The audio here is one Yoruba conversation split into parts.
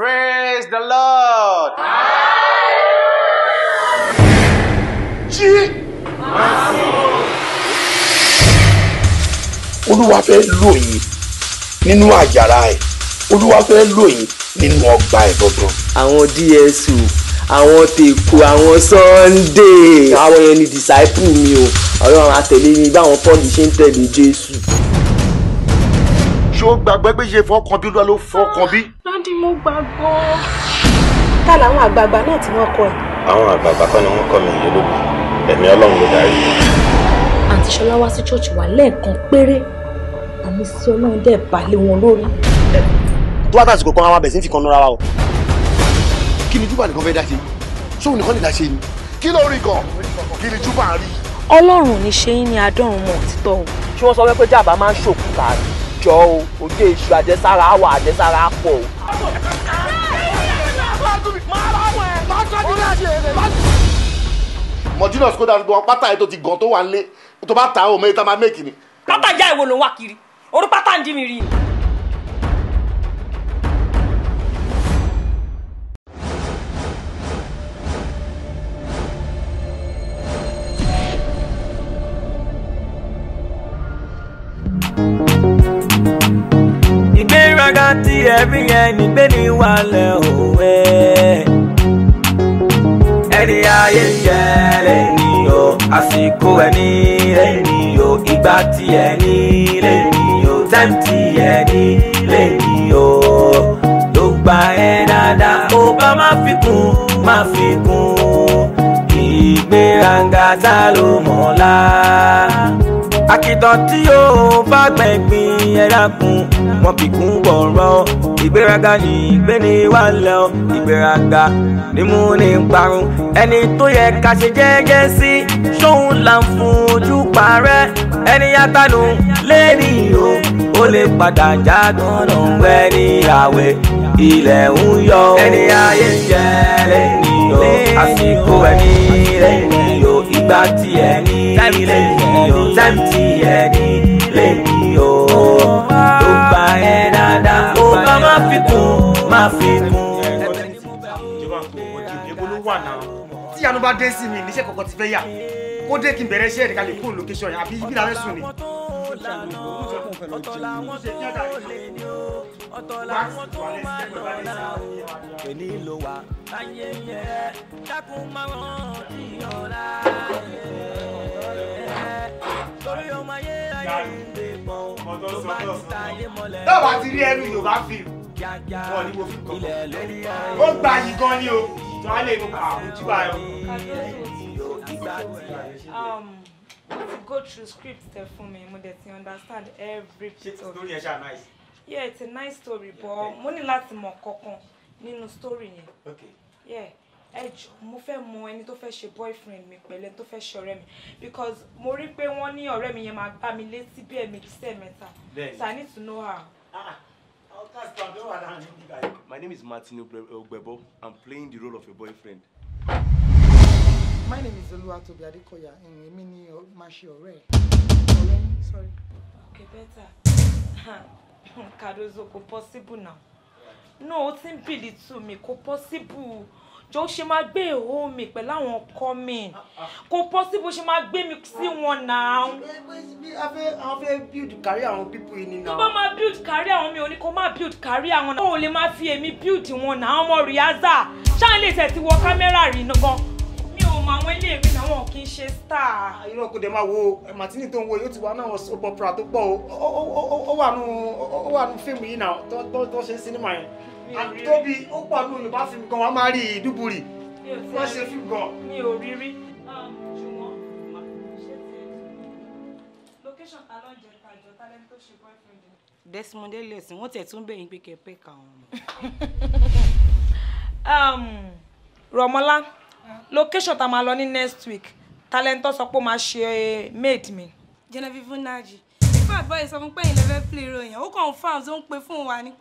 Praise the Lord. Jí. Olúwa fẹ́ lò yín nínú àjàrà ẹ̀. Olúwa fẹ́ lò yín nínú ọgbà ẹ̀ gbọ̀ngàn. Àwọn DSU, àwọn Tèkú, àwọn Sunday, àwọn yẹn ni disciple mi o. Ọlọ́run àtẹ̀lé mi báwọn Pọ́ọ̀lù ṣe ń tẹ̀lé Jésù ṣé o gbàgbọ́ pé ṣe fọkàn bí olúwa ló fọkàn bí. dádì mo gbàgbọ́. ká làwọn àgbààgbà náà tí wọ́n kọ ẹ̀. àwọn àgbààgbà kan ni wọ́n kọ́ mi yìí lóko ẹ̀mí ọlọ́run ló darí. àǹtí ṣọlá wá sí ṣọ́ọ̀ṣì wa lẹ́ẹ̀kan péré àmì sí ọlọ́run dẹ̀ balẹ̀ wọn lórí. tó bá tàṣìkò kan àwọn abẹ̀sìn fi kan nọra wa o. kí ni júbà nìkan fẹ́ dá ṣe sóhun nìkan lè dá ṣe ni kí ló rí gan kí ni júbà rí. ọlọ́run ò ní jọ o òjò èṣù àjẹsára wà àjẹsára pọ̀ o. mọ̀júnà skoda ń gbọ́n pátá yìí tó ti gàn tó wà ń lé tó bá ta ọmọ yìí tá máa mẹ́kì ni. pátá ìyá ìwo ló ń wá kiri orú pátá ń dí mi rí ni. rántí ẹ̀rí yẹn nígbé ní wàlẹ̀ òwe. ẹni ayé jẹ́ lẹ́ni o àsìkò ẹni lẹ́ni o ìgbà tí ẹni lẹ́ni o time tí ẹni lẹ́ni o ló gba ẹ dáadáa ó bá má fi kún má fi kún ìgbéraga tá ló mọ̀ ọ́ àkìtàn tí ó bá gbẹ̀gbìn ẹ̀dàkùn wọn kì í kún bọ̀rọ̀ ìgbéraga ní ìgbéni wà lọ ìgbéraga nímú ní parun ẹni tó yẹ ká ṣe jẹ́jẹ́ sí ṣóun là ń fún ojú parẹ́ ẹni yátàlù lẹ́ni o ó lè padà já tọ̀nà ẹni àwẹ̀ ilẹ̀ ń yọ ẹni ayé jẹ́ lẹ́ni o àsìkò ẹni lẹ́ni o ìgbà tí ẹ ní ilé yìí o time tí ẹ ní ilé yìí o tó oh, gbà ẹ dáadáa ó bá oh, má fi kún má fi kún. tí yanu bá dé sí mi níṣẹ́ kọ̀ọ̀kan ti fẹ́ yà kó dé kí n bẹ̀rẹ̀ iṣẹ́ ìdíkalẹ̀ kúrò location yẹn àbí ibi làwọn sùn ni. ọ̀tọ̀ làwọn rí ẹrú Yorùbá fi wọ́n ní mo fi kọ́ ó gbà yìí gan ni o tí um, wọ́n á lè mú àkójú go through script there for me, mo that you understand every bit of it. yeah it's a nice story but money ní láti mọ̀ kankan story yẹn. okay. yeah Edge, jọ mo fẹ́ mọ ẹni tó fẹ́ ṣe boyfriend mi pẹ̀lú ẹni tó fẹ́ ṣe mi because mo rí pé wọ́n ní ọ̀rẹ́ mi yẹn máa gbá mi létí bí ẹ̀mejì sẹ́ẹ̀mẹ́ta so I need to know her. Ah. ah. My name is Martin Ogbebo. I'm playing the role of your boyfriend. My name is Oluwatobi Adekoya, in èmi mini Mashi Ọ̀rẹ́. Ọ̀rẹ́, sorry. Okay, better. Cardozo, kò possible now. No, ó ti ń bìlì tù mí, possible jọ ṣe máa gbé ìhó mi pẹ̀lú àwọn ọkọ mi kò possible bó ṣe máa gbé mi sí wọn náà. àwọn fẹ́ build kárí àwọn pípù yìí nínú. tó bá máa build kárí àwọn mi ò ní kó má build kárí àwọn náà. òun lè máa fi èmi build wọn náà ọmọ rìázà ṣáà lè tẹ̀ sí wọ kámẹ́rà rí gan mọ àwọn ilé ìwé náà wọn kì í ṣe star. irọ́ kò dẹ̀ máa wo eh, martini tó ń wo yóò ti wá náà soap opera tó pọ̀ o ó wà nù fíìmù yìí náà tó ṣe sinimá yẹn àtóbi ó pọ̀ ní Yorùbá fíìmù gan wàá máa rí ìdúburì wọ́n ṣe fíìmù gan. mi ò rí rí ah, location ta ló Desmond Ellis wọ́n tẹ̀ tún bẹ̀yìn pé kẹ̀pẹ́ kà wọ́n. location ta máa lọ ní next week Talento sọ pé ó máa ṣe maid mi. Genevieve Naji nípa àgbáyé sọ fún pé ìlẹ́fẹ́ play ròyìn ó kàn fáwọn tó ń pe fún wa ní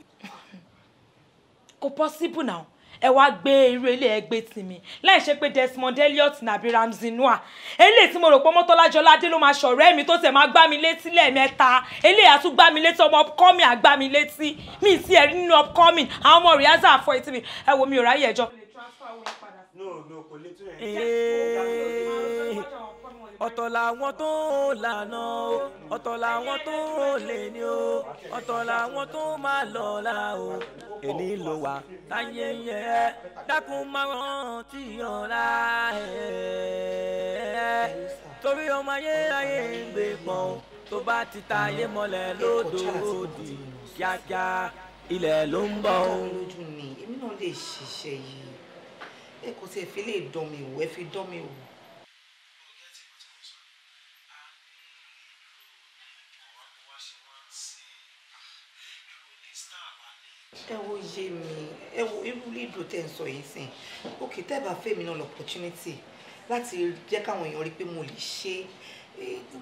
kò possible now ẹ wá gbé irú ilé ẹ gbé tìmí láì ṣe pé Desmond Elliot nàbí Ramsey Noah eléyìí tí mo rò pé mọ́tọ́lájọ́ládé ló máa ṣọ̀rẹ́ mi tó tẹ̀ máa gbá mi létí lẹ́ẹ̀mẹ́ta eléyìí àtún gbá mi létí ọmọ upcoming àgbá mi létí mi ti ẹ̀rí nínú upcoming àwọn ọmọ rìhásà àfọ etí mi ẹ wo mi ò ráyè ẹjọ́. no no kò lè tún ẹ̀ ọ̀tọ̀ làwọn tó lànà o ọ̀tọ̀ làwọn tó lè ní o ọ̀tọ̀ làwọn tó máa lọ́la o èní ló wà láyé yẹn dákun máa rántí ọ̀la ẹ̀ torí ọmọ ayé ayé ń gbé pọ̀n tó bá ti ta ayé mọ́lẹ̀ lódò òdì kíákíá ilẹ̀ ló ń bọ̀ o. èmi náà lè ṣiṣẹ́ yìí ẹ kò tiẹ̀ fi lè dán mi wò ẹ fi dán mi wò. ẹ wo yé mi ẹ wo irú lídò tẹ́ ń sọ yìí sìn òkè tẹ́ bá fẹ́ mi náà l'opportunity láti jẹ́ káwọn èèyàn rí pé mo lè ṣe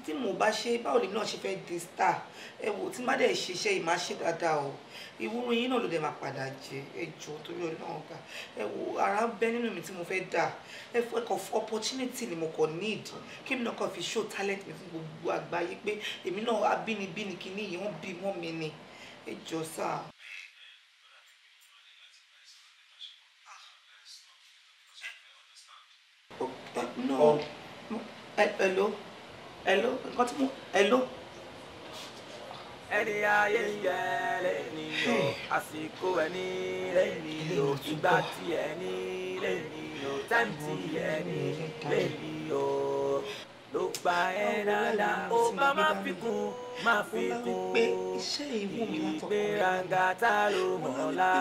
tí mo bá ṣe báwo lèmi náà ṣe fẹ́ di star ẹ wo tí má dẹ̀ ṣiṣẹ́ yìí má ṣe dáadáa o ìwúrú yín náà ló dẹ̀ máa padà jẹ ẹ jọ torí ọlọ́run ọ̀gá ẹ wo ara ń bẹ nínú mi tí mo fẹ́ dà ẹ fọ ẹkọ opportunity ni mo kọ need kí èmi náà kàn fi show talent mi fún gbogbo àgbáyé pé èmi náà abínibí ni kinní yìí wọ́n bí mọ́ mi ni ẹ jọ sáà. no oh. eh, hello hello nǹkan tí mo hello. ẹni ayé yẹ lẹ́ni o hmm. àsìkò ẹni lẹ́ni o ìgbà tí ẹni lẹ́ni o tẹ́ǹtì ẹni lẹ́ni o tó gba ẹ dáadáa ó bá má fi kún má fi kún ìgbéraga tá ló mọ̀ la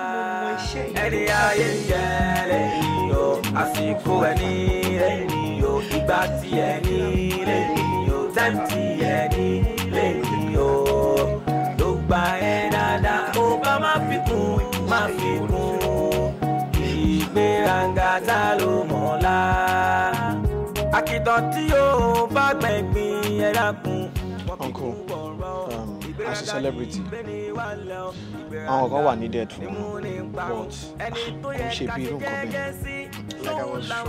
ẹni ayé jẹ́ lẹ́yìn yó àsìkò ẹni lẹ́yìn yó ìgbà tí ẹni lẹ́yìn yó time tí ẹni lẹ́yìn yó tó gba ẹ dáadáa ó bá má fi kún má fi kún ìgbéraga tá ló mọ̀ la àkìtàn yóò uncle um, as a celebrity àwọn kan wà needed fún un but I'm ah, shaping bí like i was shocked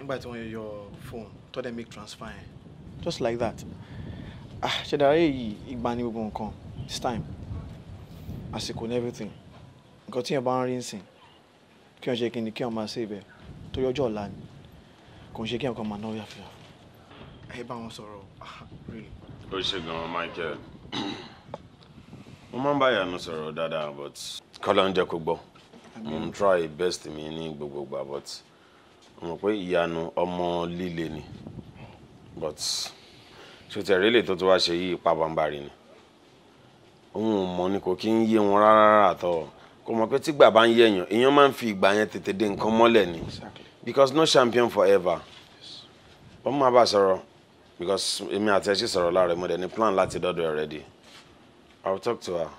nígbà tí your phone tó dẹ̀ make transfer just like that Ah, yìí ìgbà ni gbogbo nǹkan It's time àsìkò ní everything nǹkan tí yẹn bá ń rí nsìn kí wọ́n save it. To your jawline. máa ṣe ibẹ̀ torí ọjọ́ ọ̀la ni kò ń ṣe ẹ bá wọn sọ̀rọ̀ ah, really. ó ṣe gan-an Michael mo máa ń bá ìyànà sọ̀rọ̀ dáadáa but kọ́lá ń jẹ́ kó gbọ́ mo ń try best mi ní gbogbogbà but mo mọ̀ pé ìyanu ọmọ líle ni but ṣòtẹ̀ rélè tó tó wá ṣe yìí pa bambari ni òun ò mọ̀ ni kò kí ń yé wọn rárá àtọ̀ kò mọ̀ pé tígbà bá ń yẹ̀yàn èèyàn máa ń fi ìgbà yẹn tètè dé nǹkan mọ́lẹ̀ ni because no champion forever. Yes. ọmọ àbá sọ̀rọ̀ because èmi àti ẹ ṣì sọ̀rọ̀ láàrẹ̀ mo dẹ̀ ní plan láti dọ́dọ̀ ẹ̀ ready i will talk to her.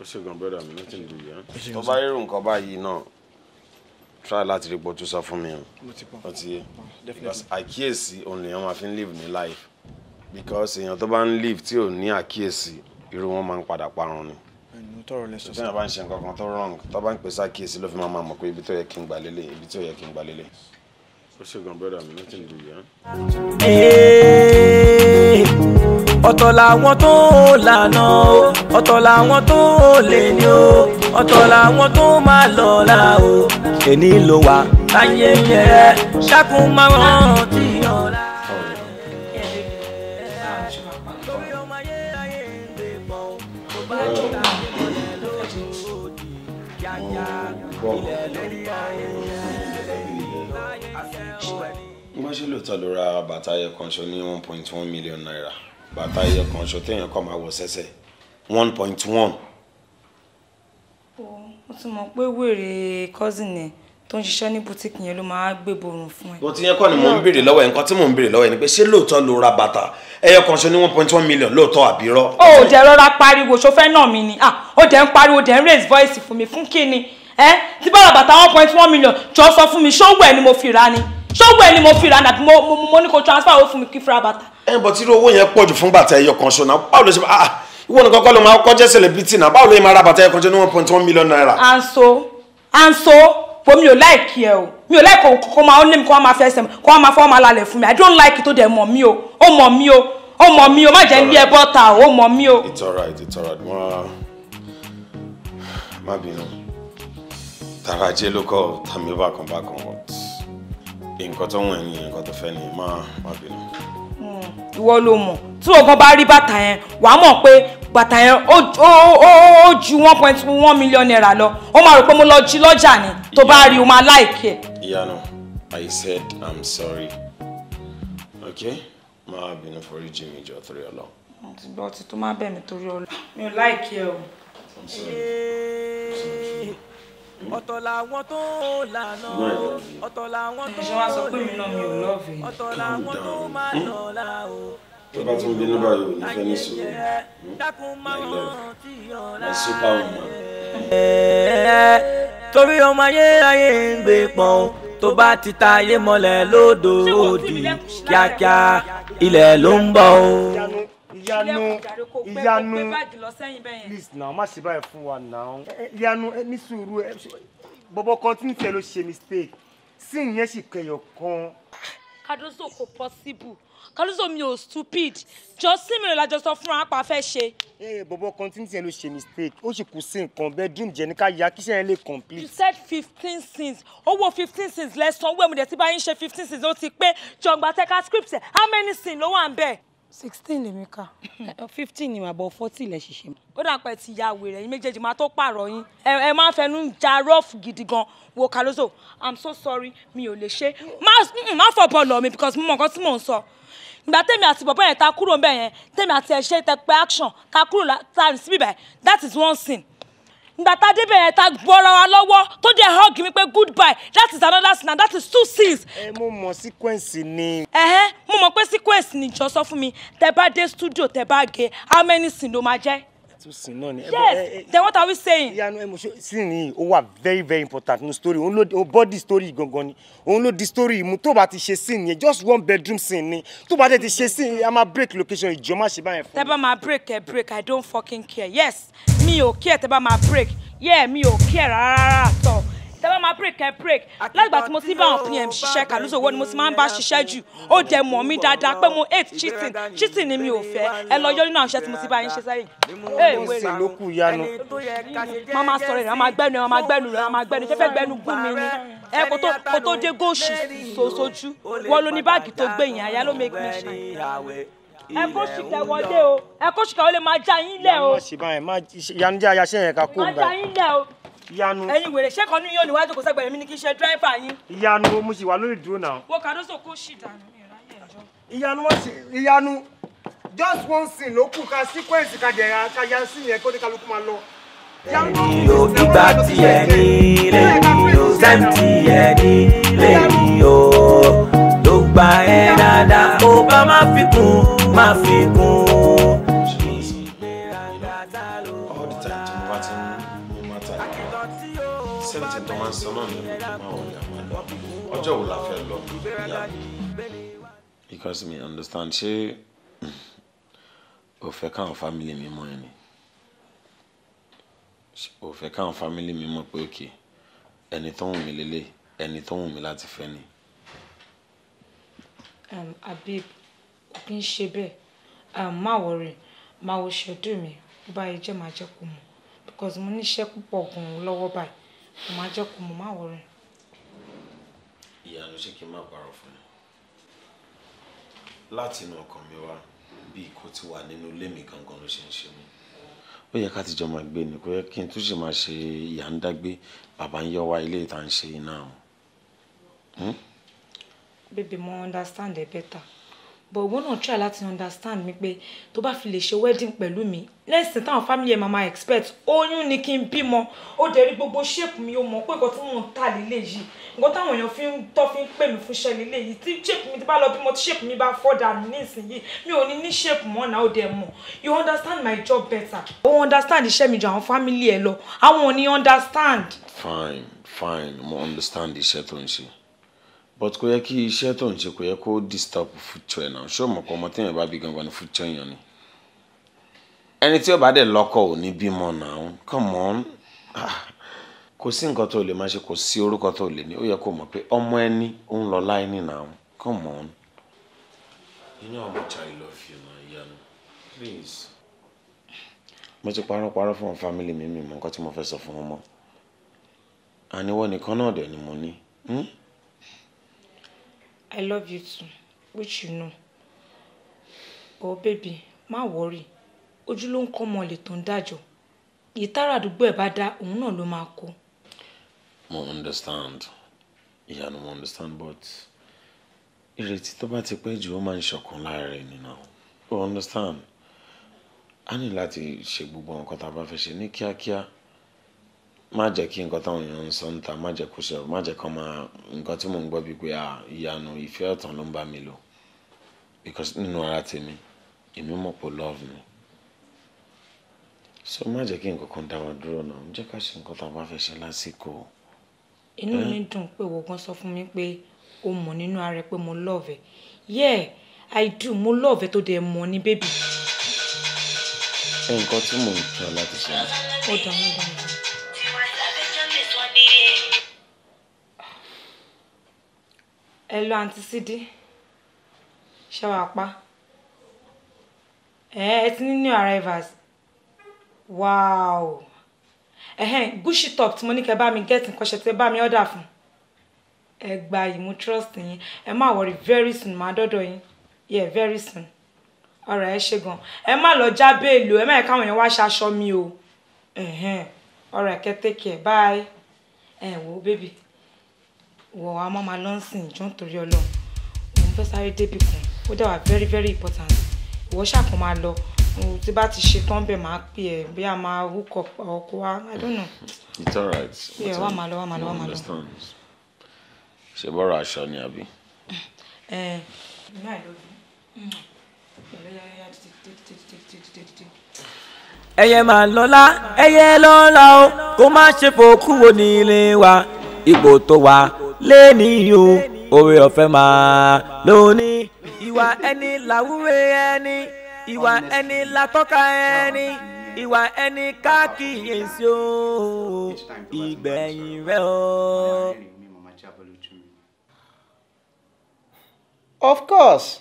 ó ṣe gan brother mi nothing do yẹn. tó bá rírun nǹkan báyìí náà try láti rí pọtú sọ fún mi o ó ti yé because àkíyèsí òun lèèyàn máa fi ń live ní life because èèyàn tó bá ń live tí ò ní àkíyèsí irú wọn máa ń padà parun ni tọrọ lẹsọ sí. tí wọn bá ń ṣe nǹkan kan tó wrong tó bá ń pèsè àkíyèsí ló fi máa máa mọ̀ pé ibi tó yẹ kí n gbà lélẹ̀ ibi tó yẹ kí n gbà lélẹ̀ ó ṣe gan brother mi nothing do yẹn. ọ̀tọ̀ làwọn tó lànà o ọ̀tọ̀ làwọn tó lè ní o ọ̀tọ̀ làwọn tó máa lọ́la o èní ló wà láyé yẹn ṣákùn máa rántí. lóòótọ́ ló ra bàtà ẹyẹ kan ṣo ní one point one million naira bàtà ẹyẹ kan ṣo téèyàn kàn máa wọ̀ sẹ́sẹ̀ one point one. ó ti mọ̀ pé wèrè cousin ẹ̀ tó ń ṣiṣẹ́ ní boutique yẹn ló máa gbé borun fún ẹ. òtí yẹn kọ́ ni mò ń béèrè lọ́wọ́ ẹ̀ nǹkan tí mò ń béèrè lọ́wọ́ ẹ̀ ni pé ṣé lóòótọ́ ló ra bàtà ẹyọ kan ṣo ní one point one million lóòótọ́ àbí rọ́. o ò jẹ́ rọra pariwo ṣọfẹ́ náà mi ni ah ó dẹ̀ ń pariwo dẹ̀ ń raise voice fún mi fún kí ni ẹ tí bá ra bàtà one point one million jọ sọ fún mi ṣó wẹ̀ ni mo fi ra ni ṣọ́wọ́ ẹ mo fi ràǹdà mo mo ní kó transfer owó fún mi kí fúra bàtà. ẹ bọ tí irú owó yẹn pọ̀ jù fún bàtà ẹyọ kan ṣo náà báwo ló ṣe ah ìwọ nìkan kọ́ ló máa kọ́ jẹ́ celebrity náà báwo ló yẹ máa ra bàtà ẹyọ kan ṣo ní one point one million naira. à ń so à ń so pé mi ò láìkí ẹ o mi ò láìkí o kò máa ó ní mi kò wá máa fẹ́ ẹsẹ̀ mi kò máa fọ́ máa lalẹ̀ fún mi i don't like it ó dẹ̀ mọ̀ mí o ó mọ̀ mí o ó mọ̀ mí o má jẹ́ ilé ẹ bọ́ta o ó mọ̀ mí o. it's alright it's alright wọn má bínú tàràjẹ ló nǹkan tó wọ̀n nǹkan tó fẹ́ ni má má bínú. Hmm, ìwọ ló mọ̀ tí oògùn bá rí bàtà yẹn wà á mọ̀ pé bàtà yẹn ó ju one point one million naira lọ ó máa rò pé mo lọ jí lọ́jà ni tó bá rí o máa láìkẹ́. ìyanu I said I'm sorry okay má bínú foríjì mi jọ torí Ọlọ́run. mo hmm, ti gbọ́ ọtí tó má bẹ̀ mí torí Ọlọ́run mi ò láìkẹ́ o. I'm sorry. I'm sorry ọ̀tọ̀ làwọn tó lànà o làwọn tó lànà o làwọn tó má lọ́la o tó bá tún bínú báyìí ò ní fẹ́ ní sùúrù my love my super woman. torí ọmọ ayé ayé ń gbé pọ́n tó bá ti ta ayé mọ́lẹ̀ lódò òdì kíákíá ilẹ̀ ló ń bọ̀ o ìyanu ìyanu please now má ṣe báyìí fún wa now ìyanu ní sùúrù bọ́bọ́ kan tí ń tẹ̀ ló ṣe mistake sí ìyẹn sì kẹyọ̀ kan. Cardozo kò possible Cardozo mi ò stupid Justin mi ò lájọ sọ fún wa pa fẹ́ ṣe. ẹ bọ́bọ́ kan tí ń tẹ̀ ló ṣe mistake ó sì kù sí nǹkan bedroom jẹ́ ní ká ya kí sẹ́yìn lè complete. you said fifteen sins owó fifteen sins lẹ́sàn-án owó ẹ̀mùdẹ̀ tí báyìí ń ṣe fifteen sins ó ti pé jọ̀ǹgbà tẹ́ka script ẹ̀ how many sins ló wà ń bẹ̀ sixteen lèmi kà. fifteen ni màbọ̀ forty lẹ̀ ṣiṣẹ́ mọ́. ó dà pé ti ya wèrè yín méjèèjì máa tó pààrọ̀ yín ẹ máa ń fẹnu ja rough gidi gan wo kalozo i'm so sorry mi ò lè ṣe má fọ bọ́ọ̀lù mi because mo mọ nǹkan tí mò ń sọ ìgbà tèmi àti bọ̀bọ̀ yẹn ta kúrò ń bẹ̀ yẹn tèmi àti ẹ̀ ṣe tẹpẹ́ action ta kúrò ta síbí bẹ̀ that is one thing gbàtà débẹ̀ ta gbọ́ra wa lọ́wọ́ tó dẹ̀ hug mi pé goodbye that is another sin and that is two sins. ẹ mo mọ sequence ni. ẹhẹ mo mọ pé sequence ni jọ sọ fún mi tẹ bá dé studio tẹ bá gé how many sin ló máa jẹ. tún sìn náà ni. yes then what are we saying. ìyanu emotion sì ni ó wà very very important ní story òun ló body story gangan ni òun ló di story mu tó bá ti ṣe scene yẹn just one bedroom scene ni tó bá dé ti ṣe scene yẹn a máa break location ìjọ má ṣe báyẹn fún mi. tẹ́bá máa break ẹ̀ break i don't fucking care yes mi ò care tẹ́bá máa break yeah mi ò care rárá rárá àtọ̀ tẹ́ bá máa break ẹ break lágbà tí mo ti bá àwọn pm ṣiṣẹ́ kàlùsọ owó ni mo ti máa ń bá ṣiṣẹ́ jù ó dẹ̀ mọ̀ mí dáadáa pé mo hate cheating cheating ni mi ò fẹ́ ẹ lọ yọ nínú àwọn iṣẹ́ tí mo ti bá yín ṣe sẹ́yìn. mo sì ló kù yanu. má máa sọ̀rọ̀ rẹ̀ má gbẹ́nu rẹ̀ má gbẹ́nu rẹ̀ má gbẹ́nu ṣẹ́fẹ́ gbẹ́nu gún mi ni ẹ kò tó dé góòṣì sojú wọ́n ló ní báàgì tó gbé yẹn àyà ló make ẹ kó ṣìkà wọlé o ẹ kó ṣìkà wọlé máa já yín lẹ o. máa ṣì báyìí máa yanijá ayaṣẹ́ yẹn ká kó n bá. máa já yín lẹ o ìyanu. ẹ̀yin wèrè ṣé kan ní yóò níwájú kò sẹgbẹ mi ni kí n ṣe dírẹ́fà yín. ìyanu mo sì wà lórí dúró náà. wo kàdóso kó ṣì dànù ìyanu wọn ṣe ìyanu just one thing ló kù ká sequence ká jẹra ká ya sí yẹn kó ní kálukú máa lọ. lẹ́yìn o gbígbà tiẹ̀ ní lẹ́yìn o sẹ́m tiẹ̀ ní lẹ́yìn o ló gba ẹ̀ dáadáa ó bá má fi kún má fi kún. ọjọ́ wo la fẹ́ lọ ìyá because me understand ṣé o fẹ́ káwọn family mi mọ̀ ẹni o káwọn family mi mọ̀ pé òkè ẹni tó wù mí lélẹ̀ ẹni tó wù mí láti fẹ́ ni. Um, abib kò kí n ṣe bẹ́ẹ̀ um, má wọrí máa wo ṣẹ́dú mi bó bá yẹ jẹ́ máa jẹ́ kó mọ̀ because mo níṣẹ́ púpọ̀ gan-an lọ́wọ́ báyìí mo máa jẹ́ kó mọ̀ má wọrí ìyanu ṣé kí n má parọ́ fún mi láti inú ọkàn mi wá bí ikú ti wà nínú ilé mi gangan ló ṣe ń ṣe mí ó yẹ ká ti jọ máa gbé ni kò yẹ kí n tún ṣe máa ṣe ìyá ń dágbé bàbá ń yọ wá ilé ìta ń ṣe iná àwọn. Hmm? mo understand ẹ better but we náà try láti understand me, pé tó bá fi lè ṣe wedding pẹ̀lú mi lẹ́sìn táwọn family ẹ̀ mama expect oyún ni kí n bímọ ó dẹ̀ rí gbogbo shape mi ó mọ̀ pé nǹkan tí mò ń tà lílé yìí nǹkan táwọn èèyàn fi ń tọ́ fi ń pè mí fún iṣẹ́ lílé yìí shape mi ti bá lọ bímọ tí shape mi bá fọ́ dànù nísìnyí mi ò ní ní shape mọ́ náà ó dẹ̀ mọ̀ you understand my job better. ó understand iṣẹ́ mi ju àwọn family ẹ̀ lọ àwọn ò understand. fine fine mo understand the tó ń ṣe but kò yẹ kí iṣẹ́ tó ń ṣe kò yẹ kó disturb future ẹ̀ náà ṣé o mọ̀ pé ọmọ téèyàn bá bí gangan ni future èèyàn ni ẹni tí ó bá dẹ̀ lọ́kọ ò ní bímọ náà come on ah, kò sí nǹkan tó lè máa ṣe kò sí orúkọ tó lè ní ó yẹ kó mọ̀ pé ọmọ ẹni ń lọ láì náà come on. you know how much I love you na Ìyanu please. mo ti parọ́ parọ́ fún àwọn fámìlì mi mi mọ nǹkan tí mo fẹ́ sọ fún wọn mọ́ àníwọ̀ nìkan náà dẹ̀ ni mo ní. Hmm? I love you too, which you know. Oh baby, má worry. ojú ló ń kọ́ ọmọ lè tó ń dájọ́. Èyí tára àdúgbò ẹ̀ bá dá, òun náà ló understand. Ìyanu mo understand but ìrètí tó bá ti pẹ́ jù ó máa ń ṣọ̀kan Oh, understand? A ní láti ṣe gbogbo nǹkan tá a bá fẹ́ ṣe má jẹ́ kí nǹkan táwọn èèyàn ń sọ ń ta má jẹ́ kó ṣe má jẹ́ kó máa nǹkan tí mò ń gbọ́ bíi pé ìyanu ìfẹ́ ọ̀tàn ló ń bá mi lò because nínú ara tèmi èmi mọ̀ pé love mi so má jẹ́ kí nǹkan kan dá wa dúró náà jẹ́ ká ṣe nǹkan tá a bá fẹ́ ṣe lásìkò. inú eh? mi dùn pé ìwọ gan sọ fún mi pé o mọ̀ nínú ara rẹ pé mo love ẹ yeah i do mo love ẹ tó dẹ̀ mọ̀ ní bébì. nǹkan tí mò ń tọ́ láti ṣe. ó dàmú dàmú. Hello, lọ àǹtí sídìí ṣẹwàá pa ẹ new arrivals wow ẹhẹn gucci top tí mo ní kẹ bá mi get nǹkan ṣe tí bá mi order fún ẹ gba yìí trust me. ẹ má worry very soon My daughter. yín yeah very soon Alright, she gone. gan ẹ má lọ já béèlò ẹ má yẹ káwọn yẹn wá ṣaṣọ mi o ọ̀rọ̀ take care bye ẹ wo baby wọ àmọ́ máa lọ sìn jọ nítorí ọlọ́run òun fẹ́ sáré débì kan ó dẹ̀ wà very very important ìwọ ṣàkàn máa lọ tí bá ti ṣe tán bẹ́ẹ̀ máa pè ẹ́ bí a máa húkọ̀ ọkọ wa i don't know. it's alright. pé ẹ wá máa lọ wá máa lọ wá máa lọ. ṣe bọ́ra aṣọ ni àbí. ẹ ẹ ìyá ìlọbi ẹyẹ máa lọ́lá ẹyẹ lọ́lá o kó má ṣe fòkúrò nílé wa ipò tó wà lẹ́ni o oore ọ̀fẹ́ máa lónìí. ìwà ẹni làwúre ẹni ìwà ẹni látọ́ka ẹni ìwà ẹni káàkiyèsí o ìgbẹ̀yìn rẹ o. Of course.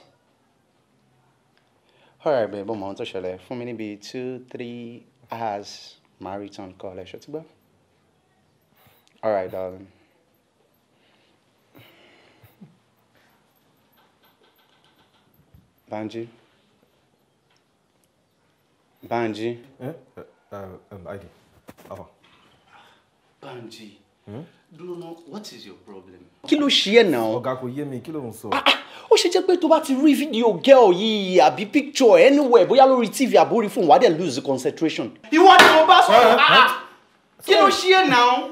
All right, babe, mo ń tó ṣẹlẹ̀ fún mi níbi two three hours marathon call ẹ̀ ṣọtúgbà. All right, darling. Banji. Banji. Eh? Uh, um, ID. Um, Afa. Banji. Hmm? Dúró what is your problem? Kí ló ṣe ẹ́ náà? Ọ̀gá kò yé mi, kí ló ń sọ? Ah, ah, ó ṣe jẹ́ pé tó bá ti rí fídíò girl yìí àbí picture anywhere bóyá lórí TV àbórí fún wàá dẹ̀ lose concentration. Ìwọ ni mo bá sọ̀rọ̀. Eh, eh, kí ló ṣe ẹ́ náà?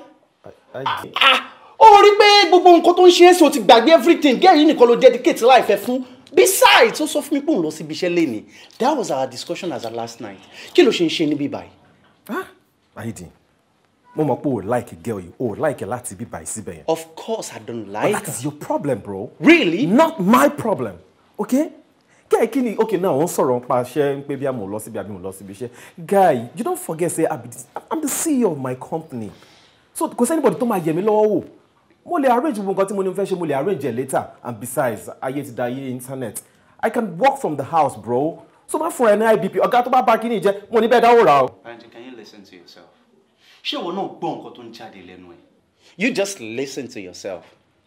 Ah, ó rí pé gbogbo nǹkan tó ń ṣe é sí o ti gbàgbé everything girl yìí nìkan ló dedicate life ẹ fún besides ó sọ fún mi pé òun lọ síbi iṣẹ́ lẹ́ni that was our discussion as our last night kí ló ṣe ń ṣe níbí báyìí. ayídìn mo mọ̀ pé o like girl yìí o like láti bí báyìí síbẹ̀ yẹn. of course i don't like. but that is your problem bro. really. not my problem okay guy kí okay now wọ́n sọ̀rọ̀ nípa iṣẹ́ ń pé bí àmọ̀ lọ síbi àbí mo lọ síbi iṣẹ́ guy you don't forget say i'm the CEO of my company so kò sẹ́nibọ̀dì tó máa yẹ̀ mí lọ́wọ́ wò mo lè arrange gbogbo nǹkan tí mo ní fẹ́ ṣe mo lè arrange it later and besides ayé ti da ayé internet i can work from the house bro so má fún ẹ ní ibp ọ̀gá tó bá bá kí ni jẹ́ mo ní bẹ́ẹ̀ dáwọ́ ra o. aunty can you listen to yourself ṣé ìwọ náà gbọ́ nǹkan tó ń jáde lẹ́nu ẹ̀. you just listen to yourself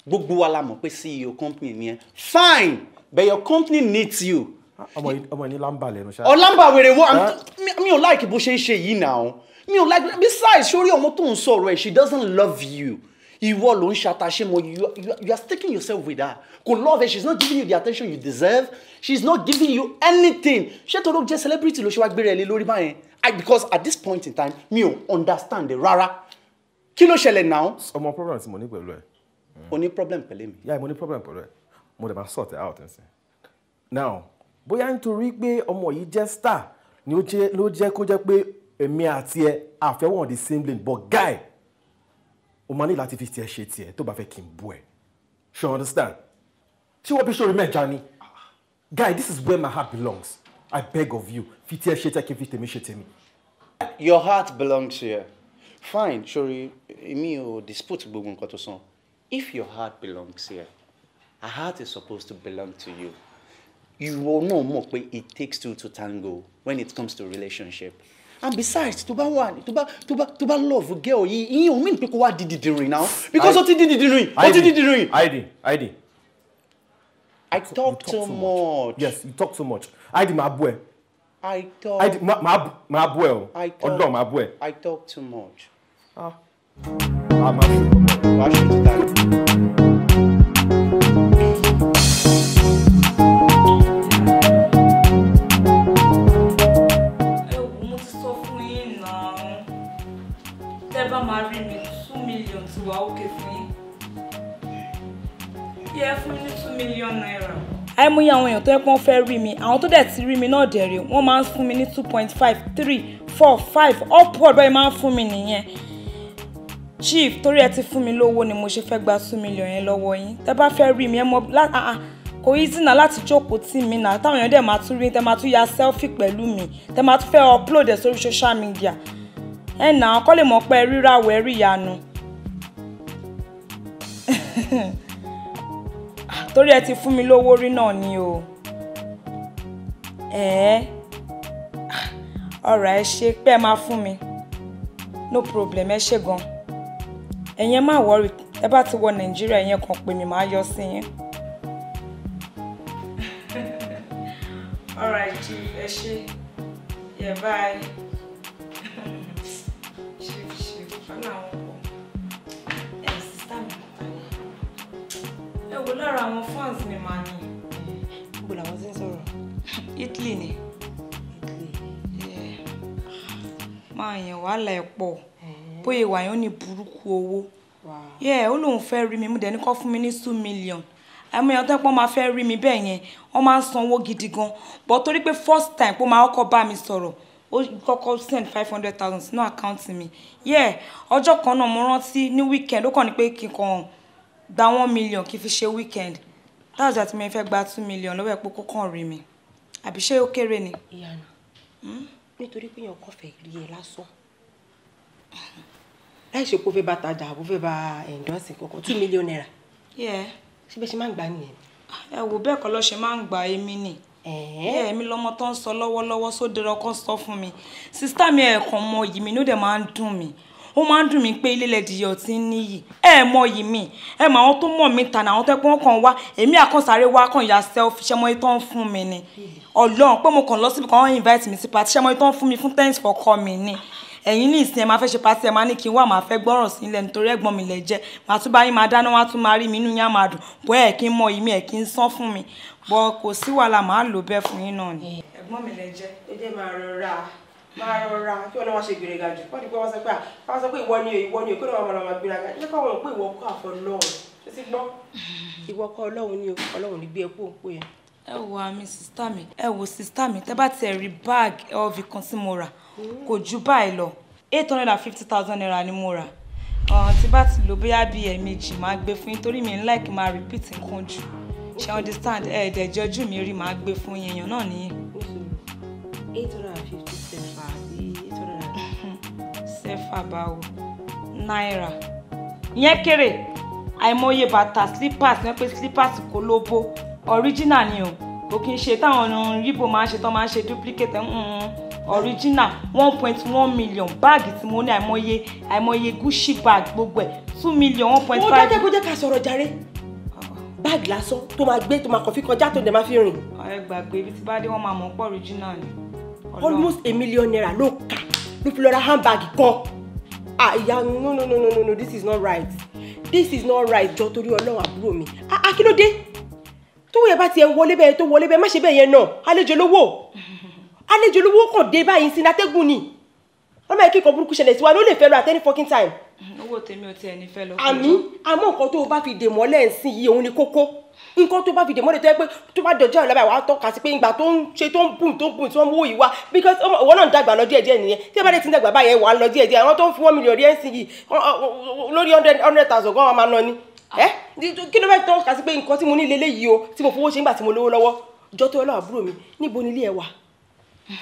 gbogbo wa la mọ̀ pé ceo company ni ẹ fine but your company needs you. ọmọ ọmọ ní lamba lẹ́nu ṣáà. ọlamba wèrè wo mi ò like bó ṣe ń ṣe yìí náà mi ò like besides sórí ọmọ tó ń sọ̀rọ̀ ẹ̀ she doesn't love you ìwọ ló ń ṣàtàṣe mọ you you are sticking yourself with her kò love her she is not giving you the attention you deserve she is not giving you anything ṣé tó ló celebrity ló ṣe wá gbéra ẹ lé lórí báyẹn because at this point in time mi ò understand it rara. kí ló ṣẹlẹ̀ now. ọmọ problem ti mo ní pẹ̀lú ẹ. o ní problem pẹ̀lú mi. yáà mo ní problem pẹ̀lú ẹ mo dẹ̀ máa sort it out nsìn. now bóyá nítorí pé ọmọ yìí jẹ́ star ni ó jẹ́ kó jẹ́ pé èmi àti ẹ àfẹ́wọ̀n the same lane but guy o máa ní láti fi tiẹ̀ ṣe tiẹ̀ tó bá fẹ́ kí n bú ẹ̀ ṣe understand ṣé wọ́n bí ṣòro mẹ́ja ni guy this is where my heart belongs i beg of you fi tiẹ̀ ṣe tiẹ̀ kí n fi tèmi ṣe tèmi. your heart belongs here fine sori èmi ò dispute gbogbo nǹkan tó sàn if your heart belongs here a heart is supposed to belong to you You ìwọ know more pé it takes two to tango when it comes to relationship and besides tó bá wà ní tó bá tó bá tó bá love girl yìí ìyẹn ò mean pé kó wá di dìdìrìn now because ó ti di dìdìrìn ó ti di dìdìrìn. Aidi Aidi. I talk, talk too, too much. much. Yes, you talk too much. Aidi máa bú ẹ. I talk. Aidi máa máa bú ẹ o. I talk. Ọlọ́run máa bú ẹ. I talk too much. Ah. Ah, máa ṣe. Wàá ṣe ti dáná. wà òkè fún fún mi two million naira. àìmọye àwọn èèyàn tó yẹ pé wọ́n fẹ́ rí mi àwọn tó dẹ̀ ti rí mi náà dẹ̀rẹ̀ wọ́n máa ń fún mi ní two point five three four five upward báyìí máa ń fún mi nìyẹn chief torí ẹ ti fún mi lówó ni mo ṣe fẹ́ gba two million yẹn lọ́wọ́ yín tẹ́ bá fẹ́ rí mi ẹ mọ kò easy náà láti jókòó tì mí náà táwọn èèyàn dẹ̀ máa tún rí tẹ́ máa tún ya selfie pẹ̀lú mi tẹ́ máa tún fẹ́ upload ẹ̀ sórí social media ẹ̀ náà kọ́ lè mọ̀ pé rírà wẹ̀ rí ìyanu. torí ẹ ti fún mi lówó rí náà ni o ẹ̀ẹ́ ọ̀rọ̀ ẹ ṣe pé ẹ máa fún mi no problem ẹ ṣe gan ẹ̀yẹn má wọ́rì ẹ bá ti wọ nàìjíríà ẹ̀yẹn kan pè mí màá yọ sí yín. all right ẹ ṣe yeah bye chief chief fọlá àwọn. ẹ wò lára àwọn fans mi máa ní. níbo làwọn ti ń sọ̀rọ̀ Italy ni máa yẹn wàhálà ẹ̀ pọ̀ bóyá ìwà yẹn ó ní burúkú owó yẹ ó lóun fẹ́ rí mi mo dẹ̀ ní kó fún mi ní two million àmọ́ ìyàtọ̀ ẹ̀ pọ́n máa fẹ́ rí mi bẹ́ẹ̀ yẹn wọ́n máa ń sanwó gidi gan but torí pé first time pé ó máa kọ́kọ́ bá mi sọ̀rọ̀ ó kọ́kọ́ send five hundred thousand sínú àkáǹtì mi yẹ ọjọ́ kan náà mo rántí ní weekend ó kàn ní pé kí gba one million kí n fi ṣe weekend táwọn ọjà tí mo fẹ́ gba two million lọ́wọ́ ẹ̀ pé kó kàn rí mi àbí ṣé ó kéré ni. ìyànà hmm? nítorí pé èèyàn kàn fẹ́ rí ẹ lásán láì ṣe pé ó fẹ́ bá tajà àbó fẹ́ bá ẹ̀ǹdọ́sì kankan two million naira. ṣé bẹ́ẹ̀ ṣe máa ń gbà nìyẹn. ẹ wò bẹ́ẹ̀ kọ́ ló ṣe máa ń gbà èmi nì èmi lọmọ tó ń sọ lọ́wọ́lọ́wọ́ sódẹrọ kan sọ fún mi sísítà mi ẹ̀ẹ̀kan mọ yìí mi ló dẹ̀ máa ń dùn mí ó máa ń dùn mí pé ilé lẹ́dìí ọtí níyì ẹ mọ yìí mi ẹ mọ àwọn tó mọ̀ mí tàn àwọn tó ẹ pé wọ́n kàn wá èmi àkànṣáré wá kàn ya self ṣẹmọ ìtàn fún mi ni ọlọ́run pé mo kàn lọ síbi kan wọ́n invite mi sí party ṣẹmọ ìtàn fún mi fún thanks for coming ni ẹ̀yin ní ìsìn ẹ máa fẹ́ ṣe pàṣẹ ẹ máa ní kí n wá máa fẹ́ gbọ́ràn sí ilẹ̀ nítorí ẹ̀gbọ́n mi lẹ̀ jẹ́ màá tún bá yín máa dáná wá tún máa rí mi inú yín á máa dùn bọ́ ẹ̀ kí n mọ ìmí ẹ̀ kí n sán fún mi bọ́ kò sí wàhálà màá lò bẹ́ẹ̀ fún yín náà ni. ẹ̀gbọ́n mi lẹ̀ jẹ́ ẹ jẹ́ máa rọra máa rọra kí wọn náà wá ṣe gbèrèga jù wọn ti pé wọn sọ pé àwọn ah, sọ pé ìwọ ni ìwọ ni òkúrò àwọn ọmọ gbèrèga ṣé káwọn ò pé ìwọ kọ àfọ lọhùn ṣé ti gbọ́. ìwọ kọ Ọlọ́run ni Ọlọ́run ní gbé epo òpó yẹn. ẹ wo àmì sista mi ẹ wo sista mi tẹ bá tiẹ̀ rí báàgì ẹ̀ọ́fì kan tí mo rà hmm. kò ju báyìí lọ eight hundred and fifty thousand naira ni mo rà tí bá ti lò bóyá bíi ẹ̀ẹ̀mejì máa gbé fún yín torí mi ń láìkí máa repeat nǹkan jù ṣe understand ẹ̀ẹ́dẹ̀jọ́jú mi rí máa gbé fún yẹn yẹn náà nìyẹn eight hundred fifty sefa àbí eight hundred and sefa báwo náírà ìyẹn kéré àìmọye bàtà slippers ní wọ́n pè slippers kólóbó original ni o kò kí n ṣe táwọn yíbo máa ń ṣe tán máa ń ṣe duplicate original one point one million báàgì tí mo ní àìmọye àìmọye gucci bag gbogbo ẹ̀ two million one point five. mo dájẹ́ kó jẹ́ ká sọ̀rọ̀ jàre báàgì lásán tó máa gbé tó máa kọ̀ fi kọjá tó dẹ̀ máa fi rìn. ọ̀rẹ́ gbàgbé ibi tí bá dé wọ́n máa mọ̀ pọ̀ original ni almost a million naira ló kà ló fi lọ handbag kan ah ìyá no no no no no this is not right this is not right jọ torí ọlọ́run àbúrò mi ah ah kí ló dé tó wọ́n yẹn bá tiẹ̀ wọlé bẹ́ẹ̀ tó wọlé bẹ́ẹ̀ má ṣe bẹ́ẹ̀ yẹn náà àlejò lówó àlejò lówó kàn dé báyìí sí ní atẹ́gùn ni ọmọ yẹn kíkan burúkú ṣẹlẹ̀ sí wa ló lè fẹ́ lọ at any fucking time owó tèmi ò tiẹ̀ ní fẹ́ lọ. àmì àmọ́ nǹkan tó o bá fi dè mọ́lẹ̀ ń sìn yìí òun ni kókó nǹkan tó bá fi dè mọ́lẹ̀ tó yẹ pé tó bá dọjọ́ ìlọ́ba ìwà tọ́ka sí pé ìgbà tó ń ṣe tó ń bùn tó ń bùn tí wọ́n mú ìwà because ìwọ náà ń dàgbà lọ díẹ̀ díẹ̀ nìyẹn tí ẹ bá dẹ̀ ti ń dàgbà báyẹn wà á lọ díẹ̀ díẹ̀ àwọn tó ń fi wọ́n mílíọ̀nù ẹ̀ ń sìn yìí lórí hundred thousand gan wọn máa ná ni ah. ẹ kí ló fẹ́ tọ́ka sí pé nǹkan tí mo ní lélẹ́yìí o tí mo fowó ṣe nígbà tí mo lówó lọ́wọ́ jọ́tọ́ ọlọ́wà àbúrò mi níbo ni ilé ẹ wà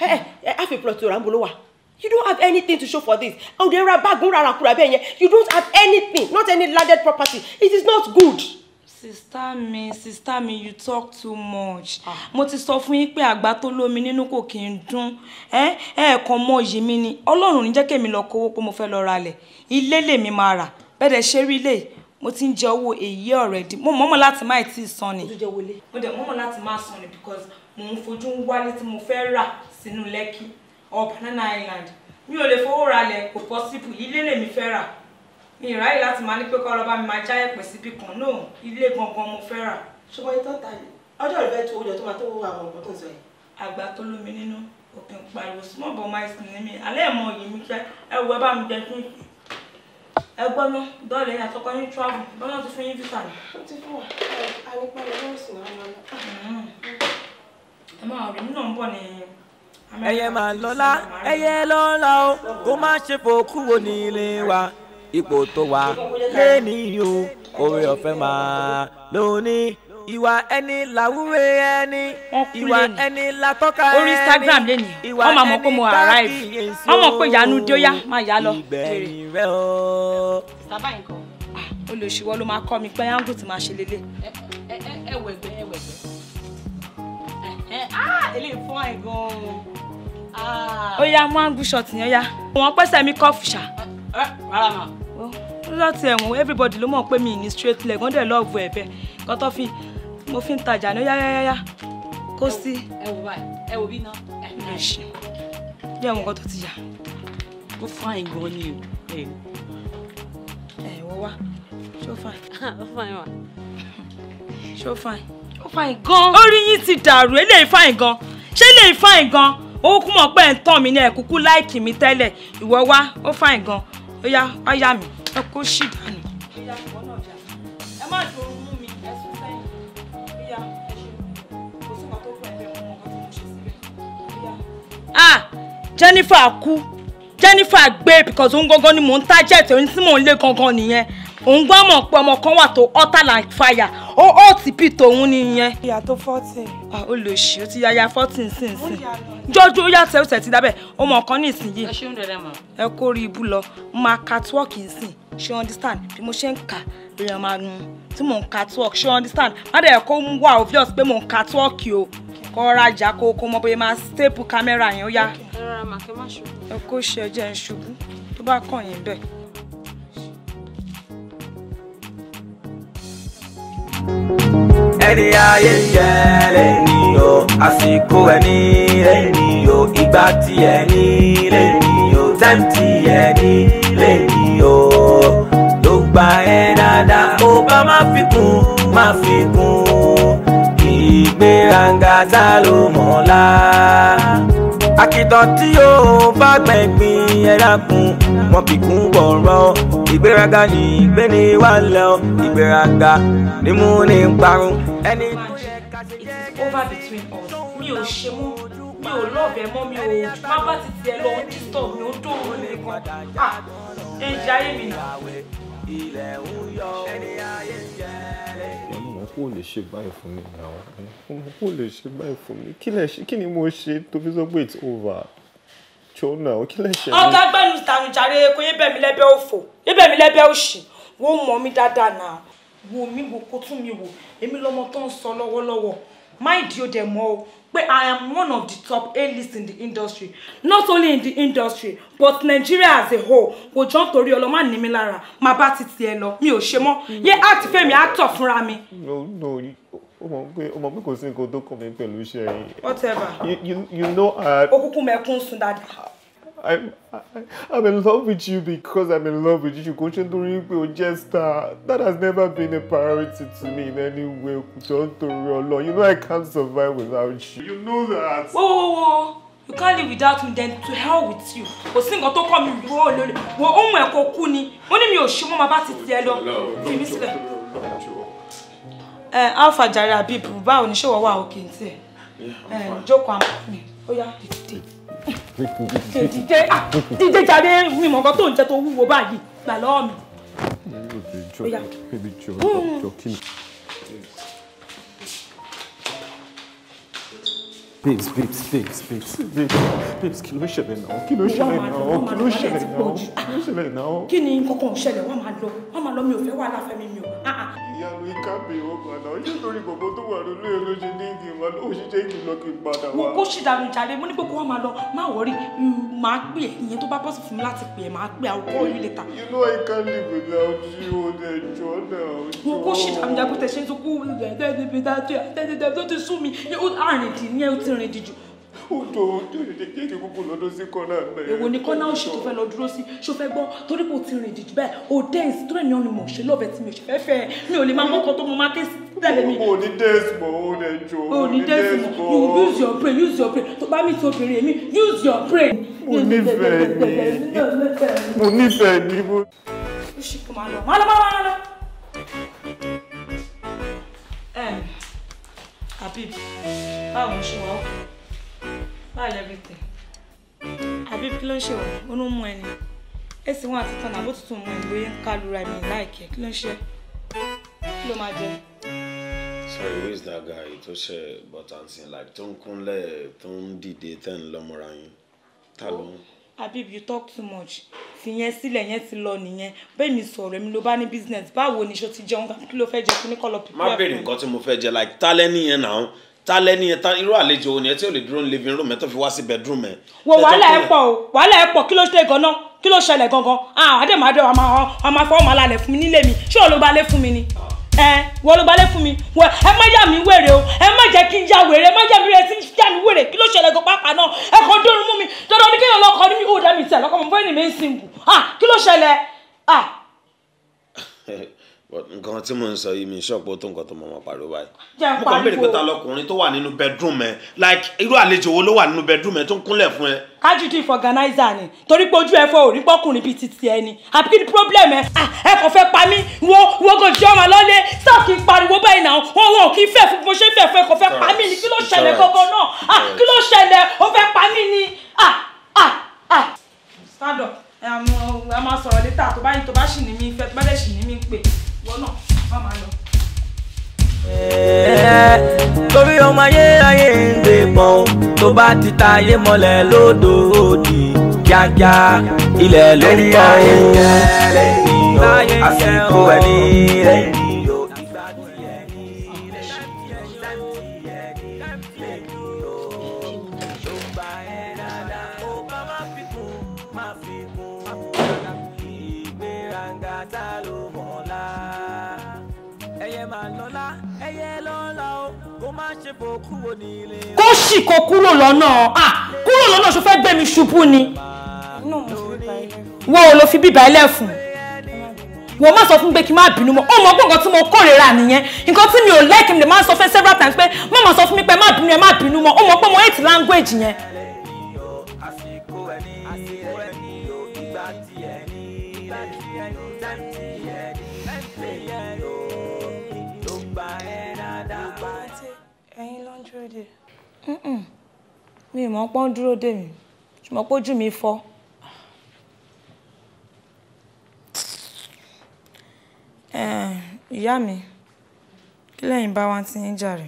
ẹ ẹ àfipọ̀ you don't have anything to show for this you don't have anything not any landed property it is not good. sister me, sister me. you talk too much ah. mo ti sọ fún yín pé àgbà tó lómi nínú kò kí n dún ẹ ẹ kàn mọ òye mi ni ọlọ́run ní jẹ́ kémi lọ kówó pé mo fẹ́ lọ ralẹ̀ ilé lèmi máa rà bẹ́ẹ̀ dẹ̀ rí lè mo ti ń jẹ owó èyí already mo mọ̀mọ́ láti má tí ì san ni mo dẹ̀ mọ̀mọ́ láti má san ni because mo ń fojú ń wálé tí mo fẹ́ rà sínú lẹ́kì or Banana Island mi ò lè fowó ralẹ̀ kò possible ilé lèmi fẹ́ rà mi ì ráyè láti máa ní pé kọ́ lọ́ba mi máa já ẹ̀pẹ̀ síbi kan náà ilé gangan mo fẹ́ rà. ṣùgbọ́n ìtọ́ ta ni ọjọ́ ìfẹ́ tó oúnjẹ tó máa tó wọ àwọn ọ̀gbọ́n tó ń sọ yìí. àgbà tó lómi nínú òkè ń pariwo small boy my skin ni mi alẹ́ ìmọ̀ yìí mi jẹ́ ẹ wọ ẹ bá mi jẹ fún ẹ gbọ́ ná dọ́ọ̀lù ẹ̀yìn àtọkọ ní travel lọ́nà tó fún yín visa ni. ó ti fún wa àyípadà lọ́wọ́ sí ni wọ́n máa ń lọ. ẹ máa rí nínú ń bọ̀ nìyẹn ẹyẹ máa lọ́lá ẹyẹ lọ́lá o kó má ṣe fò kúrò nílé wa ipò tó wà lẹ́ni o oore ọ̀fẹ́ máa lóní ìwà ẹni làwúre ẹni ìwà ẹni látọ́ka ẹni orí Instagram lẹ́nu wọ́n máa mọ̀ pé mo arrive wọ́n mọ̀ pé ìyanu dóyá máa yá lọ. ìgbẹ̀yìn rẹ o. sábà nǹkan olùṣíwọ́ ló máa kọ́ mi pé yángùn ti máa ṣe lélẹ̀. ẹ ẹ ẹ wẹ̀ eléyìí fún ẹ̀ gan-an. Ah. ó yá mú angu shot yẹn yá. wọ́n pẹ́sẹ̀ mi kọ́ fùṣà. rárá mà. lọ́tì ẹ̀wọ̀n everybody ló mọ̀ pé mi ní straight leg wọ́n dẹ̀ lọ́ọ̀bù ẹ̀ bẹ́ẹ̀ kọ́ tó fi mo fi ń tajà ní ó yá yá yá kó sí. ẹ wò báyìí ẹ wò bí náà. ẹ ṣe bí àwọn nǹkan tó ti yà. ó fáìn gan ni o. ẹ wọ́n wá ṣó fáìn. ó fáìn wá. ṣó fáìn ó fàyìn gan. orí yín ti dàrú eléyìí fàyìn gan ṣé eléyìí fàyìn gan ó kú mọ̀ pé ẹ̀ ń tàn mí ní ẹ̀kúkú láìkì mi tẹ́lẹ̀ ìwọ wá ó fàyìn gan ó yá ó yá mi ẹ kó ṣì dànù. ẹ má dùn ah, Jennifer kú Jennifer gbé because òun gangan ni mò ń tájẹ̀ tí òun tí mò ń lé gangan nìyẹn òun gbọ́ mọ̀ pé ọmọ kan wà tó utter like fire ó ó ti pì tòun nìyẹn. ìyá tó fourteen. Ah, ó lè ṣe ó ti yaya fourteen sí nsìn jọjú ó yàtọ̀ ẹ̀sẹ̀ ti dábẹ̀ ọmọ kan ní ìsinyìí. ẹ ṣe ń dẹrẹ mọ. ẹ kó rí ibú lọ máa catwalk nsìn ṣe understand bí mo ṣe ń kà èèyàn máa nu tí mò ń catwalk ṣe understand má dẹ̀ kó ń wà obvious pé mò ń catwalk o kọ́ rajà kó kó mọ bóyá máa staple camera yẹn ó yá. ẹ rọra màkẹ́ má ṣubú. ẹ kó ṣe ẹjẹ ń ṣubú tó bá kàn yín bẹ́ẹ̀. ẹni ayé yẹ lẹ́ni o àsìkò ẹni lẹ́ni o ìgbà tí ẹni lẹ́ni o time tí ẹni lẹ́ni o ló gba ẹ dáadáa ó bá má fi kún má fi kún ìgbéraga tá ló mọ̀ ọ́ àkìtàn tí yóò bá gbẹ̀gbìn ẹ̀dàkùn wọn kìkún bọ̀rọ̀ ìgbéraga ní ìgbéni wà lọ ìgbéraga ní mú ní parun. ẹni tó yẹ ká ṣe jẹ́ kí ó bá between us mi ò ṣe mú mi ò lọ́ọ̀bẹ mọ́ mi ò má bá ti tiẹ̀ lọ disturb mi ó dòwò nìkan ẹ jẹ́ ayé mi nà. ilẹ̀ ń yọ ẹni ayé kó lè ṣe báyìí fún mi now kó lè ṣe báyìí fún mi kí lè ṣe kí ni mo ṣe tó fi sọ pé it's over jọ̀nà kí lè ṣe. ọ̀gá gbẹ̀nu tànù jàre kò yé bẹ̀mí lẹ́bẹ̀ òfò yé bẹ̀mí lẹ́bẹ̀ òṣì wo mọ̀ mí dáadáa náà wo mi wo kó tún mi wò èmi lọmọ tó ń sọ lọ́wọ́lọ́wọ́ máìdí ó dẹ̀ mọ́ o pé I am one of the top A-list in the industry not only in the industry but Nigeria as a whole kò jọ nítorí ọlọ́mọ ní mi lára má bá ti tiẹ̀ lọ mi ò ṣe mọ́ yé àti fẹ́mi á tọ̀ fúnra mi. o mọ̀ pé o mọ̀ pé kò sí nǹkan tó kàn mí pẹ̀lú iṣẹ́ yìí. whatever. you you you know. okùnkùn uh, mẹ́kún sùn dáadáa. I'm, I'm in love with you because I'm in love with you. Kò ṣe nítorí pé o jẹ́ star. That has never been a priority to me in any way. Kùjọ́ nítorí ọlọ́. You know I can't survive without you. You know that. Whoa, whoa, whoa. You can't live without me then to hell with you. Kò sí nǹkan tó kọ́ mi wò ó lórí. Wò ó mú ẹ̀kọ́ kú ni. Wọ́n ní mi ò ṣe mọ́ máa bá ti tiẹ̀ lọ. Fi sílẹ̀. Ẹ Alfa Jare Abib, báwo ni ṣé wọ́n wà òkè ní tiẹ̀? Jókòó àmọ́ mi, ó yá dìde díje díje ah, jáde mi mọ̀ nǹkan tó ń jẹ tó wúwo báyìí gbà lọ́wọ́ mi. Babes, babes, babes, babes, babes, kí ló ṣẹlẹ̀ náà? Kí ló ṣẹlẹ̀ náà? Kí ló ṣẹlẹ̀ ṣẹlẹ̀ náà? Kí ni kọ̀ọ̀kan ṣẹlẹ̀? Wọ́n máa lọ, wọ́n máa lọ mi ò fẹ́ wàhálà fẹ́mi mi o ìyanu ìkàbè ìwọ̀n àná ṣé torí gbogbo tó wà lórí ẹ̀ ló ṣe ní ìgbì máa lọ òṣìṣẹ́ ìgbì lọ kí n padà wá. mo kó ṣìdànù ìjàre mo ní pé kó wọ́n máa lọ máa wọ̀rí máa pè é ìyẹn tó bá bọ́sì fún mi láti pè é máa pè àwọn kọ́ yìí lẹ́ta. you know I can't live without you ẹjọ́ náà. mo kó ṣìdànù ìjàre tẹ̀sán tó kú ìyẹn tẹ́ odò odò ìdíjẹ́rì gbogbo lọ́dún sí kọ́nà náà. èwo ni kọ́nà òṣì tó fẹ́ lọ dúró sí ṣó fẹ́ gbọ́ torí kò ti rìn jìjì báyìí o dance tó rẹ̀ ní ọ̀nà mọ̀ ṣe lọ́ọ̀bẹ tí mi ò ṣe fẹ́ fẹ́ mi ò lè máa mọ́kàn tó mo máa tẹ̀sí tẹ̀lé mi. o ní dance mọ o ní jo o ní dance mọ you use your brain use your brain tó bá mi tó obìnrin mi use your brain. mo nífẹ̀ẹ́ ni mo nífẹ̀ẹ́ ni mo. Habib, báwo ṣe wà ó? báà lẹ́bi tẹ̀. àbí kí ló ń ṣe wọ̀ ọ́nú mú ẹni ẹ sì wọ́n àti tọ́nà àbótútù mú ẹni lóye ń láìkẹ́ kí ló ń ṣe kí ló máa jẹ. sorry who is that guy tó ṣe bọ́tàǹsìn like tó ń kúnlẹ̀ tó ń dìde tẹ́ ń lọ́mọra yín ta ló ń. Habib you talk too much fìyẹn sílẹ̀ yẹn ti lọ nìyẹn bẹ́ẹ̀ mi sọ̀rọ̀ èmi ló bá ní business báwo ni ṣo ti jẹun kí ló fẹ́ jẹ kí ní kọ́ pípẹ́ fún mi. má béèrè nǹkan tí mo fẹ́ jẹ like ta lẹ́ni yẹn náà ta lẹni yẹn ta irú àlejò òní ẹ tí ò lè dúró ní living room ẹ tó fi wá sí bedroom ẹ. wò wàhálà ẹ pọ̀ o wàhálà ẹ pọ̀ kí ló ṣe ganan kí ló ṣẹlẹ̀ gangan àwọn àdèmàdè ọmọ afọ ọmọ alalẹ fún mi nílé mi ṣé olùbalẹ fún mi ni ẹ wọ ló balẹ̀ fún mi wọ ẹ má yà mí wèrè o ẹ má jẹ́ kí n ya wèrè ẹ má yà mí rẹ sí yà mí wèrè kí ló ṣẹlẹ̀ gan pápá náà ẹ kàn dórun mú mi dandan ni kéèyàn lọkọ ní mi tẹ̀ lọ́kọ̀ mọ̀ fún ẹni mi ah kí ló ah. nǹkan tí mo ń sọ yìí mi ṣọ́ọ̀pù ó tó nǹkan tó mọ̀ mọ́ pariwo báyìí. jẹ́ n pariwo mo kàn bèrè pé ta lọkùnrin tó wà nínú bedroom ẹ like irú àlejò wo ló wà nínú bedroom ẹ tó ń kúnlẹ̀ fún ẹ. kájúdì fọ̀gánáìzà ni torí pé ojú ẹ fọ òrí pọ́kùnrin bíi ti tiẹ̀ ni àbí kí ni problem ẹ ah, ẹ kò fẹ́ pa mí wo wo kò jẹ́ ọmọ lọ́lé stop kí n pariwo báyìí náà wọn wọn kì í fẹ́ fún bó ṣe fẹ́ fẹ́ kò fẹ́ pa mí ni kí ló ṣẹlẹ̀ gangan ah, ah ah ah stand up a máa sọ̀rọ̀ létà tó bá yín tó bá ṣì ní mí wọ́n náà má máa lọ. Eh, torí ọmọ ayé ayé ń gbé pọ́n tó bá ti ta ayé mọ́lẹ̀ lódò òdì kíákíá ilẹ̀ ló ń bọ̀ ó àsìkò ẹ̀ ní rẹ̀. ṣì kó kúrò lọ́nà ah kúrò lọ́nà ṣó fẹ́ gbé mi ṣubú ni. wọ́n lo fi bíbá ẹlẹ́fun wọ́n má sọ fún pé kí n má bínú mọ́ ọmọ ọgbọ́n nǹkan tí mo kórìíra nìyẹn nǹkan tí mi ò like mi lè má sọ fẹ́ several times pé má má sọ fún mi pé má bínú ẹ má bínú mọ́ ọmọ ọgbọ́n mo hate language yẹn. mi ì mọ̀ ń pọ́n dúró dè mí ṣùgbọ́n pójú mi fọ́. Eh, ìyá mi kí lẹ́yìn bá wá ti ń jàre.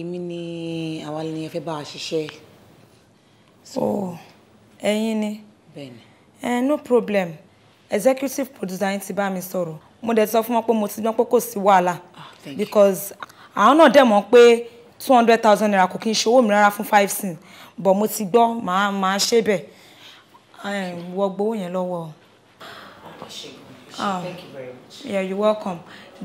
èmi ni àwa lè fẹ́ bá a ṣiṣẹ́. o oh, ẹ̀yin ni eh, no problem executive producer yín ti bá mi sọ̀rọ̀ mo dẹ̀ sọ fún wọn pé mo ti gbọ́n pé kò sí wàhálà ah, because àwọn náà dẹ̀ mọ̀ pé two hundred thousand naira kò kí n ṣe owó mi rárá fún five sin but mo ti gbọ́ màá màá ṣe bẹ́ẹ̀ wọ gbowó yẹn lọ́wọ́. thank you very much. yeah you're welcome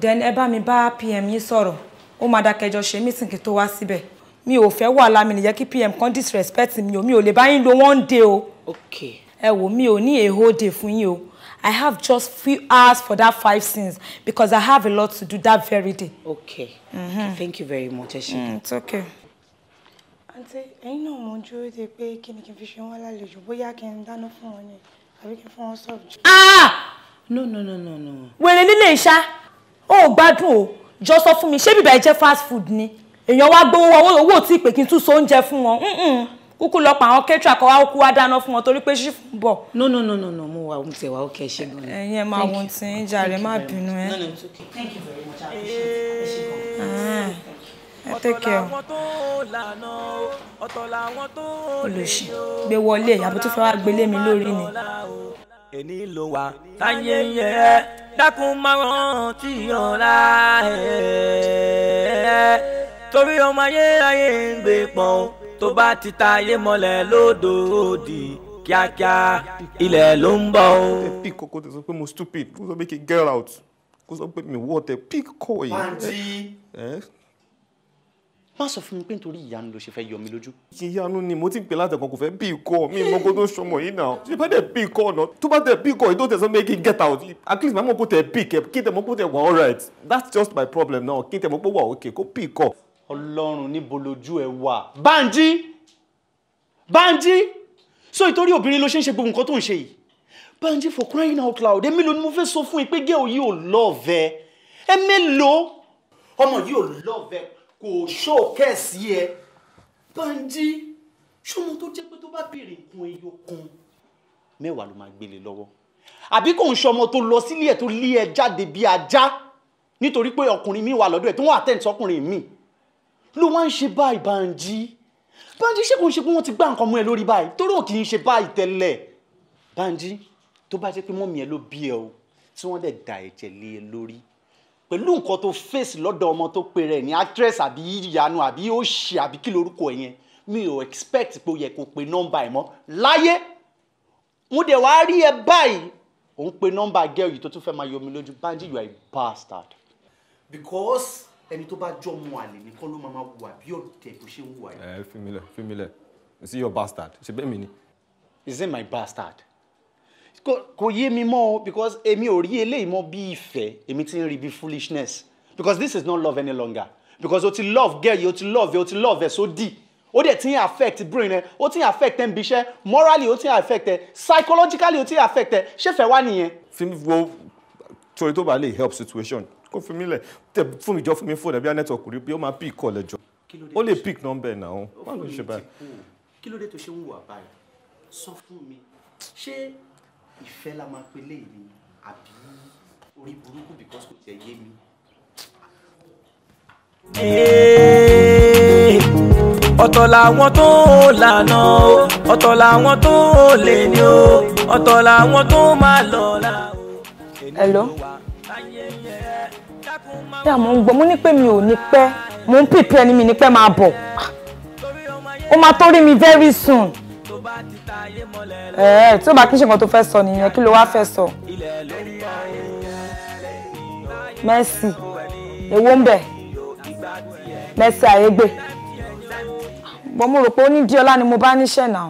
then ẹ bá mi bá pm yín sọ̀rọ̀ ó máa dákẹjọ ṣe meeting kí tó wá síbẹ̀ mi ò fẹ́ wà lámì nìyẹn kí pm kan disrespect mi o mi ò lè bá yín lo one day o. ok ẹ wò mi ò ní a whole day fún yín o. I have just few hours for that five sins because I have a lot to do that very day. Okay. Mm -hmm. okay thank you very much, Eshika. Mm, it's okay. Àǹtí, ẹ̀yin náà mo ń dúró de pé kí ni kí n fi ṣe wọ́n lálejò bóyá kí n dáná fún wọn ni àbí kí n fún wọn sọ̀rọ̀. Ah! No, no, no, no, no. Wèrè lílé ìṣá, ó gbádùn o, jọ sọ fún mi, ṣé bíbẹ̀ jẹ́ fast food ni? Èèyàn wá gbowó owó tí what what kí n tún so oúnjẹ fún wọn kúkú lọ pa àwọn kẹ́tìrà kọ́ wá kú wá dáná fún wọn torí pé ṣì ń bọ̀. no no no no no mo wà mo tẹ̀ wá ṣe gan-an. ẹ máa wo ti ń jàre má bínú ẹ. ẹ tẹ́kẹ̀ ọ́ olùsì gbé wọlé ìyàbọ̀ tó fẹ́ wá gbélé mi lórí ni. èmi ló wà táyé yẹ dákun máa rántí ọ̀la ẹ̀ torí ọmọ ayé ayé ń gbé pọ̀ tó bá ti ta ayé mọ́lẹ̀ lódòdì kíákíá ilẹ̀ ló ń bọ̀ o. ẹ pí kókó tẹ sọ pé mo stupid kó sọ pé kí n out kó sọ pé mi wọ́ tẹ pí kọ́ yìí. pàǹtí má sọ fún mi pé nítorí ìyanu ló ṣe fẹ́ yọ mi lójú. ìyanu ni mo ti ń pè látẹ̀kọ́ kò fẹ́ bí ikọ̀ mi mọ kó tó sọmọ yìí náà ṣe bá dẹ̀ bí ikọ̀ náà tó bá dẹ̀ bí ikọ̀ yìí tó tẹ̀sán pé kí n get out at least màá mọ̀ kó tẹ̀ bí ikẹ̀ kí tẹ̀ mọ̀ kó tẹ̀ wà alright that's just my problem now kí tẹ̀ mọ̀ kó wà okay kó bí ikọ̀ ọlọ́run níbo lójú ẹ wà Bánjí Bánjí so ìtorí obìnrin ló ṣe ń ṣe gbogbo nǹkan tó ń ṣe yìí Bánjí for crying out loud èmi ló ni mo fẹ́ sọ fún yín pé gẹ́ òyì ò lọ́ọ̀vẹ́ ẹ mélòó ọmọ yìí ò lọ́ọ̀vẹ́ kò ṣóòkẹ́ẹ̀sì ẹ Bánjí ṣọmọ tó jẹ́ pé tó bá béèrè nǹkan ẹyọ kan mẹ́wàá ló máa gbélé lọ́wọ́ àbí kò ń ṣọmọ tó lọ sílé ẹ̀ tó lé ẹ jáde bí ajá nítorí pé ọkùnrin mi wà lọ́dọ̀ ẹ̀ tó ń wà tẹ̀sọ́kùnrin mi ló wá ń ṣe báyìí Bánjí Bánjí ṣé kò ń ṣe pé wọ́n ti gbá nǹkan mú ẹ lórí báyìí torí ò kì í ṣe báyìí tẹ́lẹ̀ Bánjí tó bá jẹ́ pé mọ́mí ẹ ló bí ẹ o tí wọ́n dẹ̀ da ẹ̀jẹ̀ lé ẹ lórí pẹ̀lú nǹkan tó fèsì lọ́dọ̀ ọmọ tó pe rẹ̀ ní actress àbí ìyanu àbí òṣì àbí kí lorúkọ yẹn mi ò expect pé ó yẹ kó pe nọ́mbà ẹ̀ mọ́ láyé mo dẹ̀ wá rí ẹ báyìí òun pe nọ́mbà gẹ́ọ̀ yìí tó tún fẹ́ máa yọ mi lójú Bánjí you are a bastard. because ẹni tó bá jọ mu àlè nìkan ló máa ma wà bí ọ̀tẹ̀ bó ṣe ń wà yìí. ẹ fi mi lẹ fi mi lẹ is he your bastard ṣe bẹ́ẹ̀ mi ni. is he my bastard kò yé mi mọ́ o because èmi ò rí eléyìí mọ́ bí ìfẹ́ èmi ti ń rí bí foolishness because this is not love any longer because o ti love girl yìí o ti love yìí o ti love ẹ̀ so di ó dẹ̀ ti ń affect brain ẹ ó ti ń affect ẹ̀ ń bíṣẹ́ morally ó ti ń affect ẹ̀ psychologically ó ti ń affect ẹ̀ ṣé fẹ́ wá nìyẹn. fi wo torí tó bá lè help situation kó fi mí lẹ̀ tẹ fún mi jọ fún mi fóònù ẹ̀bí anẹ́tọ̀kù rí pé ó máa pick call lẹ́jọ́ ó lè pick number náà ó má ló ṣe báyìí. kí ló dé tó ṣe ń wà báyìí sọ fún mi ṣé ìfẹ́ la máa pe léyìí ni àbí orí burúkú because kò tiẹ̀ yé mi. Eh, ọ̀tọ̀ làwọn tó lànà o ọ̀tọ̀ làwọn tó lè ní o ọ̀tọ̀ làwọn tó máa lọ la. hello bí àmọ́ ń gbọ́ mo ní pé mi ò ní pẹ́ mo ń pìpẹ́ ni mi ní pẹ́ máa bọ̀ ó máa tó rí mi very soon ẹ̀ẹ́ tí ó bá kí n ṣe nǹkan tó fẹ́ sọ nìyẹn kí ló wá fẹ́ sọ Mercy èwo ń bẹ̀ Mercy àyégbè bọ́n mo rò pé ó ní díọ́lá ni mo bá níṣẹ́ náà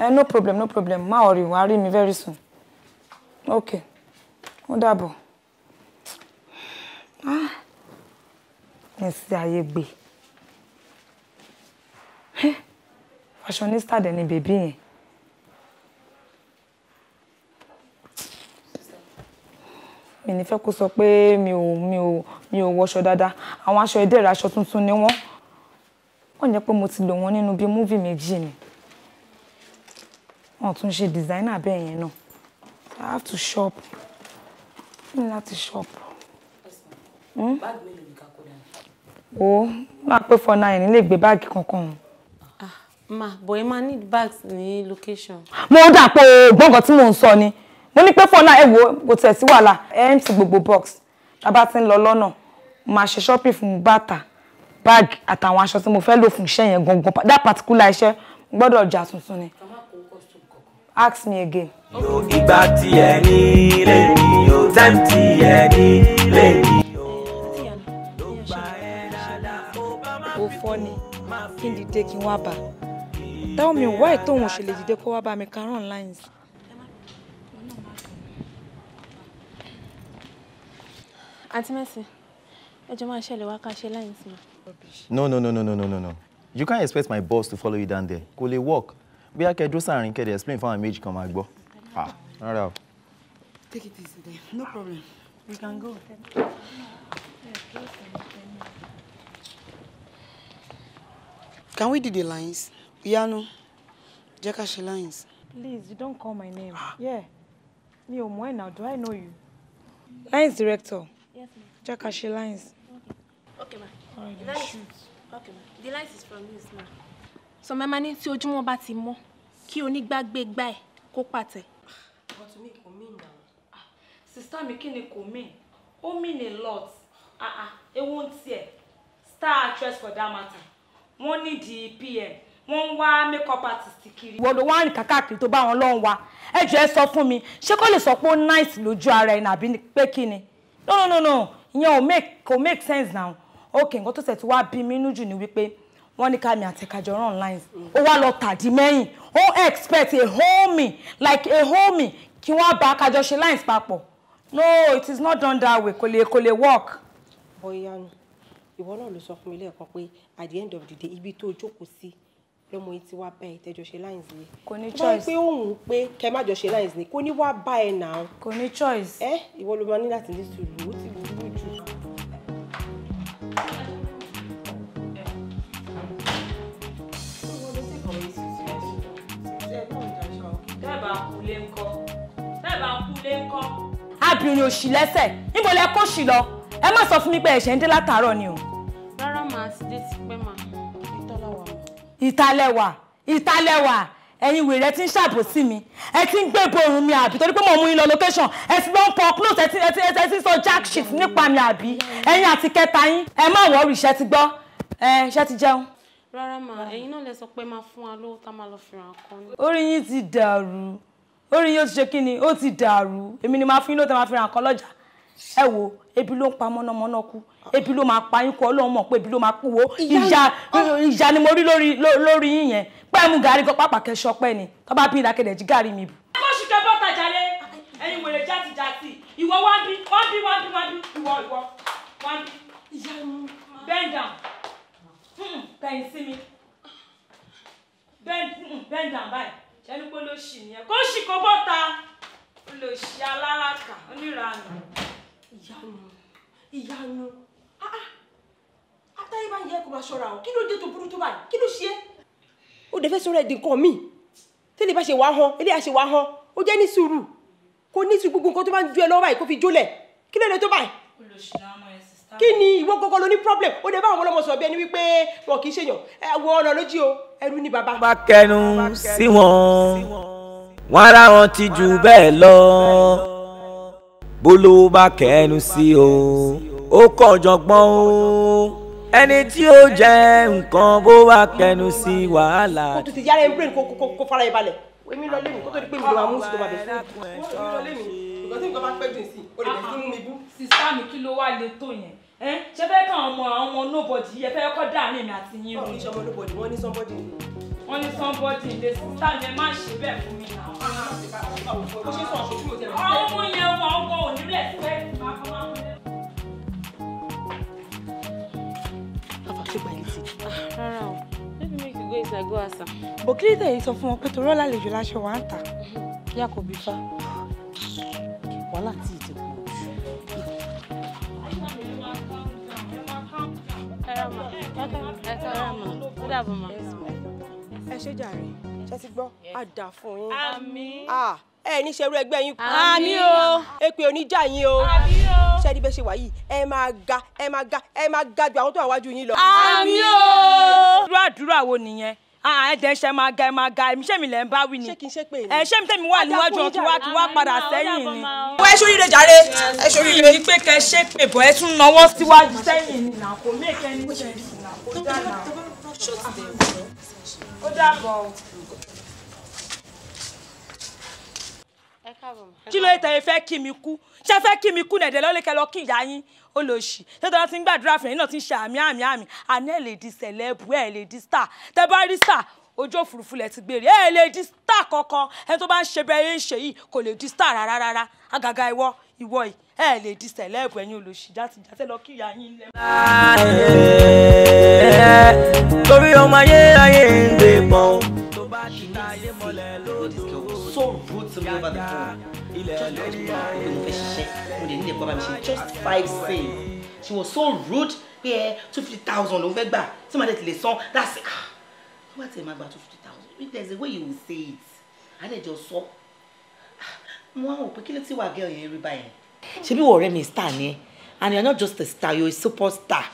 ẹ no problem no problem má ọ̀rì wá rí mi very soon ok ó dàbọ̀. Ah. ẹ̀sìn ayé gbé fashionista dẹ̀ ni bèbí yẹn. mi ní fẹ́ kó sọ pé mi ò mi ò mi ò wọṣọ dáadáa àwọn aṣọ ìdẹ́rẹ̀ aṣọ tuntun ni wọ́n wọ́n jẹ́ pé mo ti lò wọ́n nínú bíi múvì méjì ni wọ́n tún ṣe designer bẹ́ẹ̀ yẹn náà I have to shop I need to shop. Hmm? báàgì mélòó ni ká kó dání. wo máa pé four kankan o. Ah, ma boy e ma need bags ní location. mo da pé gbọ́ngàn tí mò ń sọ ni mo ní pé four nine ẹ wo kò tẹ̀ sí wàhálà empty gbogbo box tá a bá ti ń lọ lọ́nà shopping fún bàtà bag àtàwọn aṣọ tí mo fẹ́ lò fún iṣẹ́ yẹn gangan that particular iṣẹ́ gbọ́dọ̀ ọjà tuntun ni. ask me again. yóò ìgbà tí ẹ ní lè ní yóò time tí ẹ fọ́ ni kí n dìde kí n wá bà táwọn mi ò wá ètò òun ṣe lè dìde kó wá bá mi kárọ̀ lines. àǹtí mẹ́sì ẹjọ́ máa ṣẹlẹ̀ wá ká ṣe lines mọ́. no no no no no no no you can't expect my boss to follow you down there kò lè work bí akẹ́ dúró sáàrin kẹ́dẹ̀ explain fáwọn méjì kan máa gbọ́ ah, take it easy there no problem we can go. Can we do the lines? Piano. Jẹ́ ká lines. Please, you don't call my name. Ah. Yeah. Mi ò mọ̀ now, do I know you? Lines director. Yes, ma'am. Jẹ́ ká ṣe lines. Okay, ma'am. All right, lines. Shoot. Okay, ma'am. The lines is from you, ma'am. So, mama ní tí you bá ti mọ́, kí onígbàgbé gbá ẹ̀ kó pàtẹ. But me kò mí nà. Sista mi kí ni kò mean a lot. Ah ah, it won't tiẹ̀. Star actress for that matter wọ́n nídìí pm wọ́n ń wá makeup artist kiri. ìwọ ló wá rìn kákàkiri tó bá wọn lọ́n wa ẹ jọ ẹ sọ fún mi ṣé kó lè sọ pé ó nice lójú ara ẹ̀ nàbí pé kí ni no no no no ìyẹn ò make kò make sense now ok nǹkan tó ṣe ti wá bí mi inú jù ni wípé wọ́n ní kámi àti ẹ̀ka online ó wá lọ tàdí mẹ́yìn ó expect a homie like a homie kí wọ́n bá kájọ ṣe lines papọ̀ no it is not done that way kò lè kò lè work. bóyá ni ìwọ náà ló sọ fún mi lẹ́ẹ̀kan pé at the end of the day ibi tó jókòó sí lọ́mọ yìí ti wá bá ẹ tẹ́jọ ṣe lines ni. kò ní choice báyìí pé òun pé kẹ má jọ ṣe lines ni kò ní wá bá ẹ nà án. kò ní choice. ẹ ìwọ ló máa ní láti ní sùúrù ó ti burú jù. bẹ́ẹ̀ bá kú lé ńkọ́. abìnrin òṣì lẹ́sẹ̀ níbo lẹ kó ṣì lọ ẹ má sọ fún mi pé ẹ̀ṣẹ̀ ń dé látàárọ̀ ni o. rárá màá ti dé ti pẹ́ màá ìtọ́láwà. ìtàlẹ̀wà ìtàlẹ̀wà ẹ̀yin wèrè ti ń ṣàbòsí mi ẹ ti ń gbé borun mi àbí torí pé mo mú yín lọ location ẹ ti lọ ń pọ close ẹ ti ẹ ti ẹ ti sọ jack shit nípa mi àbí ẹ̀yin àti kẹta yín ẹ má wọrí iṣẹ́ ti gbọ́ ẹ iṣẹ́ ti jẹun. rárá màá ẹ̀yin náà lè sọ pé máa fún wa lówó tá máa lọ fìràn kan. orí yín ti dàrú orí yín ó ti ṣe kí ni ó ti dàrú èmi ni máa fún yín ló máa fi ràn kan lọ́jà ẹ wo ebi ló ń pa mọ́nàmọ́ná kú ebi ló máa pa yín kú ọlọ́run mọ̀ pé ebi ló máa kú wo ìjà ah. ìjà ni mo rí lórí yín yẹn pé mu gàrí kan pàpà kẹsọ pẹ́ ni tó bá bí ìdákẹ́dẹ̀ jí gàrí mi bù. ẹgbẹ́ oṣù kẹ bọ́ta jalè ẹyin wèrè jáde jáde ìwọ wá bí wá bí wá bí wá bí ìwọ ìwọ wá bí. ìyanu bend down hmm, bẹ́yìn sí mi bend hmm, down báyìí ṣẹ́ni pé ló ṣì nìyẹn kó ṣì kó bọ́ta ló ṣì alárakà onírànà ìyanu ìyanu Ah bá ń yẹ kó máa ṣọ́ra o kí ló dé tó burú tó báyìí kí ló ṣe é. ó dẹ̀ fẹ́ sọ̀rọ̀ ẹ̀dín kan mi tẹ́lẹ̀ bá ṣe wá hàn eléyà ṣe wá hàn ó jẹ́ ní sùúrù kò ní sùúrù gbogbo nǹkan tó bá ń ju ẹ lọ́wọ́ báyìí kó fi jólẹ̀ kí ló dé tó báyìí. kí ni ìwọ gọgọ ló ní problem ó dé báwọn ọmọlọmọ sọ bí ẹni wípé wọn kì í ṣèyàn ẹ ọ̀nà lójú o ẹrú ni bàbá. bá kẹnu sí wọn wọn ara wọn ti jù bẹ́ẹ̀ lọ bólówó bá kẹnu sí o ó kọ́ ọ̀jọ̀gbọ́n o ẹni tí ó jẹ nǹkan bó bá kẹnu sí wàhálà. o tún ti yára ewúrẹ́ nǹkan kó fara ẹ balẹ̀ èmi lọ lẹ́nu kó tó di pé mi lọ àmú tó bá bẹ̀ fún mi. wọ́n lọ lẹ́nu ìgbà tí nǹkan bá pẹ́ jù sí o lè bẹ̀rẹ̀ sí mú mi bú. sísá mi kí ló wá le tó yẹn ṣe fẹ́ kàn ọmọ àwọn nobody yẹ fẹ́ kọ́ dáa ní èmi àti yín rú. ọ̀hún ìṣọmọ nobody wọ́n ní somebody wọ́n ní somebody ilé sísá ni ẹ má ṣe bẹ́ẹ̀ fún mi náà. ọmọ yẹn wọ ọkọ onílẹ̀ fẹ́. let me make you go inside go asa. bòkìlì tẹ̀yìn sọ fún wọn pé torí ọ̀la àlejò láṣọ wà ń tà yá kò bí fa wàhálà tí ì dìbò. ẹ rà mọ́ ẹ rà mọ́ ó dàbọ̀ mọ́ ẹ ṣe jàre ṣe ti gbọ́ àdà fún yín àmín ẹ ní ṣerú ẹgbẹ́ yín kú àmín o èpè oníjà yín o ṣe ẹni bẹ́ẹ̀ ṣe wà ẹ máa ga ẹ máa ga ẹ máa ga ju àwọn tó wà wájú yín lọ àmín o. irú àdúrà wo nìyẹn ẹ̀dẹ̀ ṣe máa ga ẹ máa ga ẹ̀mí ṣẹ́mi lẹ̀ ń bá wí ni ẹ̀ tẹ̀mí wà níwájú ọ̀tún wá ti wá padà sẹ́yìn ni. ẹ ṣe oríire jàre ẹ ṣe oríire. ní pé kẹ ṣe pè bọ́ ẹ tún náwó síwájú sẹ́yìn ni ó dàbọ̀ o. kí ló tẹ ẹ fẹ́ kí mi kú ṣé fẹ́ kí mi kú nẹ̀dẹ̀ lọ́lẹ́ lọ kí ìyá yín ó lọ sí ṣé tọ́lá ti ń gbàdúrà fún náà ti ń ṣe àmì àmì àmì àná ẹ̀ lè di sẹ̀lẹ́bù ẹ̀ lè di star tẹ́ bá rí star ojú òfurufú lẹ ti gbére ẹ̀ lè di star kankan ẹni tó bá ń ṣe bẹ́ẹ̀ ń ṣe yìí kò lè di star rárá rárá àgàgà ìwọ ìwọ ẹ lè di sẹ̀lẹ́ẹ̀bù ẹ̀yin olóṣì jáde jáde lọ kí ìyá yín lẹ. torí ọmọ ayé ayé ń gbé pọ́n. tó bá ti ta ayé mọ́lẹ̀ lódò so rude to me over the phone ilẹ̀ ọlọ́run ló fẹ́ ṣiṣẹ́ mo lè nílé bọ́ bá mi ṣe just five cents she was so rude pé ẹ eh, two fifty thousand ló ń fẹ́ gbà tí màá dẹ̀ ti lè san that's it. wọ́n ah, bá tẹ̀ máa gba two fifty thousand there's a way you will say it àdẹ̀jọ sọ. So mo wá wò pé kí ló ti wà gẹ́ ọ̀yẹ́ rí báyìí. ṣebí wọ ọ̀rẹ́ mi star ni ẹ and you are not just a star you are a superstar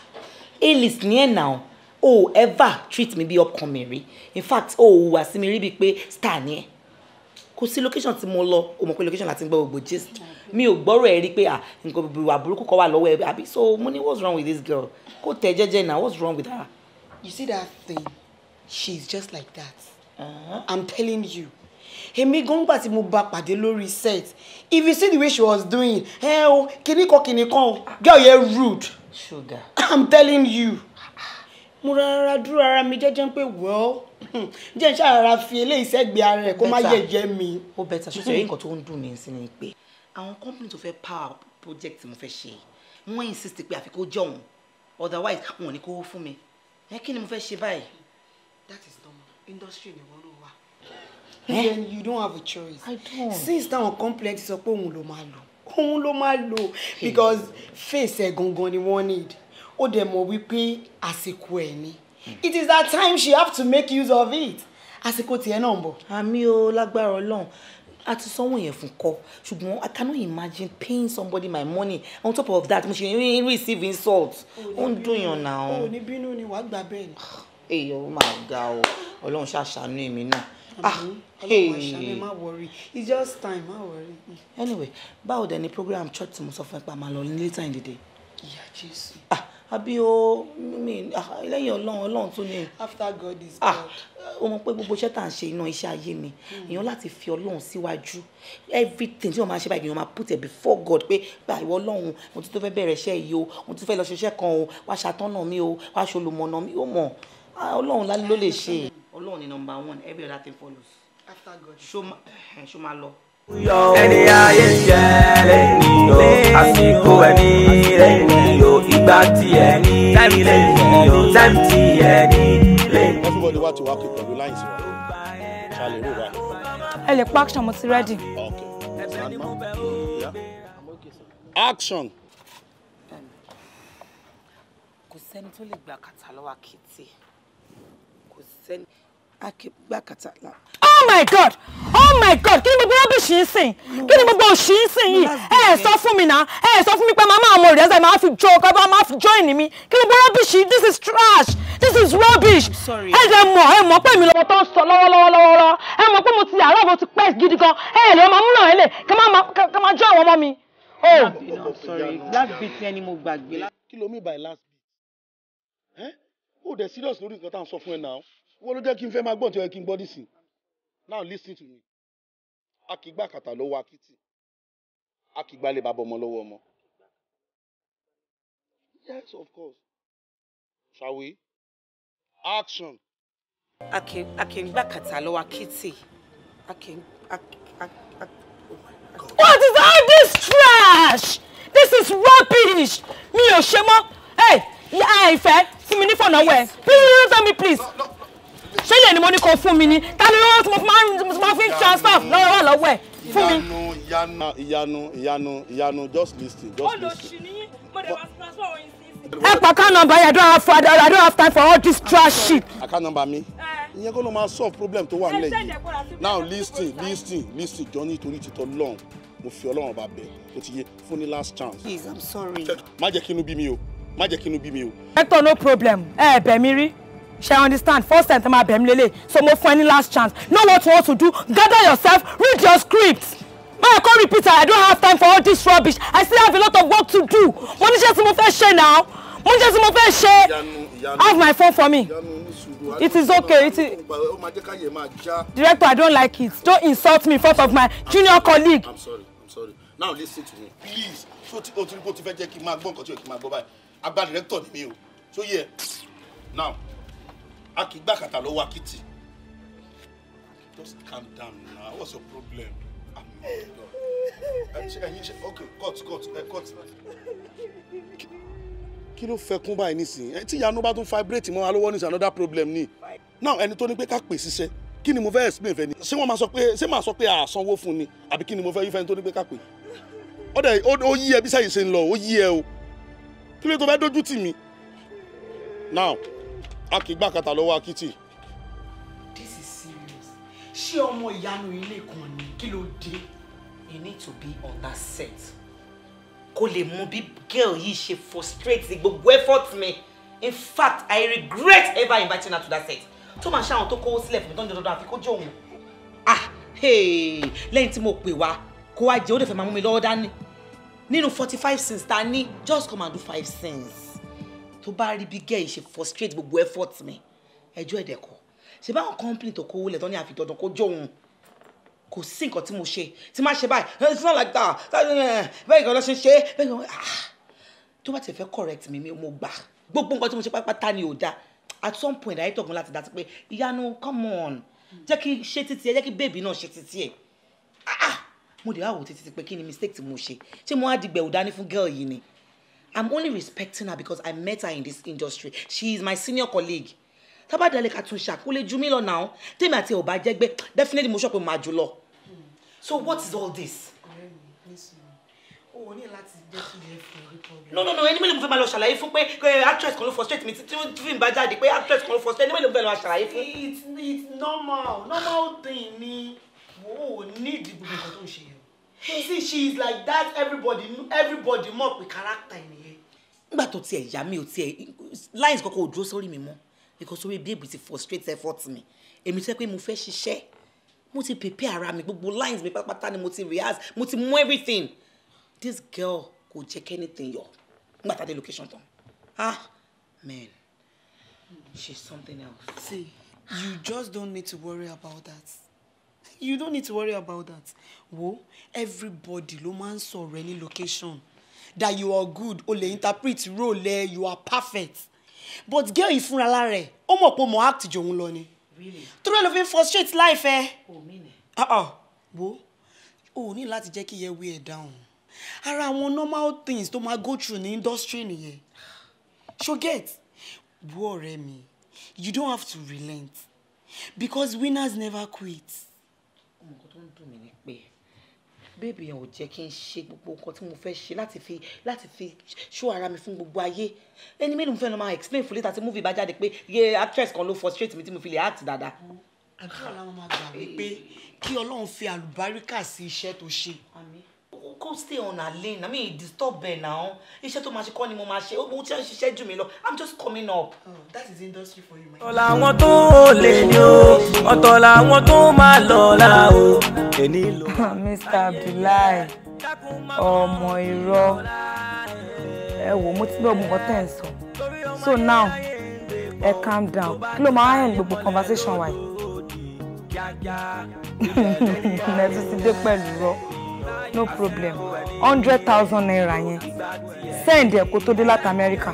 a-list ni ẹ now o oh, ever treat me bí ọkàn mi rí in fact o oh, wà sí mi rí bíi pé star ni ẹ kò sí location tí mo lọ o mọ̀ pé location láti gbọ́ gbogbo gist mi ò gbọ́rọ̀ ẹ̀ rí pé ah nǹkan ìwà burúkú kan wà lọ́wọ́ ẹ àbí so mo ní what's wrong with this girl kò tẹ̀ jẹ́jẹ́ na what's wrong with her. you see that thing she is just like that uh -huh. i'm telling you èmi gan gbà tí mo bá pàdé lórí set if you see the way she was doing ẹ o kìnnì kan kìnnì kan o girl yẹn rude sugar i'm telling you mo rárá dúró ara mi jẹ́jẹ́ pé wọ́ọ́ jẹ́ n ṣàrara fi eléyìí sẹ́gbẹ̀ẹ́ ara rẹ̀ kó má yẹ̀yẹ́ mi. ó bẹ̀tà ṣoṣo yìí nǹkan tó ń dùn mí sí ni pé àwọn company tó fẹ́ power project mo fẹ́ ṣe wọ́n insist pé àfi kó jọ̀hún otherwise wọn ò ní kó fún mi ẹ kí ni mo fẹ́ ṣe báyìí. that is normal industry ni wọ́n Eh? then you don't have a choice. I don't. since that táwọn complex sọ pé òun ló máa lò because face ẹ̀ gangan ni wọ́n need ó dẹ̀ mọ̀ wípé àsìkò ẹ̀ ni hmm. it is that time she have to make use of it àsìkò tiẹ̀ náà ń bọ̀. o lagbaro long. a someone sanwó yẹn i cannot imagine paying somebody my money on top of that she ṣe receive insults. ó ń dùn yàn náà. o ní ni wàá gbà bẹ́ẹ̀ ni. èyí ó máa ga o ọlọ́run ṣàṣàánú èmi ah hey má worry it's just time má worry. anyway báwo dẹ̀ ni program church tí mo sọ fún ẹ pa máa lọ later in the day. ìyá jésù. ah àbí o mi ah, lẹ́yìn ọlọ́run ọlọ́run tó ní. after god is called. Ah, o mọ̀ pé gbogbo iṣẹ́ tá à ń ṣe iná iṣẹ́ ayé ni hmm. èèyàn láti fi ọlọ́run síwájú everything tí wọ́n máa ṣe báyìí èèyàn máa put it before god pé gba ìwọ ọlọ́run mo ti tó fẹ́ bẹ̀rẹ̀ iṣẹ́ yìí o mo ti fẹ́ lọ ṣiṣẹ́ kan o wá ṣàtọ́nà mi o wá ṣolùmọ̀nà mi o mọ̀ ah, ọlọ́run lálẹ́ ló lè ṣe ọlọ́run ni number one every other thing follows. after God. ṣó máa lọ. ẹni ayé jẹ́ lẹ́yìn o àsìkò ẹni lẹ́yìn o ìgbà tí ẹni lẹ́yìn o time tí ẹni lẹ́yìn. everybody wá ti wá kí pẹ̀lú láìsí wa ṣàlẹ̀ rò ẹ lè pa action mo ti ready. okay. action kò sẹ́ni tó lè gba kàtà lọ́wọ́ àkìtì kò sẹ́ni oh my god oh my god kí ni gbogbo rọ́bìṣì ń sìn kí ni gbogbo òṣì ń sìn yìí ẹ ẹ sọ fún mi náà ẹ ẹ sọ fún mi pé màmá àwọn òrìṣà máa fi jọ ọkọ bá máa fi join mi kí ni gbogbo rọ́bìṣì this is trash this is rubbish ẹ jẹ mọ ẹ mọ pé mi lọ́wọ́ tó ń sọ lọ́wọ́lọ́wọ́ ẹ mọ pé mo ti àárọ̀ mo ti pẹ́ gidi gan ẹ ẹ lè máa múnà ẹ lè ká máa jọ àwọn ọmọ mi. oh sorry last bit yẹn ni mo gbàgbé. kí ló mi by last bit? ó dẹ̀ serious lórí nǹkan tá à ń sọ fún ẹ náà wọ́n ló jẹ́ kí n fẹ́ máa gbọ́n tí ó yẹ kí n gbọ́ nísìn now listen to me akígbà kàtà lọ́wọ́ akitì akígbà lè bá bọmọ lọ́wọ́ ọmọ yes of course shall we action. akígbà kàtà lọ́wọ́ akitì what is all this trash this is rubbish mi ò ṣe mọ́ ẹ ìfẹ́ fún mi ní fọ̀nà wẹ̀ please tell me please. No, no ṣé yẹn ni mo ní kó fún mi ni ta ló lọ́wọ́ tí mo máa fi transfer lọ́wọ́ lọ́wọ́ ẹ̀ fún mi. ìyanu ìyanu ìyanu ìyanu just just listen. olùsí ni mo dẹ̀ ẹ pa account number yẹn I don't have I don't have time for all this trash shit. account number mi eh. ìyẹn kọ́ ló máa solve problem tó wà nílẹ̀ yìí now listen listen listen jọ nítorí títọ́ lọ́hùn mo fi ọlọ́run ọba bẹ̀ ó ti yé fún ní last chance. please i'm sorry. má jẹ́ kí inú bí mi o má jẹ́ kí inú bí mi o. hector no problem ẹ bẹ̀ mí rí. She understand first time tẹ́ máa bẹ̀ mí so mo fún any last chance know what you want to do gather yourself read your script báyọ̀ kọ́ repeat i don't have time for all this rubbish i still have a lot of work to do mo níṣẹ́ tí mo fẹ́ ṣe now mo níṣẹ́ tí mo fẹ́ ṣe have my phone for me it is okay it is director i don't like it don't insult me in front of my junior colleague. i'm sorry i'm sorry now listen to me please so ti o ti ri bó ti fẹ́ jẹ́ kí n máa gbọ́ nǹkan tí o kì í máa gbọ́ báyìí director ni mi o so yẹ now a kì í gbàkàtà just calm down na what's your problem ah, ẹyin cut cut cut. kí ló fẹ́ kún báyìí nísìnyí tí ìyanu bá tún vibrate mọ́ wa lọ́wọ́ nísìnyí another problem ni now ẹni tó ní pé ká pè síṣẹ́ kí ni mo fẹ́ explain fẹ́ ni ṣé wọ́n máa sọ pé ṣé máa sọ pé àsanwó fún ni àbí kí ni mo fẹ́ yí fẹ́ni tó ní pé ká pè ó dẹ̀ ó yí ẹ bí sẹ́yìn ṣe ń lọ ó yí ẹ o kí ló tó fẹ́ dójú tì mí now akígbàkàtà lọ́wọ́ akitì. this is serious ṣé ọmọ ìyanu ilé kan ni kí ló dé you need to be on that set kó lè mú bí girl yìí ṣe frustrate gbogbo effort mi in fact i regret ever inviting her to that set tó máa ṣe àwọn tó kówó sílẹ̀ fún mi tó ń àfi kó jẹ́ òun ah lẹ́yìn tí mo pè wá kó wá jẹ́ ó lè fẹ́ máa mú mi lọ́wọ́ dání nínú forty five cents ta ní just come and do five cents tó bá rí bí gẹ́ẹ̀ ṣe frustrate gbogbo effort mi ẹjọ́ ẹ̀dẹ̀kọ̀ ṣe báwọn complain tó kówó lẹ̀ tán ní àfi dandan kó jó òun kò sí nǹkan tí mo ṣe tí má ṣe báyìí eh, it's not like that eh, bẹ́ẹ̀ kan lọ ṣe ṣe bẹ́ẹ̀ kan ah. tó bá ti fẹ́ correct mi mi mo gbà gbogbo nǹkan tí mo ṣe pátápátá ni ò dáa at some point ayé tọ̀gbọ́n láti dá sí pé ìyanu come on jẹ́ kí ṣe títí ẹ jẹ́ kí bèbí náà ṣe títí ẹ ah, ah. mo dẹ̀ wá wò títí pé kí ni mistake tí mo ṣe ṣé mo á di gbẹ̀wò dání fún girl yìí ni I'm only respecting her because I met her in this industry. She is my senior colleague. Taba ká tún ṣàkó lè ju mí lọ náà. Tèmi àti ẹ̀ definitely mo ṣọ́ pé màá So what is all this? no no no ẹni mélòó mo fẹ́ máa lọ ṣàlàyé fún pé actress kan ló frustrate mi tí fíìmù bá jáde pé actress kan ló frustrate ẹni mélòó mo fẹ́ lọ ṣàlàyé fún. it's it's normal normal thing ni o ò ní ìdìbò nǹkan tó ń you see she is like that everybody everybody mọ̀ pé character nìyẹn. nígbà tó tiẹ̀ yá mi ò tiẹ̀ lines kọ́kọ́ ò dúró sórí mi mọ́ because orí bíbí ti frustrate effort mi èmi tẹ́ pé mo fẹ́ ṣiṣẹ́ mo ti prepare ara mi gbogbo lines mi pátápátá ni mo ti rehearse mo ti mú everything this girl kò jẹ́ kí anything yọ nígbà tá a dé location tán ah man she's something else. see you just don't need to worry about that you don't need to worry about that wo everybody ló máa ń sọ̀rọ̀ location that you are good o interpret role you are perfect but girl if you're lára ẹ ó mọ̀ pé mo act jòun lọ ni torí ẹ ló fi ń frustrate life ẹ uh-uh. wo o bo. Oh, jẹ́ kí yẹ wí ẹ̀ down ara àwọn normal things to máa go through the industry nìyẹn so get Bo, ọ̀rẹ́ you don't have to relent because winners never quit ń dùn mí ni pé bébì yẹn ò jẹ́ kí n ṣe gbogbo nǹkan tí mo fẹ́ ṣe láti fi láti fi ṣó ara mi fún gbogbo ayé ẹni mélòó mo fẹ́ lọ máa explain fún létà tí múvi bá jáde pé iye actress kan ló frustrate mi tí mo fi lè act dáadáa. àdúrà làwọn máa gbà wípé kí ọlọ́run fi àlùbáríkà sí iṣẹ́ tó ṣe. àmín come stay on her lane i mean disturb her now iṣẹ́ tó máa ṣe kọ́ ni mo máa ṣe ó ti ń ṣiṣẹ́ jù mí lọ i'm just coming up. Oh, that is industry for you my. ọ̀la àwọn tó lè ní o ọ̀tọ̀ làwọn tó máa lọ la o. Mr. Abdullahi ọmọ irọ́ ẹ wò mo ti gbọ́ gbogbo tẹ̀ ń sọ so now ẹ calm down kí ló máa ń gbogbo conversation wa yìí. ti dé pẹ̀lú rọ no problem hundred thousand naira yẹn send ẹ̀ kó tó dé láti Amẹ́ríkà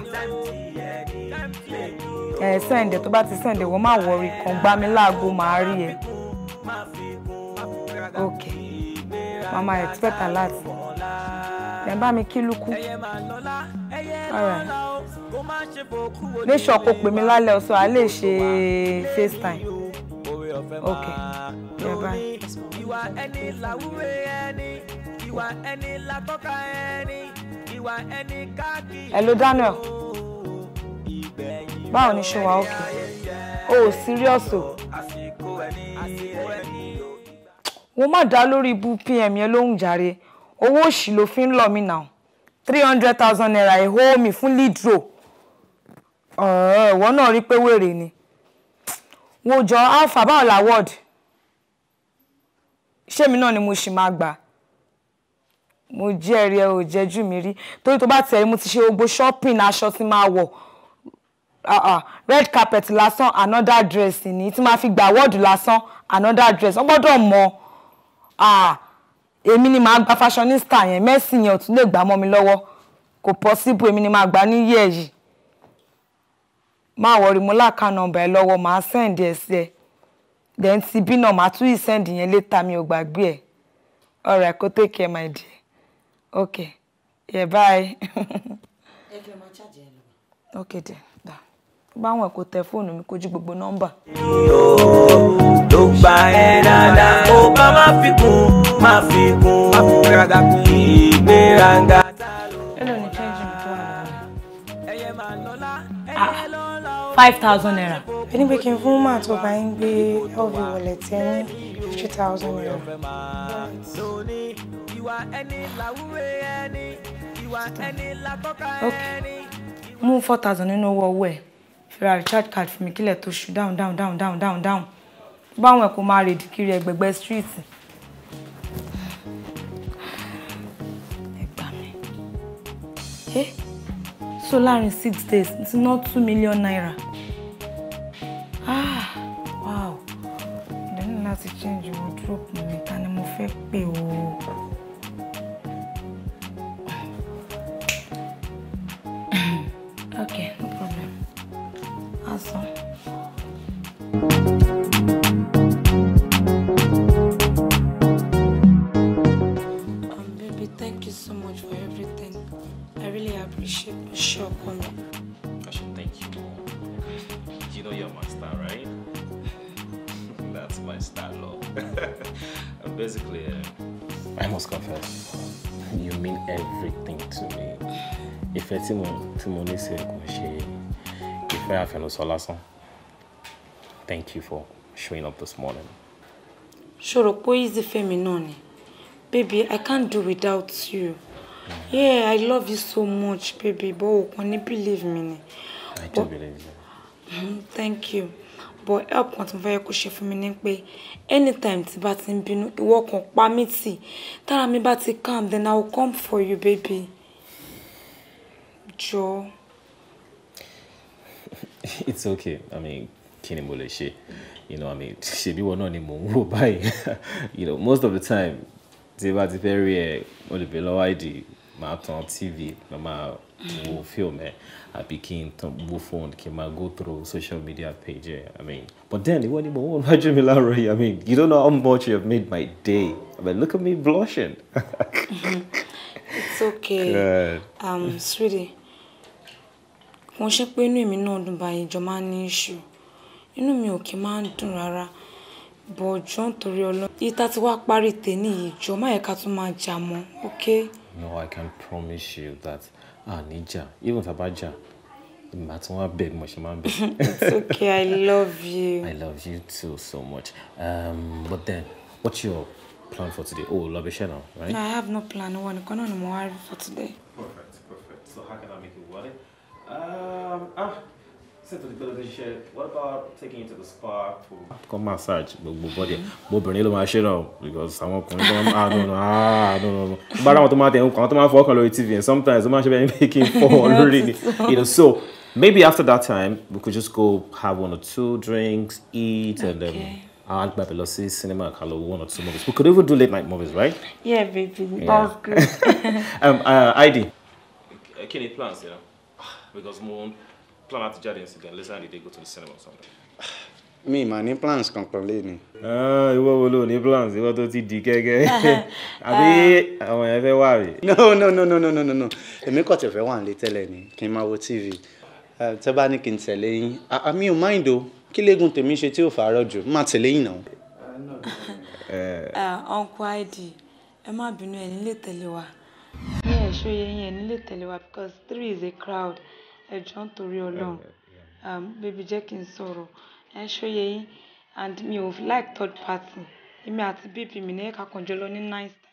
ẹ̀ send ẹ̀ tó bá ti send ẹ̀ wọ́n má wọrí kàn gbá mi láago màá rí ẹ̀ ok mama expect a lot ẹ̀ bá mi kí lukú alright make sure kó pè mí lálẹ́ ọ̀sán a lè ṣe FaceTime ok Bye yeah, bye ìwà ẹni látọ́ka ẹni ìwà ẹni káàkiri. hello Daniel oh, báwo ni ṣe wà òkè o ò serious o wọ́n má dá lórí ibú pm yẹn lóhùn jàre owó òṣì ló fi ń lọ mí náà three hundred thousand naira ìhó mi fún lead row ìwọ náà rí pé wèrè ni wo jọ alpha báwo la word ṣé mi náà ni mo ṣì máa gbà mo jẹ́ ẹ̀rí ẹ ò jẹ́jú mi rí torí tó bá tẹ̀ ẹ́ mo ti ṣe gbogbo shopping aṣọ tí máa wọ̀ ah, ah, red carpet lásán another dress ni tí máa fi gba award lásán another dress wọ́n gbọ́dọ̀ mọ ah, èmi ni màá gba fashionista yẹn mẹ́sì yẹn ò tún lè gbà mọ́ mi lọ́wọ́ kò possible èmi ni màá gbà ní yíyẹ yìí máa wọrí mo láka nọ́mbà ẹ lọ́wọ́ màá send ẹ sí ẹ then ti bí náà màá tún ìsẹ́ndì yẹn létà mi ò gbàgbé ẹ all right kó take care my dear. Okay. Yeah, bye. okay then. Da. Báwọn kò tẹ fóònù mi kojú gbogbo nọ́mbà. Ló gba ẹ dáadáa, ó bá má fi kún, má fi kún, má fi gbéraga kún, ìgbéraga. Ẹ lọ ní change mi tó wà lọ́wọ́. Ẹyẹ máa five thousand naira. ẹni pé kí n fún máa tó bá ń gbé lv wallet ẹ ní fifty thousand naira. okay mú four thousand nínú owó ọwọ́ ẹ̀ fira recharge card fún mi kílẹ̀ tó ṣù down down down down down down báwọn ẹ̀ kò máa rèdí kiri ẹgbẹ̀gbẹ̀ street. ẹ gbà mí so láàrin six days n ti ná two million naira ah wow ìdẹ́nu láti change wardrobe mi ta ni mo fẹ́ pè o. okay no problem um, thank you so much for everything really appreciate Bashir Okono. I should thank you. You know you're my star, right? That's my star, love. and basically, uh, I must confess, you mean everything to me. If I mo tí mo ní sí ẹ kò ṣe ìfẹ́ Thank you for showing up this morning. Ṣòro is easy fẹ́ Baby, I can't do without you. Yeah, I love you so much, baby. But o kàn believe me I do believe you. Mm-hmm, thank you. But help kan to mo fẹ́ kó ṣe fún mi anytime tí bá ti ń bínú, ìwọ kàn pa mí tì. Tára mi bá ti calm, then I will come for you, baby. Jọ̀ọ́. It's okay. I mean, kí she. You know, I mean, she be one ni mò ń wò You know, most of the time, tí bá ti fẹ́ rí ẹ, mo lè bẹ̀ máa tan TV lọ máa wo film ẹ àbí kí n tan wo phone kí n go through social media page ẹ I mean but then ìwọ ni mo wọ́n wájú mi láàárọ̀ yìí I mean you don't know how much you have made my day I mean look at me blushing. it's okay Good. um, sweetie wọ́n ṣe pé inú èmi náà dùn báyìí jọ máa ń ní iṣu inú mi ò kí máa ń dùn rárá bọ̀jọ́ nítorí ọlọ́run yìí tá ti wá parí tèmi yìí jọ má yẹ ká tún máa okay no I can promise you that àníjà even tá a bá jà màá tún wá bẹ̀ mo ṣe máa ń bẹ̀. It's okay I love you. I love you too so much um, but then what's your plan for today? Oh lọ bí iṣẹ́ náà right? No I have no plan owó nìkan náà ni mo wá for today. Perfect perfect so how can I make you worry? Um, ah sí ti pé lóde ṣiṣẹ́ what about taking you to the spa kọ́ massage gbogbo body ẹ̀ obìnrin ló máa ṣe náà because àwọn ọkùnrin tó máa dùn náà ah no no no gbára àwọn tó máa tẹ̀ ń kọ́ àwọn tó máa fọ́ ọkàn lórí tv and sometimes ó máa ṣe bẹ́ẹ̀ ní lórí ni you know so maybe after that time we could just go have one or two drinks eat and then. Um, and maybe let's see cinema color one or two movies. We could even do late night movies, right? Yeah, baby, yeah. that good. um, uh, ID. Can plans, you know? Because more plan láti jáde ní sídẹ̀ later in the day go to the cinema or mi mà ní plans kan pẹ̀lú ẹni. ìwọ wo ló ní plans ìwọ tó ti di gẹ́gẹ́ àbí àwọn ah. yẹn fẹ́ wà rè. no no no no no no no èmi kò tẹ̀ fẹ́ wà nílé tẹ́lẹ̀ ni kí n máa wo tv tẹ́ bá ní kí n tẹ̀lé yín àmì ah, ah, ò mind o kí lẹ́gùn tèmi ṣe tí ò fàárọ̀ jù má tẹ̀lé yín náà. uncle id ẹ má bínú ẹ nílé tẹ̀lé wa ní ẹ̀ṣọ́ yẹn yẹn nílé tẹ̀lé wa because three is a crowd ẹ jọ̀ọ́ nítorí Ọlọ́run um, bébí jẹ́ kí n sọ̀rọ̀ ẹ ṣó yé yín and mi ò like third party èmi àti bébí mi ní ẹ̀ka kan jọ lọ ní nice time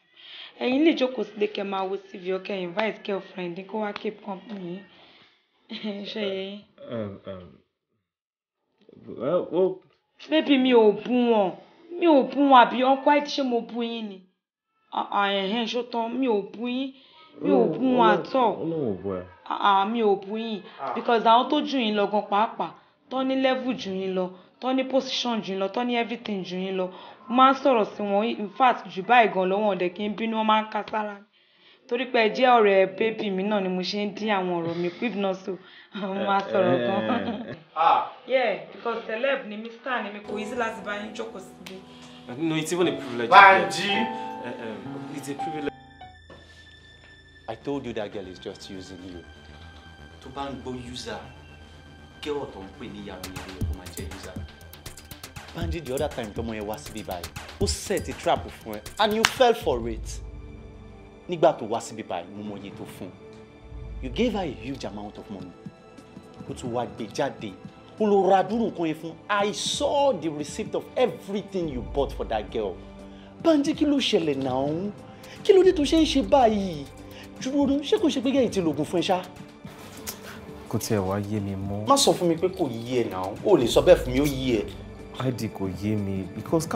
ẹ̀yin lè jókòó sílé kẹ́ máa wo CV ọkẹ́ invite girlfriend kó wá keep company yín ṣó yé yín. Um, um, bébí mi ò bú wọn mi ò bú wọn àbí ọkọ àìtí ṣé mo bú yín ni ah, ah, ẹ̀hẹ́n ṣó tán mi ò bú yín mi ò bú wọn àtọ̀. Ah, ah, mi ò bú ah. because àwọn tó jù yín lọ gan pàápàá tó ní level jù yín lọ tó ní position jù yín lọ tó ní everything jù yín lọ mo máa ń sọ̀rọ̀ sí wọn in fact jù báyìí gan lọ́wọ́ ọ̀dẹ̀ kí n bínú wọn máa ń ká sára torí pé ẹ jẹ́ ọ̀rẹ́ bébì mi náà ni mo ṣe ń dín àwọn ọ̀rọ̀ mi quick not so mo máa sọ̀rọ̀ gan. yeah because celeb ni mi ni mi kò easy láti bá yín jókòó síbi. no it's even a privilege. Banji. Uh, um, it's a privilege. I told you that girl is just using you. To bá ń user, girl tó ń pè níyàwó yẹn ló kó máa user. Banji the other time tọmọ yẹn wá síbí báyìí, ó set a trap fún ẹ and you fell for it. Nígbà tó wá síbí báyìí, mo mọ iye tó fún. You gave her a huge amount of money. Ó tún wá gbé jáde. Ó lọ ra dúró nǹkan yẹn fún. I saw the receipt of everything you bought for that girl. Banji kí ló ṣẹlẹ̀ now. Kí ló dé tó ṣe ń ṣe báyìí? ṣùgbọ́n ṣé kò ṣe pé gẹ̀yìn ti lògùn fún ẹ ṣá. kò tiẹ̀ wá yé mi mọ́. má sọ fún mi pé kò yé ẹ náà o lè sọ bẹ́ẹ̀ fún mi ó yé ẹ. id kò yé mi because.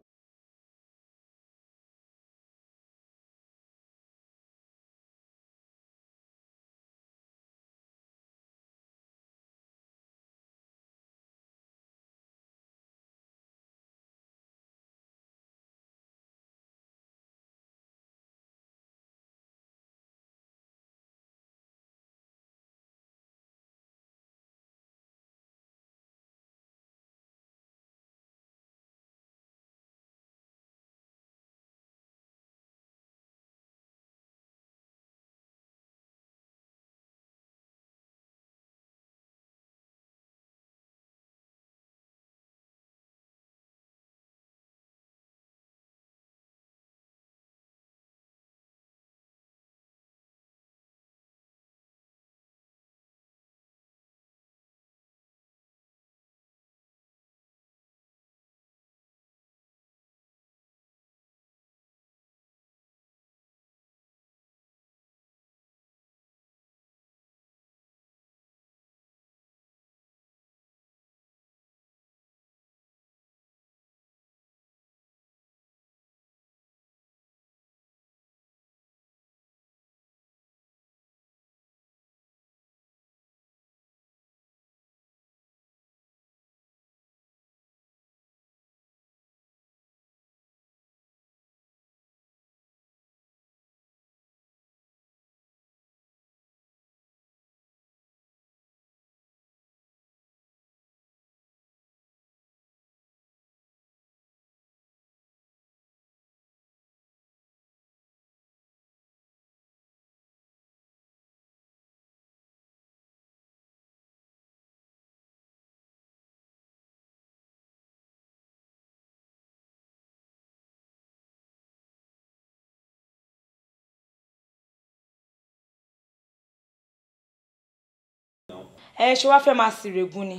ẹ ṣe wá fẹ́ máa sìrègùn ni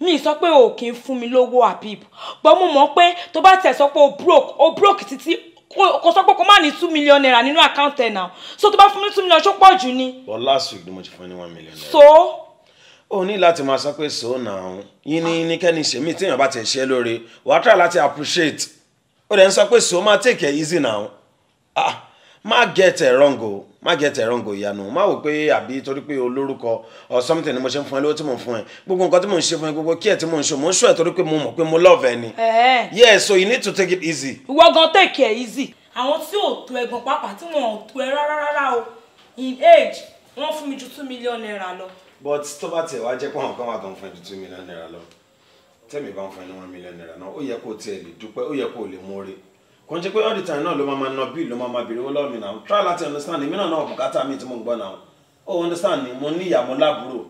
mi sọ pé o kì í fún mi lówó àbíb gbọ́ mo mọ̀ pé tó bá tẹ̀ sọ pé o broke o broke títí kò sọ pé kò má ní two million naira nínú account ẹ̀ náà so tó bá fún mi two million ṣó pọ̀ jù ni. but last week ni mo ti fún ní one million naira. so. o ní láti máa sọ pé so now. yín ní ní kẹ́ni ṣèmí téèyàn bá tẹ̀ ṣe lóore wàá try láti appreciate ó dẹ̀ ń sọ pé so máa take it easy now ah má get it wrong o má jẹ tẹ̀rọ ń gò ìyanu má wò pé àbí torí pé olórúkọ or something ni mo ṣe ń fún ẹ lówó tí mo ń fún ẹ gbogbo nǹkan tí mo ń ṣe fún ẹ gbogbo kí ẹ tí mo ń ṣe mo ń ṣọ ẹ torí pé mo mọ̀ pé mo love ẹ ni. yes so you need to take it easy. ìwọ gan take care easy. àwọn tí ò tó ẹ̀gbọ́n pàápàá tí wọn ò tó ẹ rárá rárá o in age wọn fún mi ju two million naira lọ. but tó bá tiẹ̀ wá jẹ́ pé àwọn kan wà tó ń fún ẹ ju two million naira lọ tẹ́mi bá ń fún ẹ ní one million naira náà ó yẹ kó tiẹ̀ lè dúpẹ́ ó yẹ kò ń ṣe pé all the time náà ló máa máa ná bíi ló máa máa bèrè owó lọ́wọ́ mi náà try láti understand èmi náà náà bùkátà mi tí mo ń gbọ́ náà ó oh, understand ni mo ní ìyàmú lábúrò.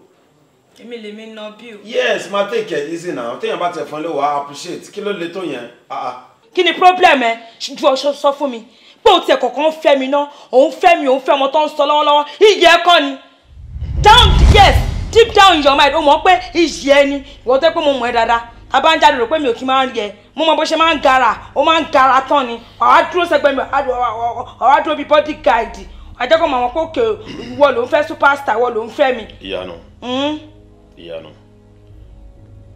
èmi lè mi ná bíi. yes máa take it easy now téèyàn bá tẹ̀ fún lé wàá appreciate kí ló le tó yẹn. Ah, ah. kí ni problem ẹ ju ọṣọ sọ fún mi pé o tiẹ̀ kọ̀ọ̀kan fẹ́ mi náà òun fẹ́ mi òun fẹ́ ọmọ tó ń sọ lọ́wọ́lọ́wọ́ ìyẹ́ ẹ̀kọ́ ni down yes deep down in your mind o mọ̀ pé ìyẹ́ ni ìwọ́n tẹ́ pé mo mọ̀ ẹ́ dáadáa abájáde rò pé mi ò kí máa ń rí mo mọ bó ṣe máa ń gara ó máa ń gara tán ni àwa dúró sẹ́gbẹ́ mi dúró bíi body guide àjẹkọ mọ àwọn kókè wọ ló ń fẹ́ superstar wọ ló ń fẹ́ mi. ìyanu hmm? ìyanu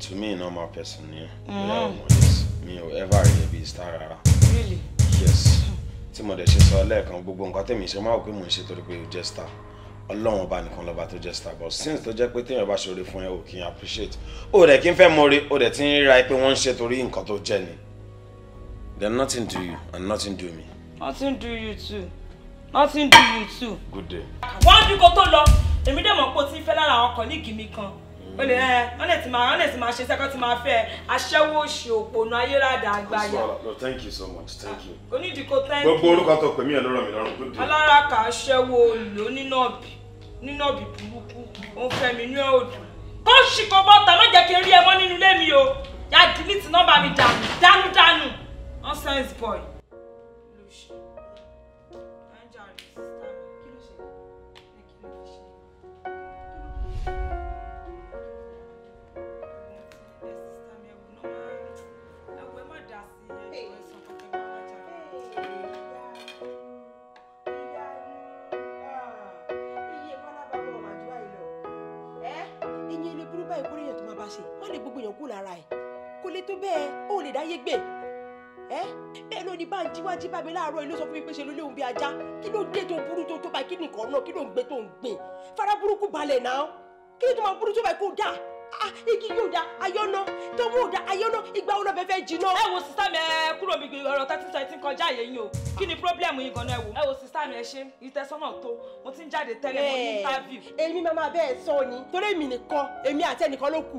to me normal person ni ẹ hmm. mi ò ever rí ẹbí star rárá yes tí mo dẹ̀ ṣe sọ lẹ́ẹ̀kan gbogbo nǹkan tẹ̀mí ṣe máa wò pé mò ń ṣe torí pé o jẹ́ star ọlọ́run ọba nìkan lọ́ba tó jẹ́ star but since tó jẹ́ pé téèyàn bá ṣoore fún ẹ ò kì í appreciate ó dẹ̀ kí n fẹ́ mọ̀re ó dẹ̀ ti ń ríra pé wọ́n ń ṣe torí nǹkan tó jẹ́ ni then nothing do you and nothing do me. nothing do you too nothing do you too. good day. wọ́n ju kó tó lọ èmi dẹ̀ mọ̀ pé o ti ń fẹ́ lára àwọn kọ̀ọ̀lìkì mi kan o lè ẹ ọ̀nà tí máa ọ̀nà tí máa ṣe fẹ́ aṣẹ́wó ṣe òpònú ayérada àgbáyà. no thank you so much thank you. Ah, onídìí kò thank you. gbogbo orúkọ tó pè mí ẹ ló mi lọ́rùn good day. alára kà aṣẹ́wó olónínàbì nínà bí burúkú òun fẹ́ ní òòdù kó ṣì kó má jẹ́ kí n rí ẹ nínú ilé mi o yá delete nọ́mbà mi dànù dánú dánú nonsense boy. bẹ́ẹ̀ ó lè dáyé gbé ẹ bẹ́ẹ̀ ló ní báńjí wájí bá mi láàárọ̀ ilé sọ fún mi pé ṣe ló léwu bí ajá kí ló dé tó burú tó tó báyìí kí nìkan náà kí ló ń gbé tó ń gbé fara burúkú balẹ̀ náà kí ló tó máa burú tó báyìí kó dáa ah igi yóò da ayọ́nà tọ́wọ́ ò da ayọ́nà ìgbà wo lọ́bẹ̀ fẹ́ jiná. ẹ wo sísá mi ẹ kúrò mi gbé ọ̀rọ̀ thirty thirty kọjá yẹn yín o kí ni pírọ́blẹ̀mù yín gan-an ẹ wò. ẹ wo sísá mi ẹ ṣe ìtẹ̀sọ́nà tó mo ti ń jáde tẹ́lẹ̀ mo ní interview. èmi máa máa bẹ́ẹ̀ sọ ni torí èmi nìkan èmi àti ẹnìkan ló kù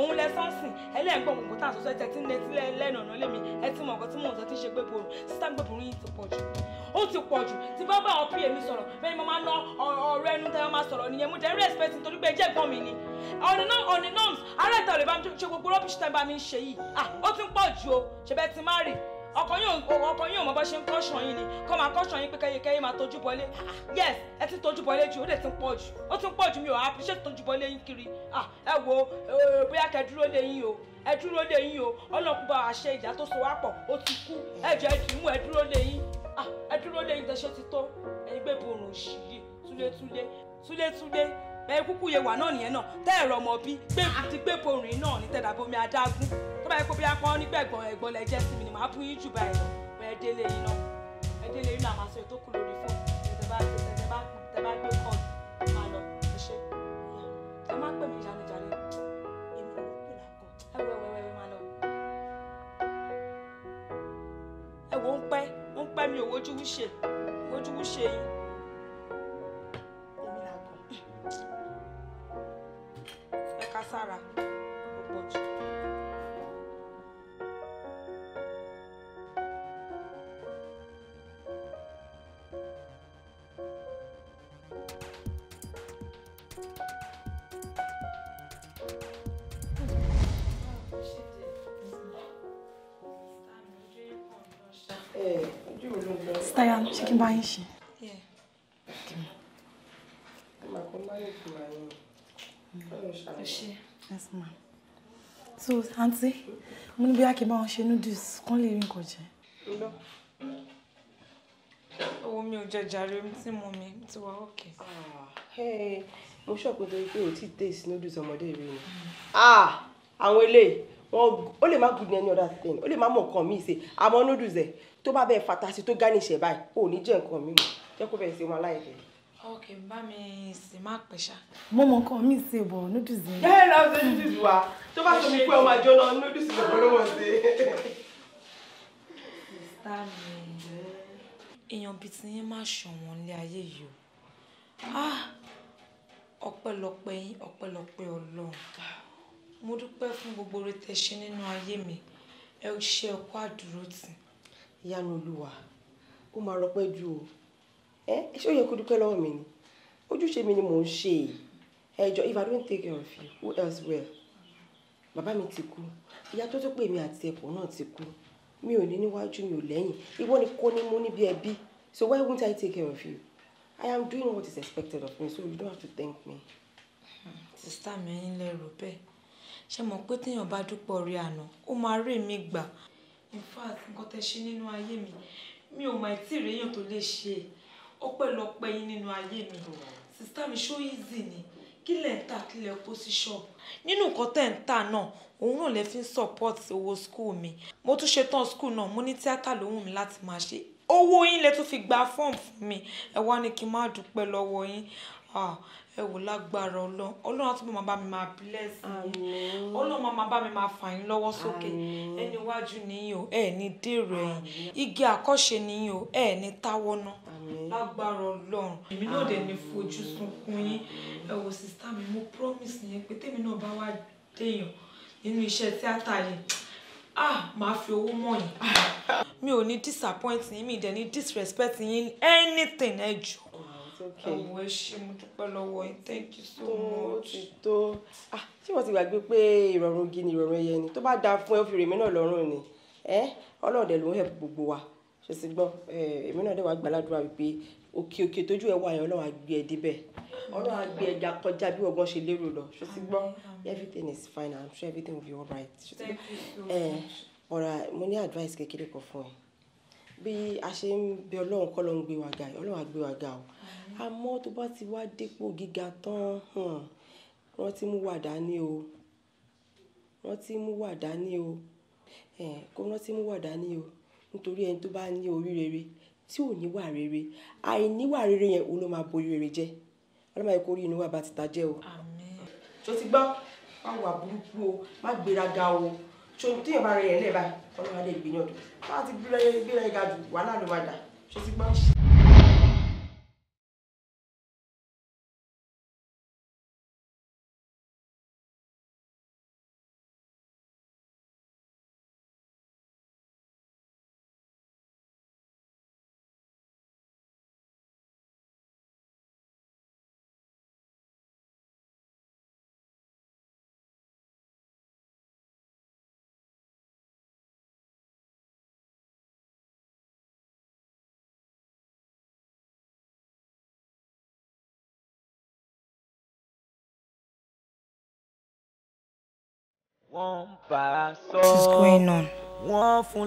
òun lẹ sọ́ọ̀sìn ẹlẹ́gbọ̀n gbogbo tá a ń sọ́sọ́ ẹ̀tẹ̀ tí ń létí lẹ́nu ọ̀nà lémi ẹ ti mọ̀ nǹkan tí mò ń sọ tí ṣe gbé borò sísá gbé borò yìí ti pọ̀ jù ó ti pọ̀ jù tí bá bá ọ̀pì èmi sọ̀rọ̀ bẹ́ẹ̀ mo máa ná ọ̀rọ̀ ẹnu tẹ́ máa sọ̀rọ̀ nìyẹn mo dẹ̀ respect nítorí pé ẹjẹ́ gbọ́n mi ni ọ̀nì náà ọ̀nì lè bá mi ṣe gbogbo rọ́bìṣì tẹ́ bá mi ń ṣe yìí ah, ó ti ń pọ̀ jù o ṣe bẹ́ẹ̀ ti má rè ọkọ yín ọkọ yín ò bá ṣe ń kọ́ṣàn yín ni kọ́ máa kọ́ṣàn yín pé kẹ́yẹkẹ́yẹ máa tójú bọlé ah, yes ẹ ti tójú bọlé jù ó dẹ̀ ti ń pọ̀ jù ó ti ń pọ̀ jù mi ò appreciate tójú bọlé yín kiri ah, ẹ wo bóyá kẹ́ dúró lé yín o ẹ dúró lé yín o ọlọ́kùn bá àṣẹ ìjà tó so wá pọ̀ ó ti kú ẹ jẹ́ ìdìmú ẹ dúró lé yín ah, ẹ dúró lé yín tẹ́ṣẹ́ ti tó ẹ̀yin gbé borùn òṣì yìí túlétúlé túlétúlé ẹ kúkú yẹ wà náà nìyẹn náà tẹ́ ẹ̀rọ ọmọ bí gbé àti gbé borìn náà ní tẹ̀dá bomi adágún tó bá yẹ kó bí apá onígbẹ̀gbọ̀n ẹ̀gbọ́n lẹ jẹ́ sí mi ni màá fún yín jù báyìí lọ ẹ délé yín náà ẹ délé yín náà àmàṣọ ètò kù lórí fóònù tẹ̀tẹ̀ bá tẹ̀tẹ̀ bá gbé kọ́ọ̀lù máa lọ ẹ ṣe ẹ má pè mí ìyanijàre èmi ò pè lákọ ẹ wẹ́wẹ́wẹ́ máa lọ. ẹ wo ń pẹ́ ń pẹ́ mi ò wojú wúṣe wojú wúṣe yín. caçará. Não pode. É, tá Stayan, ẹ ṣe. yes ma so aunty mo ní bí a kì í bá wọn ṣe noodles kán lè rí nǹkan jẹ. owó mi ò jẹ jàre tí mo mi ti wá òkè. Ah, mo ṣọ̀pọ̀ torí pé o ti taste noodles ọmọdé rẹ ni ah, àwọn eléyìí wọn ó lè má good ní any other thing ó lè má mọ nǹkan míì ṣe àmọ́ noodles ẹ tó bá bẹ́ẹ̀ fatasi tó garnish ẹ̀ báyìí ò ní jẹ́ nǹkan míì jẹ́ kó bẹ̀rẹ̀ sí wọn aláìlẹ́yìn. Okay, n bá mi sì má pẹ́ ṣá. mo mọ nǹkan mi ṣe bọ̀ noodles yẹn. ẹ lọ sí noodles wa tó bá tóbi pé ọmọ àjọ náà noodles lọ́pọ̀ ló wọ̀ sí. sísá mi èèyàn bíi ti yín máa ṣọ̀wọ́n lé ayé yìí o ah! ọpẹ́lọpẹ́ yín ọpẹ́lọpẹ́ ọlọ́run mo dúpẹ́ fún gbogbo oore tẹ́ ṣe nínú ayé mi ẹ ṣe ọkọ àdúró ìyanu olúwa ó máa rọpẹ́ ju o ẹ ṣé ó yẹ kó dúpẹ́ lọ́wọ́ mi ni ojúṣe mi ni mò ń ṣe ẹ jọ if i don't take care of you who else will bàbá mi ti kú ìyá tó tó pè mí àti ẹ̀pọ̀ náà ti kú mi ò ní níwájú mi ò lẹ́yìn ìwọ ni kò ní mú níbi ẹbí so why won't i take care of you i am doing what is expected of me so you don't have to thank me. sista mi ẹ̀yin lẹrù bẹ́ẹ̀ ṣe mọ̀ pé téèyàn bá dúpọ̀ orí àná ó máa rí mi gbà in fact nǹkan tẹ́ ṣe nínú ayé mi mi ò mà ì tí ì tó lè ṣe é ọpẹ́lọpẹ́ yín nínú ayé mi sista mi ṣó easy ni kí lẹ̀ ń tà kí lẹ̀ kó sí ṣọ́ọ̀bù nínú nǹkan tẹ̀ ń tà náà òun náà lè fi ń support owó school mi mo tún ṣe tán school náà mo ní tíátà lóhùn mi láti máa ṣe owó yín lè tún fi gba fọ́ọ̀mù fún mi ẹ wá ní kí n má dúpẹ́ lọ́wọ́ yín ẹ wò lágbára ọlọ́run ọlọ́run àtúbọ̀ máa mi máa bless yín ọlọ́run máa bá mi máa fà yín lọ́wọ́ sókè ẹni iwájú nìyí o ẹ ní dèrò ẹ̀yìn igi àkọ́ṣe nìyí o ẹ ní táwọ́ náà lágbára ọlọ́run èmi náà dẹ̀ ní fojú sunkún yín ẹ wò sísá mi mo promise yín pé tèmi náà bá wá déèyàn nínú iṣẹ́ tíátà yìí ah màá fi owó mọ̀ yín ah, mi ò ní disappoint yín mi dẹ̀ ní disrespect yín anything ẹ jù àwọn ẹ ṣé mo dúpẹ́ lọ́wọ́ yín thank you so much. tó ah, ṣé wọ́n ti gbàgbé pé ìrọ̀rùn ogi ni ìrọ̀rùn ẹyẹ ni tó bá dáa fún ẹ ó fi rèmí náà lọ́rùn ni ọlọ́run ló ń help gbogbo wa ṣèṣì gbọ́ èmi náà dẹ̀ wá gbàládùra wípé òkè òkè tójú ẹ̀ wà yẹn ọlọ́run gbé ẹ débẹ̀ ọlọ́run á gbé ẹja kọjá bí ọgbọ́n ṣe lérò lọ ṣèṣì gbọ́ everything is fine i'm sure everything will be alright ṣèṣì gbọ́ ọ̀rà mo ní advice kékeré kan fún ẹ bí a ṣe ń bẹ ọlọ́run kọ́ ló ń gbé wa ga ọlọ́run á gbé wa ga o àmọ́ tó bá ti wá dépò gíga tán wọ́n ti mú wà dání o wọ́n ti mú wà dání o kó wọ́n ti mú wà dání o nítorí ẹni tó bá ní orí rere tí ò níwà rere àìníwà rere yẹn òun ló máa borí rere jẹ ọlọ́mọ ẹ̀kọ́ orí inú wa bá ti ta jẹ́ o. tó ti gbọ́ má wà burúkú o má gbéraga o tó téèyàn bá rẹ̀ yẹn lẹ́ẹ̀ báyìí ọlọ́run á lè ti gbéra yẹn ga jù wàhálà ló máa dà tó ti gbọ́. What is going on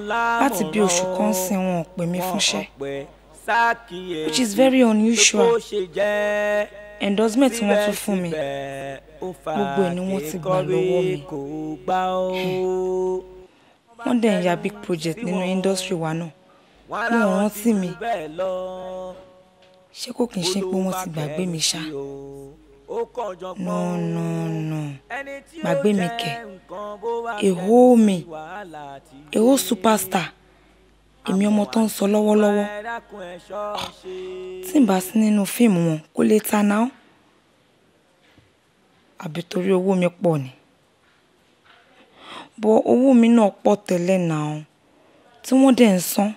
láti bí oṣù kan sin wọn ò pè mí fúnṣẹ́ which is very unusual endorsement wọn tún fún mi gbogbo ẹ̀ ni wọ́n ti gbà lọ́wọ́ mi wọ́n dẹ̀ ń ya big project nínú industry wa náà wọn ò rántí mi ṣé kò kí n ṣe pé wọ́n ti gbàgbé mi ṣá ó kàn jọ pọ́n nù. gbàgbé mi kẹ èhó mi èhó superstar èmi ọmọ tó ń sọ lọ́wọ́lọ́wọ́ ah, tí n bá sí nínú fíìmù wọn kó lè ta náà àbí torí owó mi pọ̀ ni bọ owó mi náà pọ̀ tẹ́lẹ̀ náà tí wọ́n dẹ̀ ń san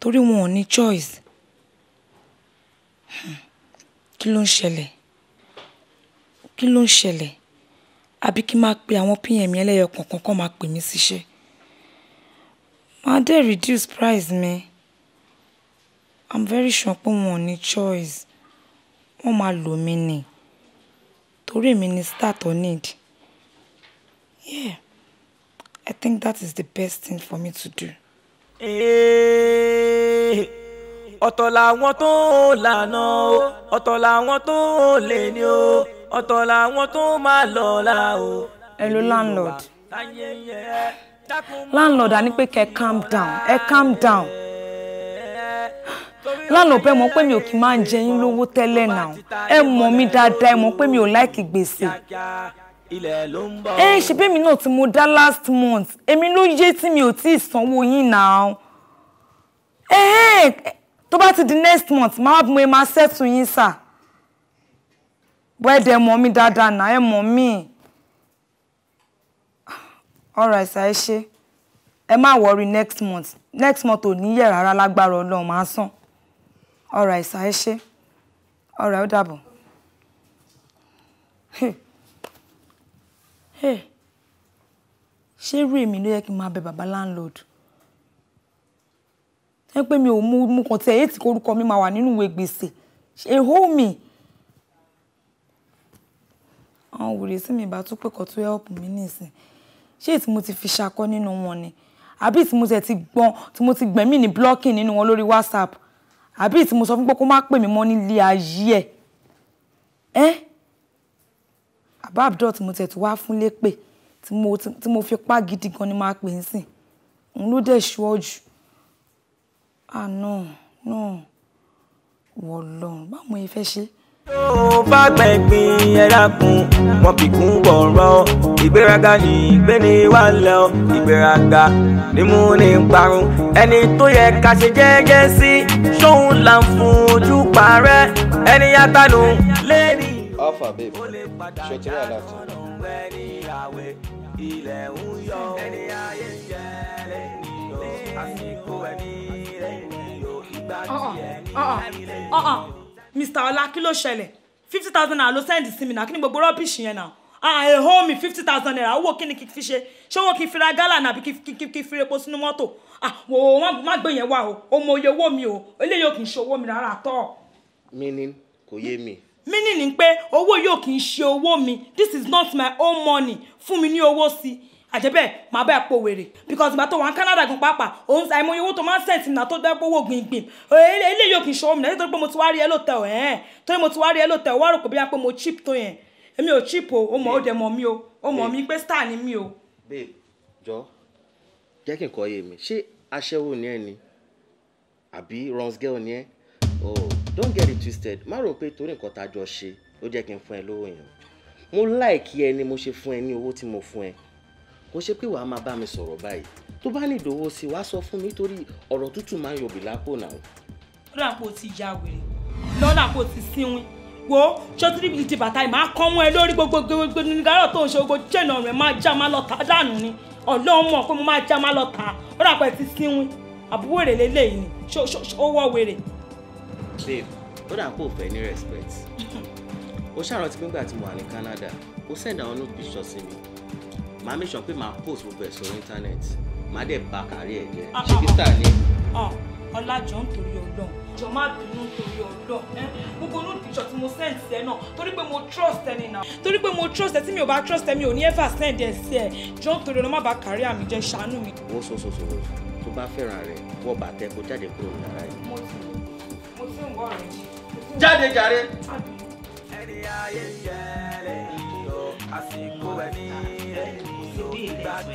torí wọn ò ní choice hmm, kí ló ń ṣẹlẹ̀ kí ló ń ṣẹlẹ̀ àbí kí n máa pe àwọn pm ẹlẹ́yọ kọ̀ọ̀kan máa pè mí síṣẹ́ máa dẹ̀ reduce price mi i'm very sure pé wọn ò ní choice wọ́n máa lò mí ni torí èmi ni star tó need yeah i think that is the best thing for me to do. ọ̀tọ̀ làwọn tó lànà ọ̀tọ̀ làwọn tó lè ní o ọ̀tọ̀ làwọn tó máa lọ la o. landlord landlord a ní pé kẹ́ calm down ẹ calm down landlord bẹ́ẹ̀ mọ̀ pé mi ò kì í máa ń jẹ yín lówó tẹ́lẹ̀ náà ẹ mọ̀ mí dáadáa ẹ mọ̀ pé mi ò láìkì gbèsè ẹ eh, ṣe bẹ́ẹ̀ mi náà tí mo dá last month èmi ló yé tí mi ò tí ì sanwó yín náà eh, eh, tó bá ti di next month máa bí mo máa ṣẹ́tù yín sáà bọ́ẹ̀dẹ̀ the mommy, dáadáa na ẹ mommy. All right, ẹ̀sà ẹ ṣe ẹ worry next month next month ò níyẹ̀ rárá lágbára ọlọ́run máa sàn ọ̀rọ̀ ẹ̀sà ẹ ṣe ọ̀rọ̀ ẹ ó dàbọ̀. Hey, irú èmi ló yẹ kí n máa bẹ bàbá landlord ẹ pé mi ò mú kàn tí ẹ yé tí orúkọ mi máa wà nínú ìwé gbèsè She hold me àwọn wèrè tí mi bá tún pé kọ́ tó help mi nísìn ṣé tí mo ti fi ṣakọ́ nínú wọn ni àbí tí mo tẹ̀ ti gbọ́n tí mo ti gbẹ̀mí ní blocking nínú wọn lórí whatsapp àbí tí mo sọ fún pé kó má pè mí mọ́ nílé ayé ẹ̀ ẹ́ àbá abdul tí mo tẹ̀ tó wá fún lépè tí mo fi pa gidi gan ni máa pè ń sìn òun ló dẹ̀ ṣọ́ọ̀jù ah no no wọ́n lọ́run báwo ni ẹ fẹ́ ṣe tó bá gbẹ̀gbìn ẹ̀dàkùn wọn kì í kún bọ̀rọ̀ ìgbéraga ní ìgbéni wà lọ ìgbéraga nímú ní parun ẹni tó yẹ ká ṣe jẹ́jẹ́ sí ṣóun là ń fún ojú parẹ́ ẹni yátàlù lẹ́ni ó lè padà yàtọ̀ ẹni ìyàwó ilẹ̀ ń yọ ẹni ayé jẹ́ lẹ́ni yóò àsìkò ẹni lẹ́ni yóò ìgbà tiẹ̀ uh-uh. uh-uh. ẹni lẹ́ni uh-uh. yóò mr ọlá kí ló ṣẹlẹ̀ fifty thousand naira ló sẹ́ndì sí mi náà kí ni gbogbo rọ́bìṣì yẹn náà ah ẹ hó mi fifty thousand naira owó kí ni kí fi ṣe ṣé owó kí fi ra gálà náà àbí kí fi repo sínú mọ́tò ah wò ó má gbé yẹn wá o ó mọ iye owó mi o eléyìí ò kì í ṣe owó mi rárá tọ́. mi ni kò yé mi meaning ni pé owó yóò kì í ṣe owó mi this is not my own money fún mi ní owó sí àjẹbẹ́ màá bẹ́ẹ̀ po wèrè because ìgbà tó wà ní Canada gan pàápàá òun àìmọye owó tó máa ń sẹ̀ sí mi náà tó dẹ́ pówó gbìngbìn ilé yóò kì í ṣọwọ́ mi náà nítorí pé mo ti wá rí ẹ lóòótọ́ ẹ̀ torí mo ti wá rí ẹ lóòótọ́ wá rò pé bíyà pé mo cheap tó yẹn èmi ò cheap o ó mọ̀ ó dẹ̀ mọ̀ mí o ó mọ̀ mí pé star ni mí o. babe jọ jẹ́ kí n kọ́ yé mi ṣé aṣẹ́wó ni ẹ ni àbí runs girl ni ẹ oh don't get it twisted má rò pé torí nǹkan tá a jọ ṣe ó jẹ́ kí n fún ẹ lówó yẹn mo láìkí ẹ ni mo ṣe fún ẹ ní owó tí mo fún ẹ kò ṣe pé wàá máa bá mi sọ̀rọ̀ báyìí tó bá ní ìdòwò sí wàá sọ fún mi torí ọ̀rọ̀ tútù máa ń yọ̀bì lápò náà. ó dà ti ya wèrè lọ́dà pé ti sinwin wo ṣọ́tírì bíi ti bàtà ìmọ̀ akọ́mú ẹ lórí gbogbo gbogbo nígbàrọ̀ tó ń ṣe gbogbo jẹ́nà rẹ̀ máa já máa lọ dànù ni ọlọ́run mọ̀ pé mo máa já máa lọ tà ó ti sinwin àbúrò èrè lélẹ́yìn ni ó wọ́ wèrè. babe ó dà fẹ́ ní respect o ṣàrántí pé nígbà tí mo wà ní Canada o send àwọn new pictures sí mi màá make sure pé màá post gbogbo ẹ̀ sórí internet màá dẹ̀ ba kárí ẹ̀ jẹ́ ṣé kíta ni. ọlájọ ń torí ọlọ́run jọ má bínú torí ọlọ́run gbogbo inú picture tí mo send sí ẹ náà torí pé mo trust ẹni náà torí pé mo trust ẹ tí mi ò bá trust ẹ mi ò ní ever send ẹ sí ẹ jọ ń torí ọlọ́run má ba kárí àmì jẹ́ ṣàánú mi. wo so so so tó bá fẹ́ràn rẹ̀ wọ́n bá tẹ kó jáde kúrò lára yìí. mo ti mo ti ń wọ rẹ. jáde jàre. ẹni ayé ń ọ̀rọ̀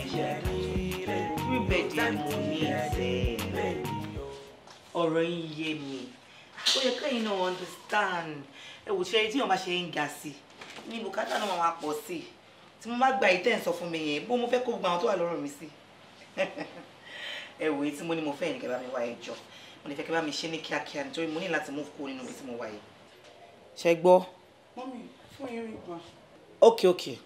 yín yé mi ó yẹ kẹ́yìn náà understand ẹ wò ṣe tí ọba ṣe ń ga sí ní bùkátà náà máa pọ̀ sí tí mo bá gba ìtẹ́ ń sọ fún mi yẹn bó mo fẹ́ kó gba àwọn tó wà lọ́rùn mi sí ẹ wò tí mo ní mo fẹ́ ní kẹ́ mi wá ẹjọ́ mo lè fẹ́ kẹ́ mi ṣe ní kíákíá nítorí mo ní láti move kó nínú ibi tí mo wà ṣe gbọ́. mọ́mí fún yín rí gbà. okay okay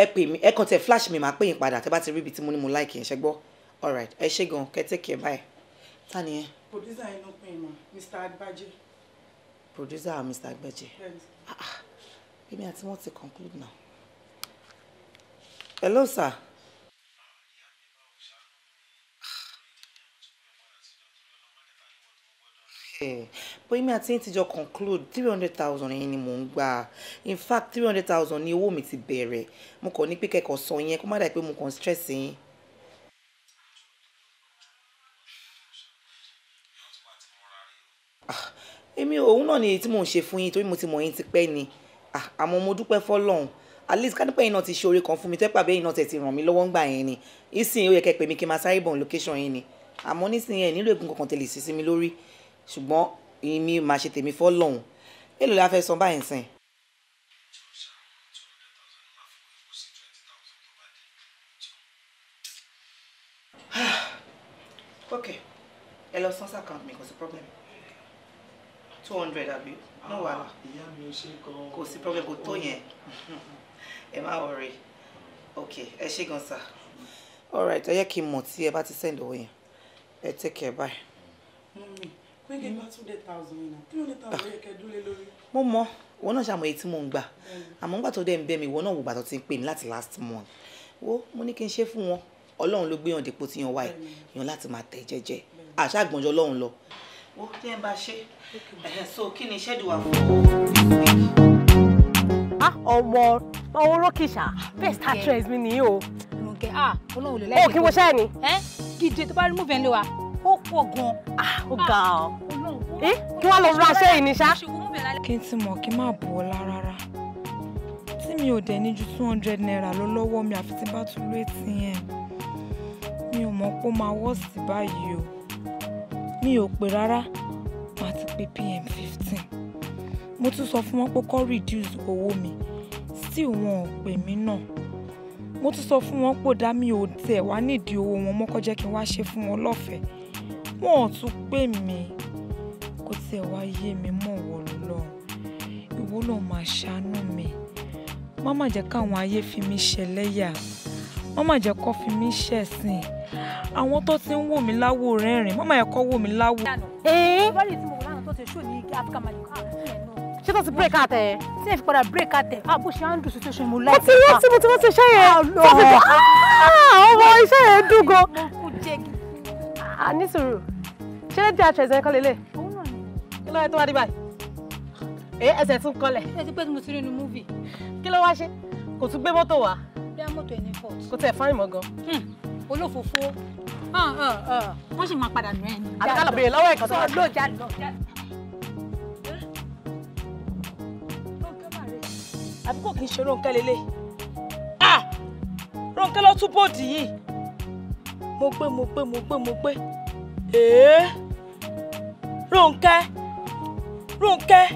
ẹ pè mí ẹ kàn tẹ flash mi màá pè yín padà tẹ bá ti rí ibi tí mo ní mo like yẹn ṣe gbọ́ alright ẹ ṣe gan kẹ take care bye ta ni yẹn. producer yẹn ló pè mọ Mr. Agbaje. producer or Mr. Agbaje ah, ah, èmi àti wọn ti conclude now. hello sir. bó èmi àti yín ti jọ conclude three hundred thousand yẹn ni mò ń gbà in fact three hundred thousand ni owó mi ti bẹ̀rẹ̀ mo kàn ní pé kẹ́kọ̀ọ́ sọ yẹn kó má dà pé mo kàn stress yín. Ah, èmi òun náà ni èyí tí mò ń ṣe fún yín torí mo ti mọ̀ yín ti pẹ́ ni ah, àmọ́ mo dúpẹ́ fọ́lọ́run at least kánípẹ́ yín náà ti ṣe oore kan fún mi tẹ́pà bẹ́ẹ̀ yín náà tẹ̀ ràn mí lọ́wọ́ ńgbà yẹn ni ìsìn ó yẹ kẹ́ pè mí kí n máa sáré bọ̀ location yẹn ni àmọ́ nísìnyẹn nílò ègún kankan tẹ̀lé sí sí mi lórí ṣùgbọ́n èmi máa ṣe tèmi fọ́ èlò la fẹ́ san báyìí sìn. Ah, ok ẹ lọ sans account mi kò sí problem two hundred àbí ní ah, wàhálà kò sí problem kò tó yẹn ẹ má worry ok ẹ ṣé gan sir alright ẹ yẹ kí n mọ̀ tí ẹ bá ti send owó yẹn ẹ take care bye. Mm -hmm pé kí n bá two mo mọ wọn náà ṣàmọ tí mò ń gbà àmọ́ ńgbà tó dé ń bẹ́ mi ìwọ náà wò bàtọ́ ti ń pè mí láti last month wo mo ní kí n ṣe fún wọn ọlọ́run ló gbé yàn dépò tí yàn wáyé yàn láti máa tẹ̀ jẹ́jẹ́ àṣà àgbọ̀njọ́ ọlọ́run lọ. wo kí ẹ bá ṣe ẹ̀hẹ̀ so kí ni iṣẹ́ ìdìwà fún ah, ọmọ ọwọ́ rókìṣà best actress mi nìyí o. ọ̀kẹ́ ah ọlọ́run lè lẹ́yìn. o kí wọ́n ṣẹ́ ni. ẹ gidi tó bá rí múfẹ́ ń lé wa ó pọ̀ gan. Ah, ó ga ọ. Ah, ẹ kí wọ́n lọ ra aṣẹ́ yìí ní ṣá. kí n ti mọ̀ kí n má bọ̀ ọ́ lára rárá tí mi ò dẹ̀ ní ju two hundred naira lọ lọ́wọ́ mi àfi tí bá tún lé atm mi ò mọ̀ pé máa wọ́ sí báyìí o mi ò pè rárá màá ti pé pm fifteen mo tún sọ fún wọn pé kó reduce owó mi sí wọn ò pè mí náà mo tún sọ fún wọn pé ó dá mi ò tẹ̀ wá nídìí owó wọn mọ́kọ́ jẹ́ kí n wá ṣe fún wọn lọ́fẹ̀ẹ́ wọn ò tún pè mí kó tiẹ̀ wá yé mi mọ̀ wọ́ lọ́n ìwọ náà máa ṣàánú mi má má jẹ́ káwọn ayé fi mí ṣẹlẹ́yà má má jẹ́ kó fi mí ṣẹ̀sìn àwọn tó ti ń wò mí láwò rẹ́rìn má má yẹ kó wò mí láwò. ẹ̀ẹ́ bọ́ọ̀lì tí mo wò lánàá tó ṣe ṣó ní igi africa mali kan ṣé tó ti break out ẹ tí ẹ fi padà break out ẹ a bó ṣe handle situation mo láì fẹ́ ká. mo ti rántí mo ti rántí iṣẹ́ yẹn ah, ah, ọmọ iṣẹ́ yẹn dùn gan a ah, ní sùúrù ṣé lè di àtúnṣe ẹ̀sán kọ́lé lè. kí ló yẹ tó wá dé báyìí èyí eh, ẹsẹ̀ tún kọlẹ̀. ṣé ti pé mo ti rí inú múvì. kí ló wá ṣe kò tún gbé mọ́tò wá. bí a mọ́tò ẹni fọ̀. kò tẹ̀ fáìn mọ́ gan. Hmm. olófòfó ah, ah, wọ́n sì máa padà nù ẹ́ ni. àbíká lọ bèrè lọ́wọ́ ẹ̀kọ́ tó wà. sọ ló já lọ. àbí kò kì í ṣe Rónkẹ́ lélẹ̀. Rónkẹ́ ló tún bòdì yìí mo pé mo pé mo pé mo pé èé Rónkẹ́ Rónkẹ́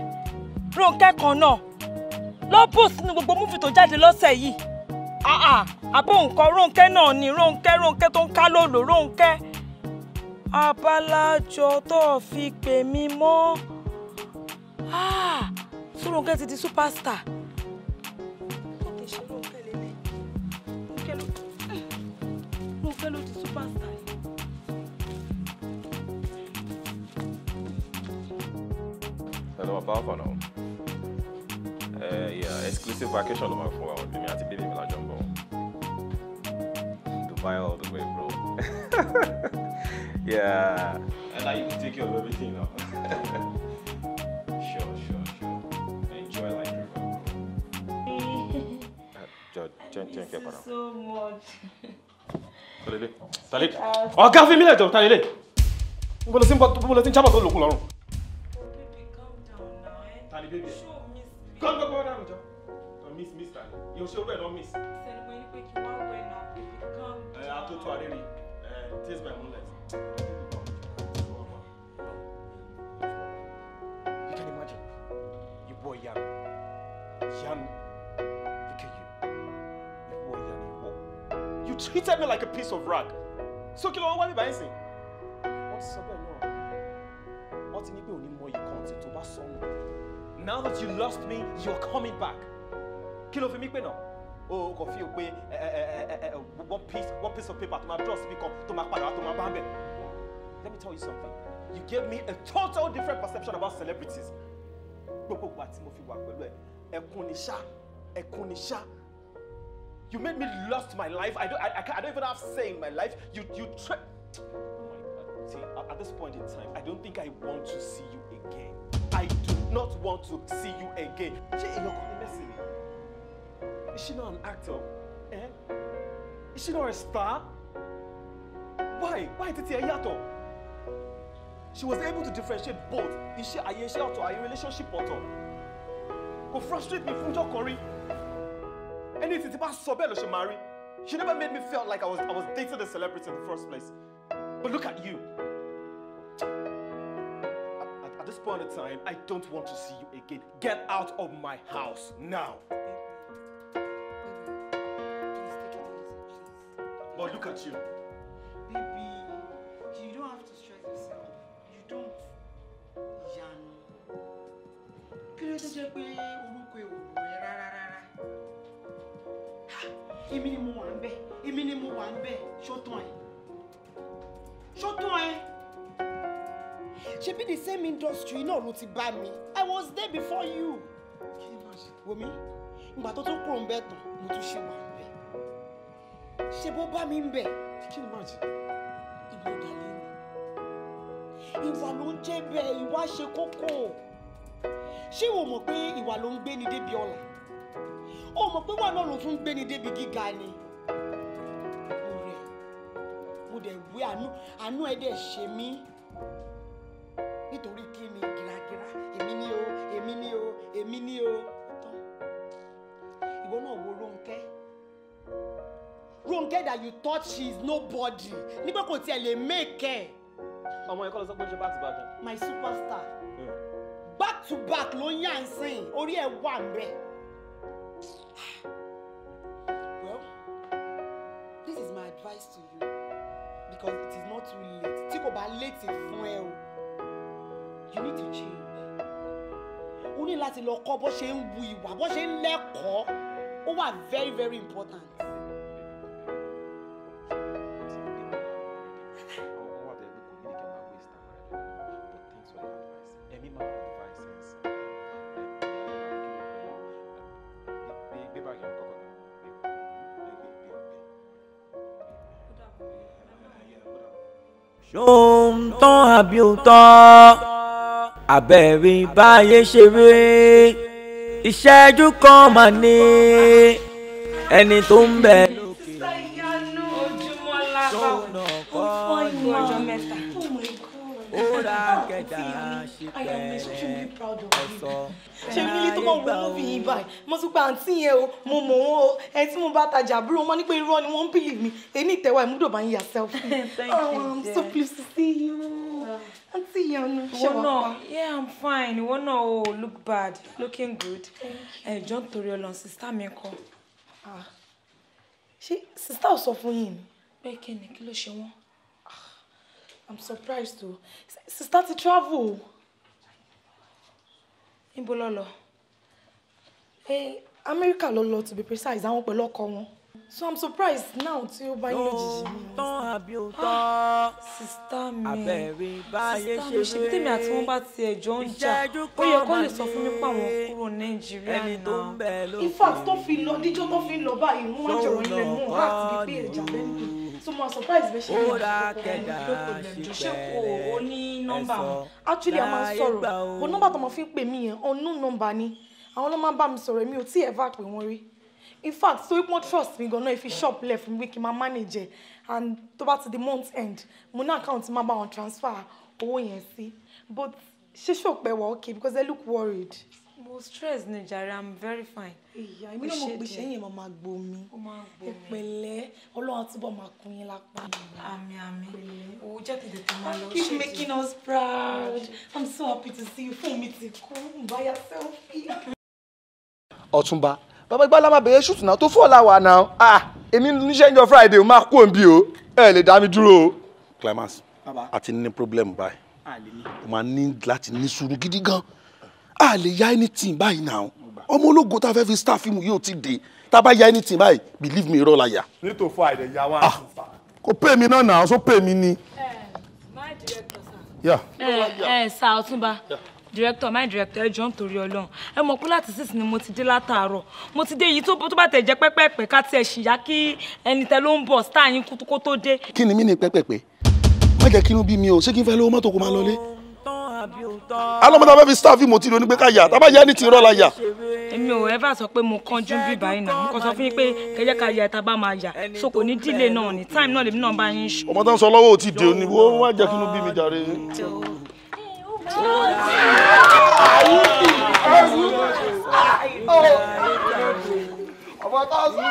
Rónkẹ́ kan náà lọ́bùs ní gbogbo múfì tó jáde lọ́sẹ̀ yìí àbó nǹkan Rónkẹ́ náà ni Rónkẹ́ Rónkẹ́ tó ń ká lòlò Rónkẹ́ abalájọ tó fi pè mí mọ́ Rónkẹ́ ti di superstar. passar. Hello, Abava now. Uh, yeah, exclusive vacation meu my phone. I'll be at the baby villa jumbo. Dubai all the way, bro. yeah. And I even take care of everything now. sure, sure, sure. Enjoy life, river, bro. uh, John, John, John, so much. talele talele Oh, fi mílẹ̀ jọ talele mo lọ sí mo lọ sí jábọ̀ tó lòkun lọ́rùn. talele gbọ́dọ̀ gbọ́dọ̀ àrùn miss miss talẹ yóò ṣe orú miss. sẹ́nu pé ní pé kí taste by moonlight. you can imagine ìbọn ìyá mi ìyá You treated me like a piece of rag. So kí ló wá bíbá yín sìn? Wọ́n ti sọ bẹ́ẹ̀ náà. Wọ́n ti ní pé òní mọ iye kan tí tó bá sọnù. Now that you lost me, you are coming back. Kí ló fi mí pè náà? O kò fi pé one piece one piece of paper to my draw síbi kan tó máa padà wá tó máa Let me tell you something. You gave me a total different perception about celebrities. Gbogbo ìgbà tí mo fi wà pẹ̀lú ẹ̀, ẹkún ni ṣá, ẹkún ni ṣá. You made me lost my life. I don't, I, I, can't, I don't even have say in my life. You, you tra- Oh my God. See, at, this point in time, I don't think I want to see you again. I do not want to see you again. She ain't gonna mess me. Is she not an actor? Eh? Is she not a star? Why? Why did Titi Ayato? She was able to differentiate both Is iṣẹ́ ayé iṣẹ́ ọ̀tọ̀ ayé relationship ọ̀tọ̀. Kò frustrate me fún ọjọ́ anything tí bá sọ bẹ́ẹ̀ ló she never made me feel like I was I was dating a celebrity in the first place but look at you at, at, this point in time I don't want to see you again get out of my house now. But look at you. Baby, you don't have to stress yourself. You don't. Yanu. Kí ló dé jẹ́ èmi ni mo wà ń bẹ èmi ni mo wà ń bẹ ṣótán ẹ ṣótán ẹ ṣebí the same industry náà ló ti bá mi I was there before you wòmí ìgbà tó tún kúrò ń bẹ tán mo tún ṣe wà ń bẹ ṣe bó bá mi ń bẹ. kí ni màá jẹ. ìmọ̀dàlẹ́ ni ìwà ló ń jẹ́ bẹ́ẹ̀ ìwà ṣe kókó ṣé ìwọ mọ̀ pé ìwà ló ń gbé ni débi ọ̀la ó mọ̀ pé wà náà ló tún gbé ni débi gíga ni mo rẹ̀ mo dẹ̀ wé àánú àánú ẹ̀ dẹ̀ ṣe mí nítorí kí ni gíragíra èmi ni o èmi ni o èmi ni o ìwọ náà wo Rónkẹ́ Rónkẹ́ that you thought she is nobody nígbà kò tiẹ̀ lè mẹ́kẹ́. ọmọ ẹ̀kọ́ ló sọ pé ṣe back to back. my superstar hmm. back to back ló ń yàn sìn orí ẹ̀ wà ń bẹ́ẹ̀ well this is my advice to you because it is not too late tí kò bá late fún ẹ o you need to change o ní láti lọ kọ́ bó ṣe ń wu ìwà bó ṣe ń lẹ́kọ̀ọ́ very very important. máa bí ó tán abẹ́rẹ́ báyé ṣe rí ìṣẹ́jú kan mà ní ẹni tó ń bẹ lókè. ṣàyànú ojúmọ́ lábàwọ̀ ó fọ́ I am eh, extremely eh. proud of you. ṣé nílé tó mọ̀ wọ́n mú fi yín báyìí mo tún pa àǹtí yẹn o mo mọ̀ wọ́n o ẹni tí mo bá tajà àbúrò wọn ní pé irọ́ ni wọ́n ń bìlì mi èmi ìtẹ́wà ìmúdò bá ń yà selfie. oh I'm so pleased to see you. àǹtí ìyanu ṣe wà pa. yeah I'm fine ìwọ náà o look bad looking good. ẹ̀jọ̀ ń torí ọlọ́run sísá mi kọ́. Ah. ṣé sísá ò sọ fún yín ni. bẹ́ẹ̀ kí ni kí ló ṣe wọ́n. Ah, I'm surprised o. Sister ti travel o níbo lọ lọ amẹ́ríkà ló lọ to be precise àwọn pẹ̀lú ọkọ wọn so i'm surprised now tí ó bá yín lójijì ní ọ̀sán sister mi sista mi ṣe tèmi àti wọn bá tiẹ̀ jọ ń jà ó yẹ kó lè sọ fún mi pé àwọn kúrò nàìjíríà náà in fact tó fi lọ díjọ́ tó fi lọ báyìí wọ́n jọ̀rọ̀ ilẹ̀ mọ́ heart bíi pé ẹ̀jà bẹ́ẹ̀ so mo surprise bẹ́ẹ̀ ṣe ní ìdókòwò ẹ̀jọ́ ṣé kò ó actually I'm máa sọ̀rọ̀ bó nọ́mbà tó máa fi ń pè mí yẹn unknown number ni àwọn ló máa ń bá mi sọ̀rọ̀ èmi ever pè wọ́n in fact so wípé wọ́n trust me, gan-an if shop left from week my manager, and tó bá ti di month end my ní account máa on transfer Oh yes, see. but she ṣòpẹ́ wọ̀ okay because they look worried stress ni jàre i'm very fine. ìyá èmi náà mo pè sẹ́yìn mo máa gbó mi ìpẹ̀lẹ́ ọlọ́run túbọ̀ máa kún yín lápá. àmì àmì owó jẹ́ kí tètè máa lọ ṣètò. keep making us proud i'm so happy to see you fún mi ti kú báyà selfie. ọ̀túnba bàbá ìgbà lámà bẹ̀rẹ̀ ṣùtù náà tó fọ́ ọ̀làwà náà ah èmi níṣẹ́ ìjọ friday máa kú òǹbí o ẹ lè dá mi dúró o. climax àti ní problem báyìí o máa ní láti ní sùúrù gidi gan a lè ya anything báyìí náà ọmọ ológo tá a fẹ́ fi star fíìmù yóò ti dé tá a bá ya anything báyìí believe me irọ́ la yà. nítò fún àìlè ya wá àti ah, fà. kò pè mí náà náà so pè mí ni. ẹ ẹ sà Ọ̀túnba director my director ẹ jọ ń torí Ọlọ́run ẹ mọ̀ pé láti sísìn ni mo ti dé látàárọ̀ mo ti dé èyí tó bá tẹ̀ jẹ́ pẹ́pẹ́pẹ́ ká tiẹ̀ ṣìyá kí ẹni tẹ ló ń bọ̀ star yín kó tó dé. kí ni mí ni pẹ́pẹ́pẹ́ má jẹ́ kí inú bí mi o ṣé kí n fẹ́ lówó mọ́tò kó máa lọlé alọ́mọdé abẹ́fi staff mo ti rí onígbé ká yà tábà yẹ ẹni tí rọ́ la yà. èmi ò ẹ́ bá sọ pé mo kánjú bí báyìí náà mo kàn sọ fún yín pé kẹjẹ ká yà tábà máa yà so kò ní dílé náà ní time náà lèmi náà bá yín ṣe. ọmọ tó ń sọ lọ́wọ́ ò ti dè ní wọ́n wá jẹ́ kí inú bí mi jàre. ọmọ tó ń sọ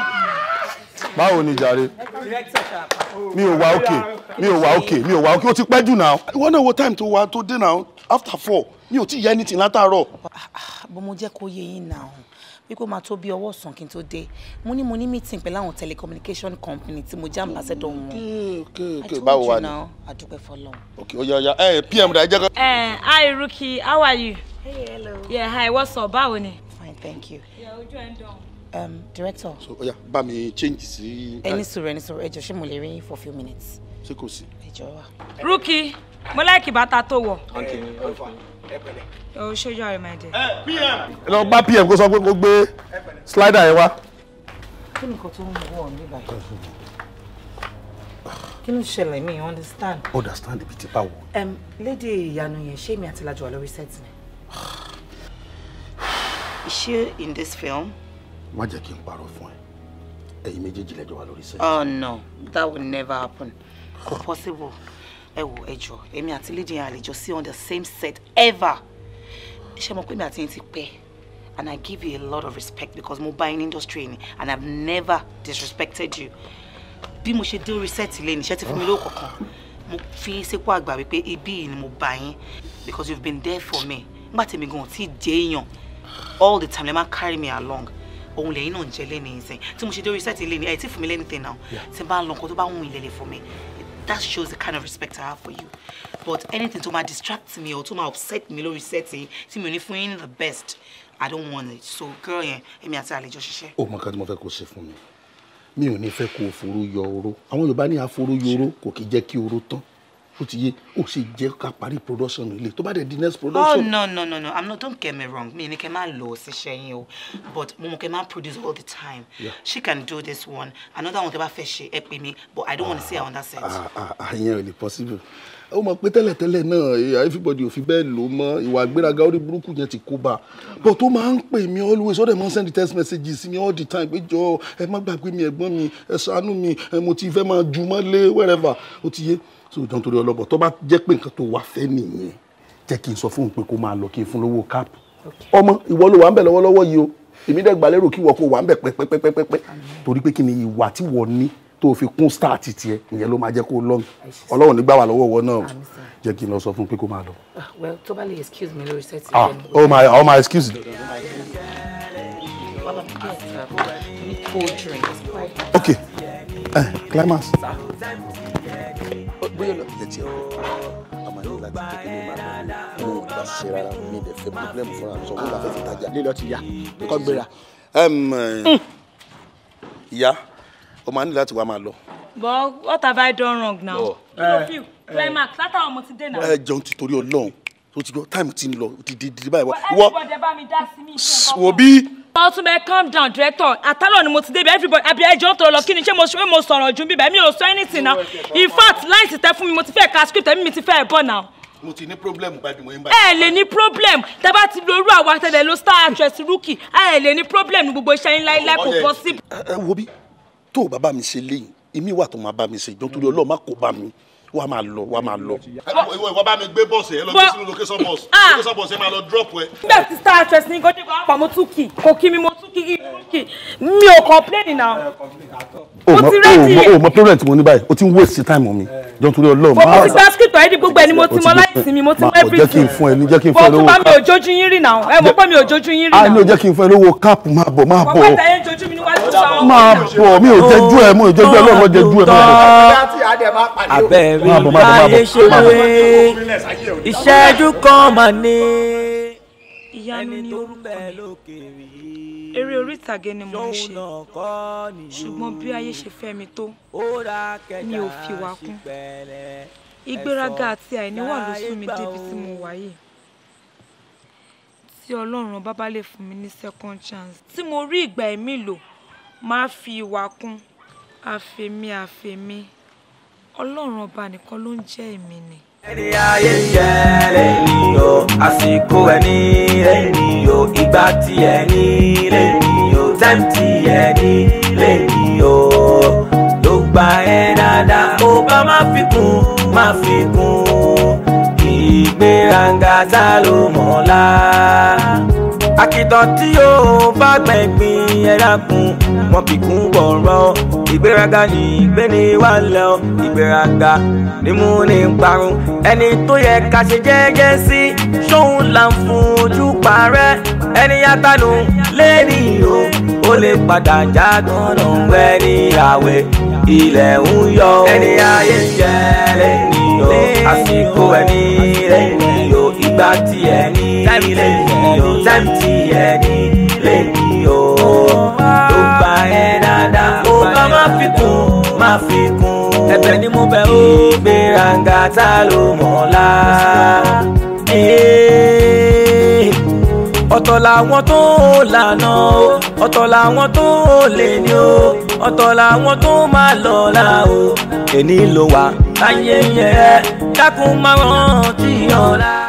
báwo ni jàre mi ò wá òkè mi ò wá òkè mi ò wá òkè ó ti pẹ́ jù náà. ìwọ náà wo time tó wá tó dé náà after four mi ò tí yẹ anything látàárọ̀. bó mo jẹ́ kó yé yín náà bí kò máa tó bí ọwọ́ sàn kí n tó dé mo ní mo ní meeting pẹ̀lú àwọn telecommunication company tí mo jẹ́ ambassador wọn. okay okay báwo wà ní. àdúpẹ́ fọlọ́run. okay oya oya ẹ eh, pm da ẹ jẹ́ ká. ẹ eh, hi Ruki how are you. hey hello. yeah hi what's up báwo ni. fine thank you. ìyá ojú ẹ̀ ń dán um, director. so oya oh bá mi change sí. ẹni sọ̀rọ̀ ẹni sọ̀rọ̀ ẹjọ ṣé mo lè rí for few minutes. ṣé kò sí. ẹjọ wa. rúkì mo láìkì bàtà tó wọ. o ṣojú ọ̀rẹ́ máa dé. lọ bá pm kó sọ pé kó gbé slider yẹn wá. kí ni nǹkan tó ń wọ̀ ní báyìí kí ló ṣẹlẹ̀ mi understand. understand ibi tí báwo. Um, lédè ìyanu yẹn ṣé èmi àti lajọ wà lórí set ni. is she in this film má jẹ́ kí n parọ́ fún ẹ ẹ̀yin méjèèjì lẹ́jọ́ wà lórí sẹ́yìn. oh no that will never happen for possible ẹ wo ẹjọ èmi àti lédè yẹn àlejò sí on the same set ever ṣé mo pé mi àti yẹn ti pẹ́ and i give you a lot of respect because mo bá yín ní industry ni and i never disrespected you bí mo ṣe dé orí set ilé níṣẹ́ ti fún mi lóko kan mo fi sípò àgbà wípé ibi yìí ni mo bá yín because you have been there for me nígbà tí mi gan ò tí ì jẹ́ all the time lè máa carry me along òun lẹ́yìn náà jẹ lẹ́nu ìsìn tí mo ṣe dórí sẹ́ẹ̀tì lẹ́nu ẹ̀ tí fún mi lẹ́nu tẹ̀ náà tí n bá ń lọ nǹkan tó bá wùn ìlẹ̀lẹ̀ fún mi that shows the kind of respect I have for you but anything tó máa distract me or tó máa upset me lórí sẹ́ẹ̀tì tí mi ò ní fún yín the best I don't want it so girl yẹn èmi àti àlejò ṣiṣẹ́. ó mọ káàdì mo fẹ́ kó ṣe fún mi mi ò ní fẹ́ kó o foró yọ oró àwọn Yorùbá ní aforó yọ oró kò kì í jẹ́ kí oró tán ó ti yé ó sì jẹ́ ká parí production ilé tó bá dẹ̀ di next production. oh no no no no i'm not don't get me wrong mi ni kẹ́ máa lọ sí sẹ́yìn o but mo mọ̀ kẹ́ máa produce all the time yeah. she can do this one another one tẹ́ bá fẹ́ ṣe ẹ pè mí but i don't ah, want to say i understand. ah, ah, ah ò lè possible ó mọ̀ pé tẹ́lẹ̀tẹ́lẹ̀ náà eh, everybody ò fi bẹ́ẹ̀ lò mọ́ ìwà àgbéraga orí burúkú yẹn ti kó bá but ó máa ń pè mí always ó dẹ̀ máa ń send text messages mi all the time pé jọ ẹ má gbàgbé mi ẹ̀gbọ́n mi ẹ ṣàánú mi mo ti fẹ́ máa ju mọ́ lé wherever ó ti yé so jọ nítorí ọlọ́bọ̀ tó bá jẹ́ pé nǹkan tó wà fẹ́ nìyẹn jẹ́ kí n sọ fún un pé kó máa lọ kí n fún lówó káàpù ọmọ ìwọ ló wà ń bẹ̀ lọ́wọ́lọ́wọ́ yìí o èmi dẹ̀ lérò kí ìwọ kó wà ń bẹ̀ pẹ́pẹ́pẹ́pẹ́ torí pé kí ni ìwà tí wọ́n ní tó fi kún star ti tiẹ̀ ìyẹn ló máa jẹ́ kó lọ́n ọlọ́run nígbà wà lọ́wọ́ náà jẹ́ kí n lọ sọ fún un pé kó máa lọ. Ah, well tó excuse me lórí sẹ́tì. ah oh my oh my excuse me. okay uh, climax bóyá lọ ilẹ̀ tí ẹ kọ́ a máa ní láti tó lọ mú ìgbà ṣe rárá mi lè fẹ́ problem fúnra mi sọ wọn làfẹ́ tajà. lílọ ti ya kọ́ gbéra. Eh, ìyá o máa ní láti wá máa lọ. but what have I done wrong now? kí ló fi climax látàwọn ọmọ ti dé náà. ẹ jẹun ti torí Ọlọ́run tó ti gbọ́ táìmù ti ń lọ dídí báyìí wá. wọ́n ẹ̀ ń bá mi dá sí mi. wò bí ọtúnbẹ calm down director àtàlọ ni mo ti débi everybody àbí ẹjọ tó lọ kí ni ṣé mo ṣe mo sọ̀rọ̀ ju bíbẹ mi ò sọ anything now in fact láìsí tẹ fún mi mo ti fẹ́ ka script ẹ̀mí mi ti fẹ́ bọ̀ now mo ti ní problem gbajúmọ̀ yín báyìí. ẹ lè ní problem tẹ bá ti lo irú àwọn àtẹlẹ lo star actress rookie ẹ lè ní problem ní gbogbo iṣẹ́ yín láíláí kò possible. ẹ wo bí tó o bá bá mi ṣe léyìn èmi wà tó máa bá mi ṣe ìjọ má kó bá mi wàá máa lọ wàá máa lọ. ìwọ bá mi gbé bọ́ọ̀sì ẹ lọ gbé sínú location ah! bus location bus ẹ máa lọ drop ẹ. nígbà tí star actress ní gòdìgbò àpamọ́ tún kò kí mi mo tún kì mi ò complain now. o mọ o mọ problem tí mo ní báyìí o ti ń waste time mi jọ nítorí Ọlọ́run máa. mo ti gba script ayé di gbogbo ẹni mo ti mọ láìsí mi mo ti mọ everything. jẹ́ kí n fún ẹ ní jẹ́ kí n fún ẹ lówó káàpù. wọ́n tún bá mi ò jójú yín rìn náà ẹ mọ̀ pé mi ò jójú yín rìn ah, náà. a ní o jẹ́ kí n fún ẹ lówó káàpù máa bọ̀ máa bọ̀. wọ́n pàtàkì jojú mi níwájú sáwọn. máa bọ̀ mi ò jẹ́jú ẹ mo ò jẹ́jú ẹ lọ́wọ́ jẹ́jú ẹ máa bọ̀. abẹ́rẹ́ láyé ṣe wé ìṣẹ́jú kan mà ní. ìyanu ni orúkọ mi eré orí ìtàgé ni mo ń ṣe ṣùgbọ́n bí ayé ṣe fẹ́ mi tó mi ò fi wá kún ìgbéraga àti àìníwà ló sún mi débi tí mo wà yìí tí ọlọ́run bá bá lè fún mi ní second chance tí mo rí ìgbà ẹ̀mí lò máa fi ìwà kún àfẹ̀mí àfẹ̀mí ọlọ́run ọba nìkan ló ń jẹ́ èmi ni ẹni ayé yẹ lẹ́yìn o àsìkò ẹni lẹ́yìn o ìgbà tí ẹni lẹ́yìn o time tí ẹni lẹ́yìn o ló gba ẹ dáadáa ó bá má fi kún má fi kún ìgbéraga tá ló mọ̀ ọ́ àkìtàn tí ó bá gbẹ̀gbìn ẹ̀dàkùn wọn kì kún bọ̀rọ̀ ìgbéraga ní ìgbéni wà lọ ìgbéraga nímú ní parun ẹni tó yẹ ká ṣe jẹ́jẹ́ sí ṣóun là ń fún ojú parẹ́ ẹni yátànù lẹ́ni o ó lè padà já tọ̀nà ẹni ìyàwó ilẹ̀ ń yọ ẹni ayé jẹ́ lẹ́ni o àsìkò ẹni lẹ́ni o ìgbà tí ẹni lẹ́ni time ti ẹ ní lẹ́yìn o ló bá ẹ dáadáa ó bá má fi kún má fi kún ẹ̀bẹ̀ ni mo bẹ̀ ó gbéraga ta ló mọ̀ la. ọ̀tọ̀ làwọn tó lànà o ọ̀tọ̀ làwọn tó lè ní o ọ̀tọ̀ làwọn tó máa lọ́la o èní ló wà láyé dákun máa rántí ọ̀la.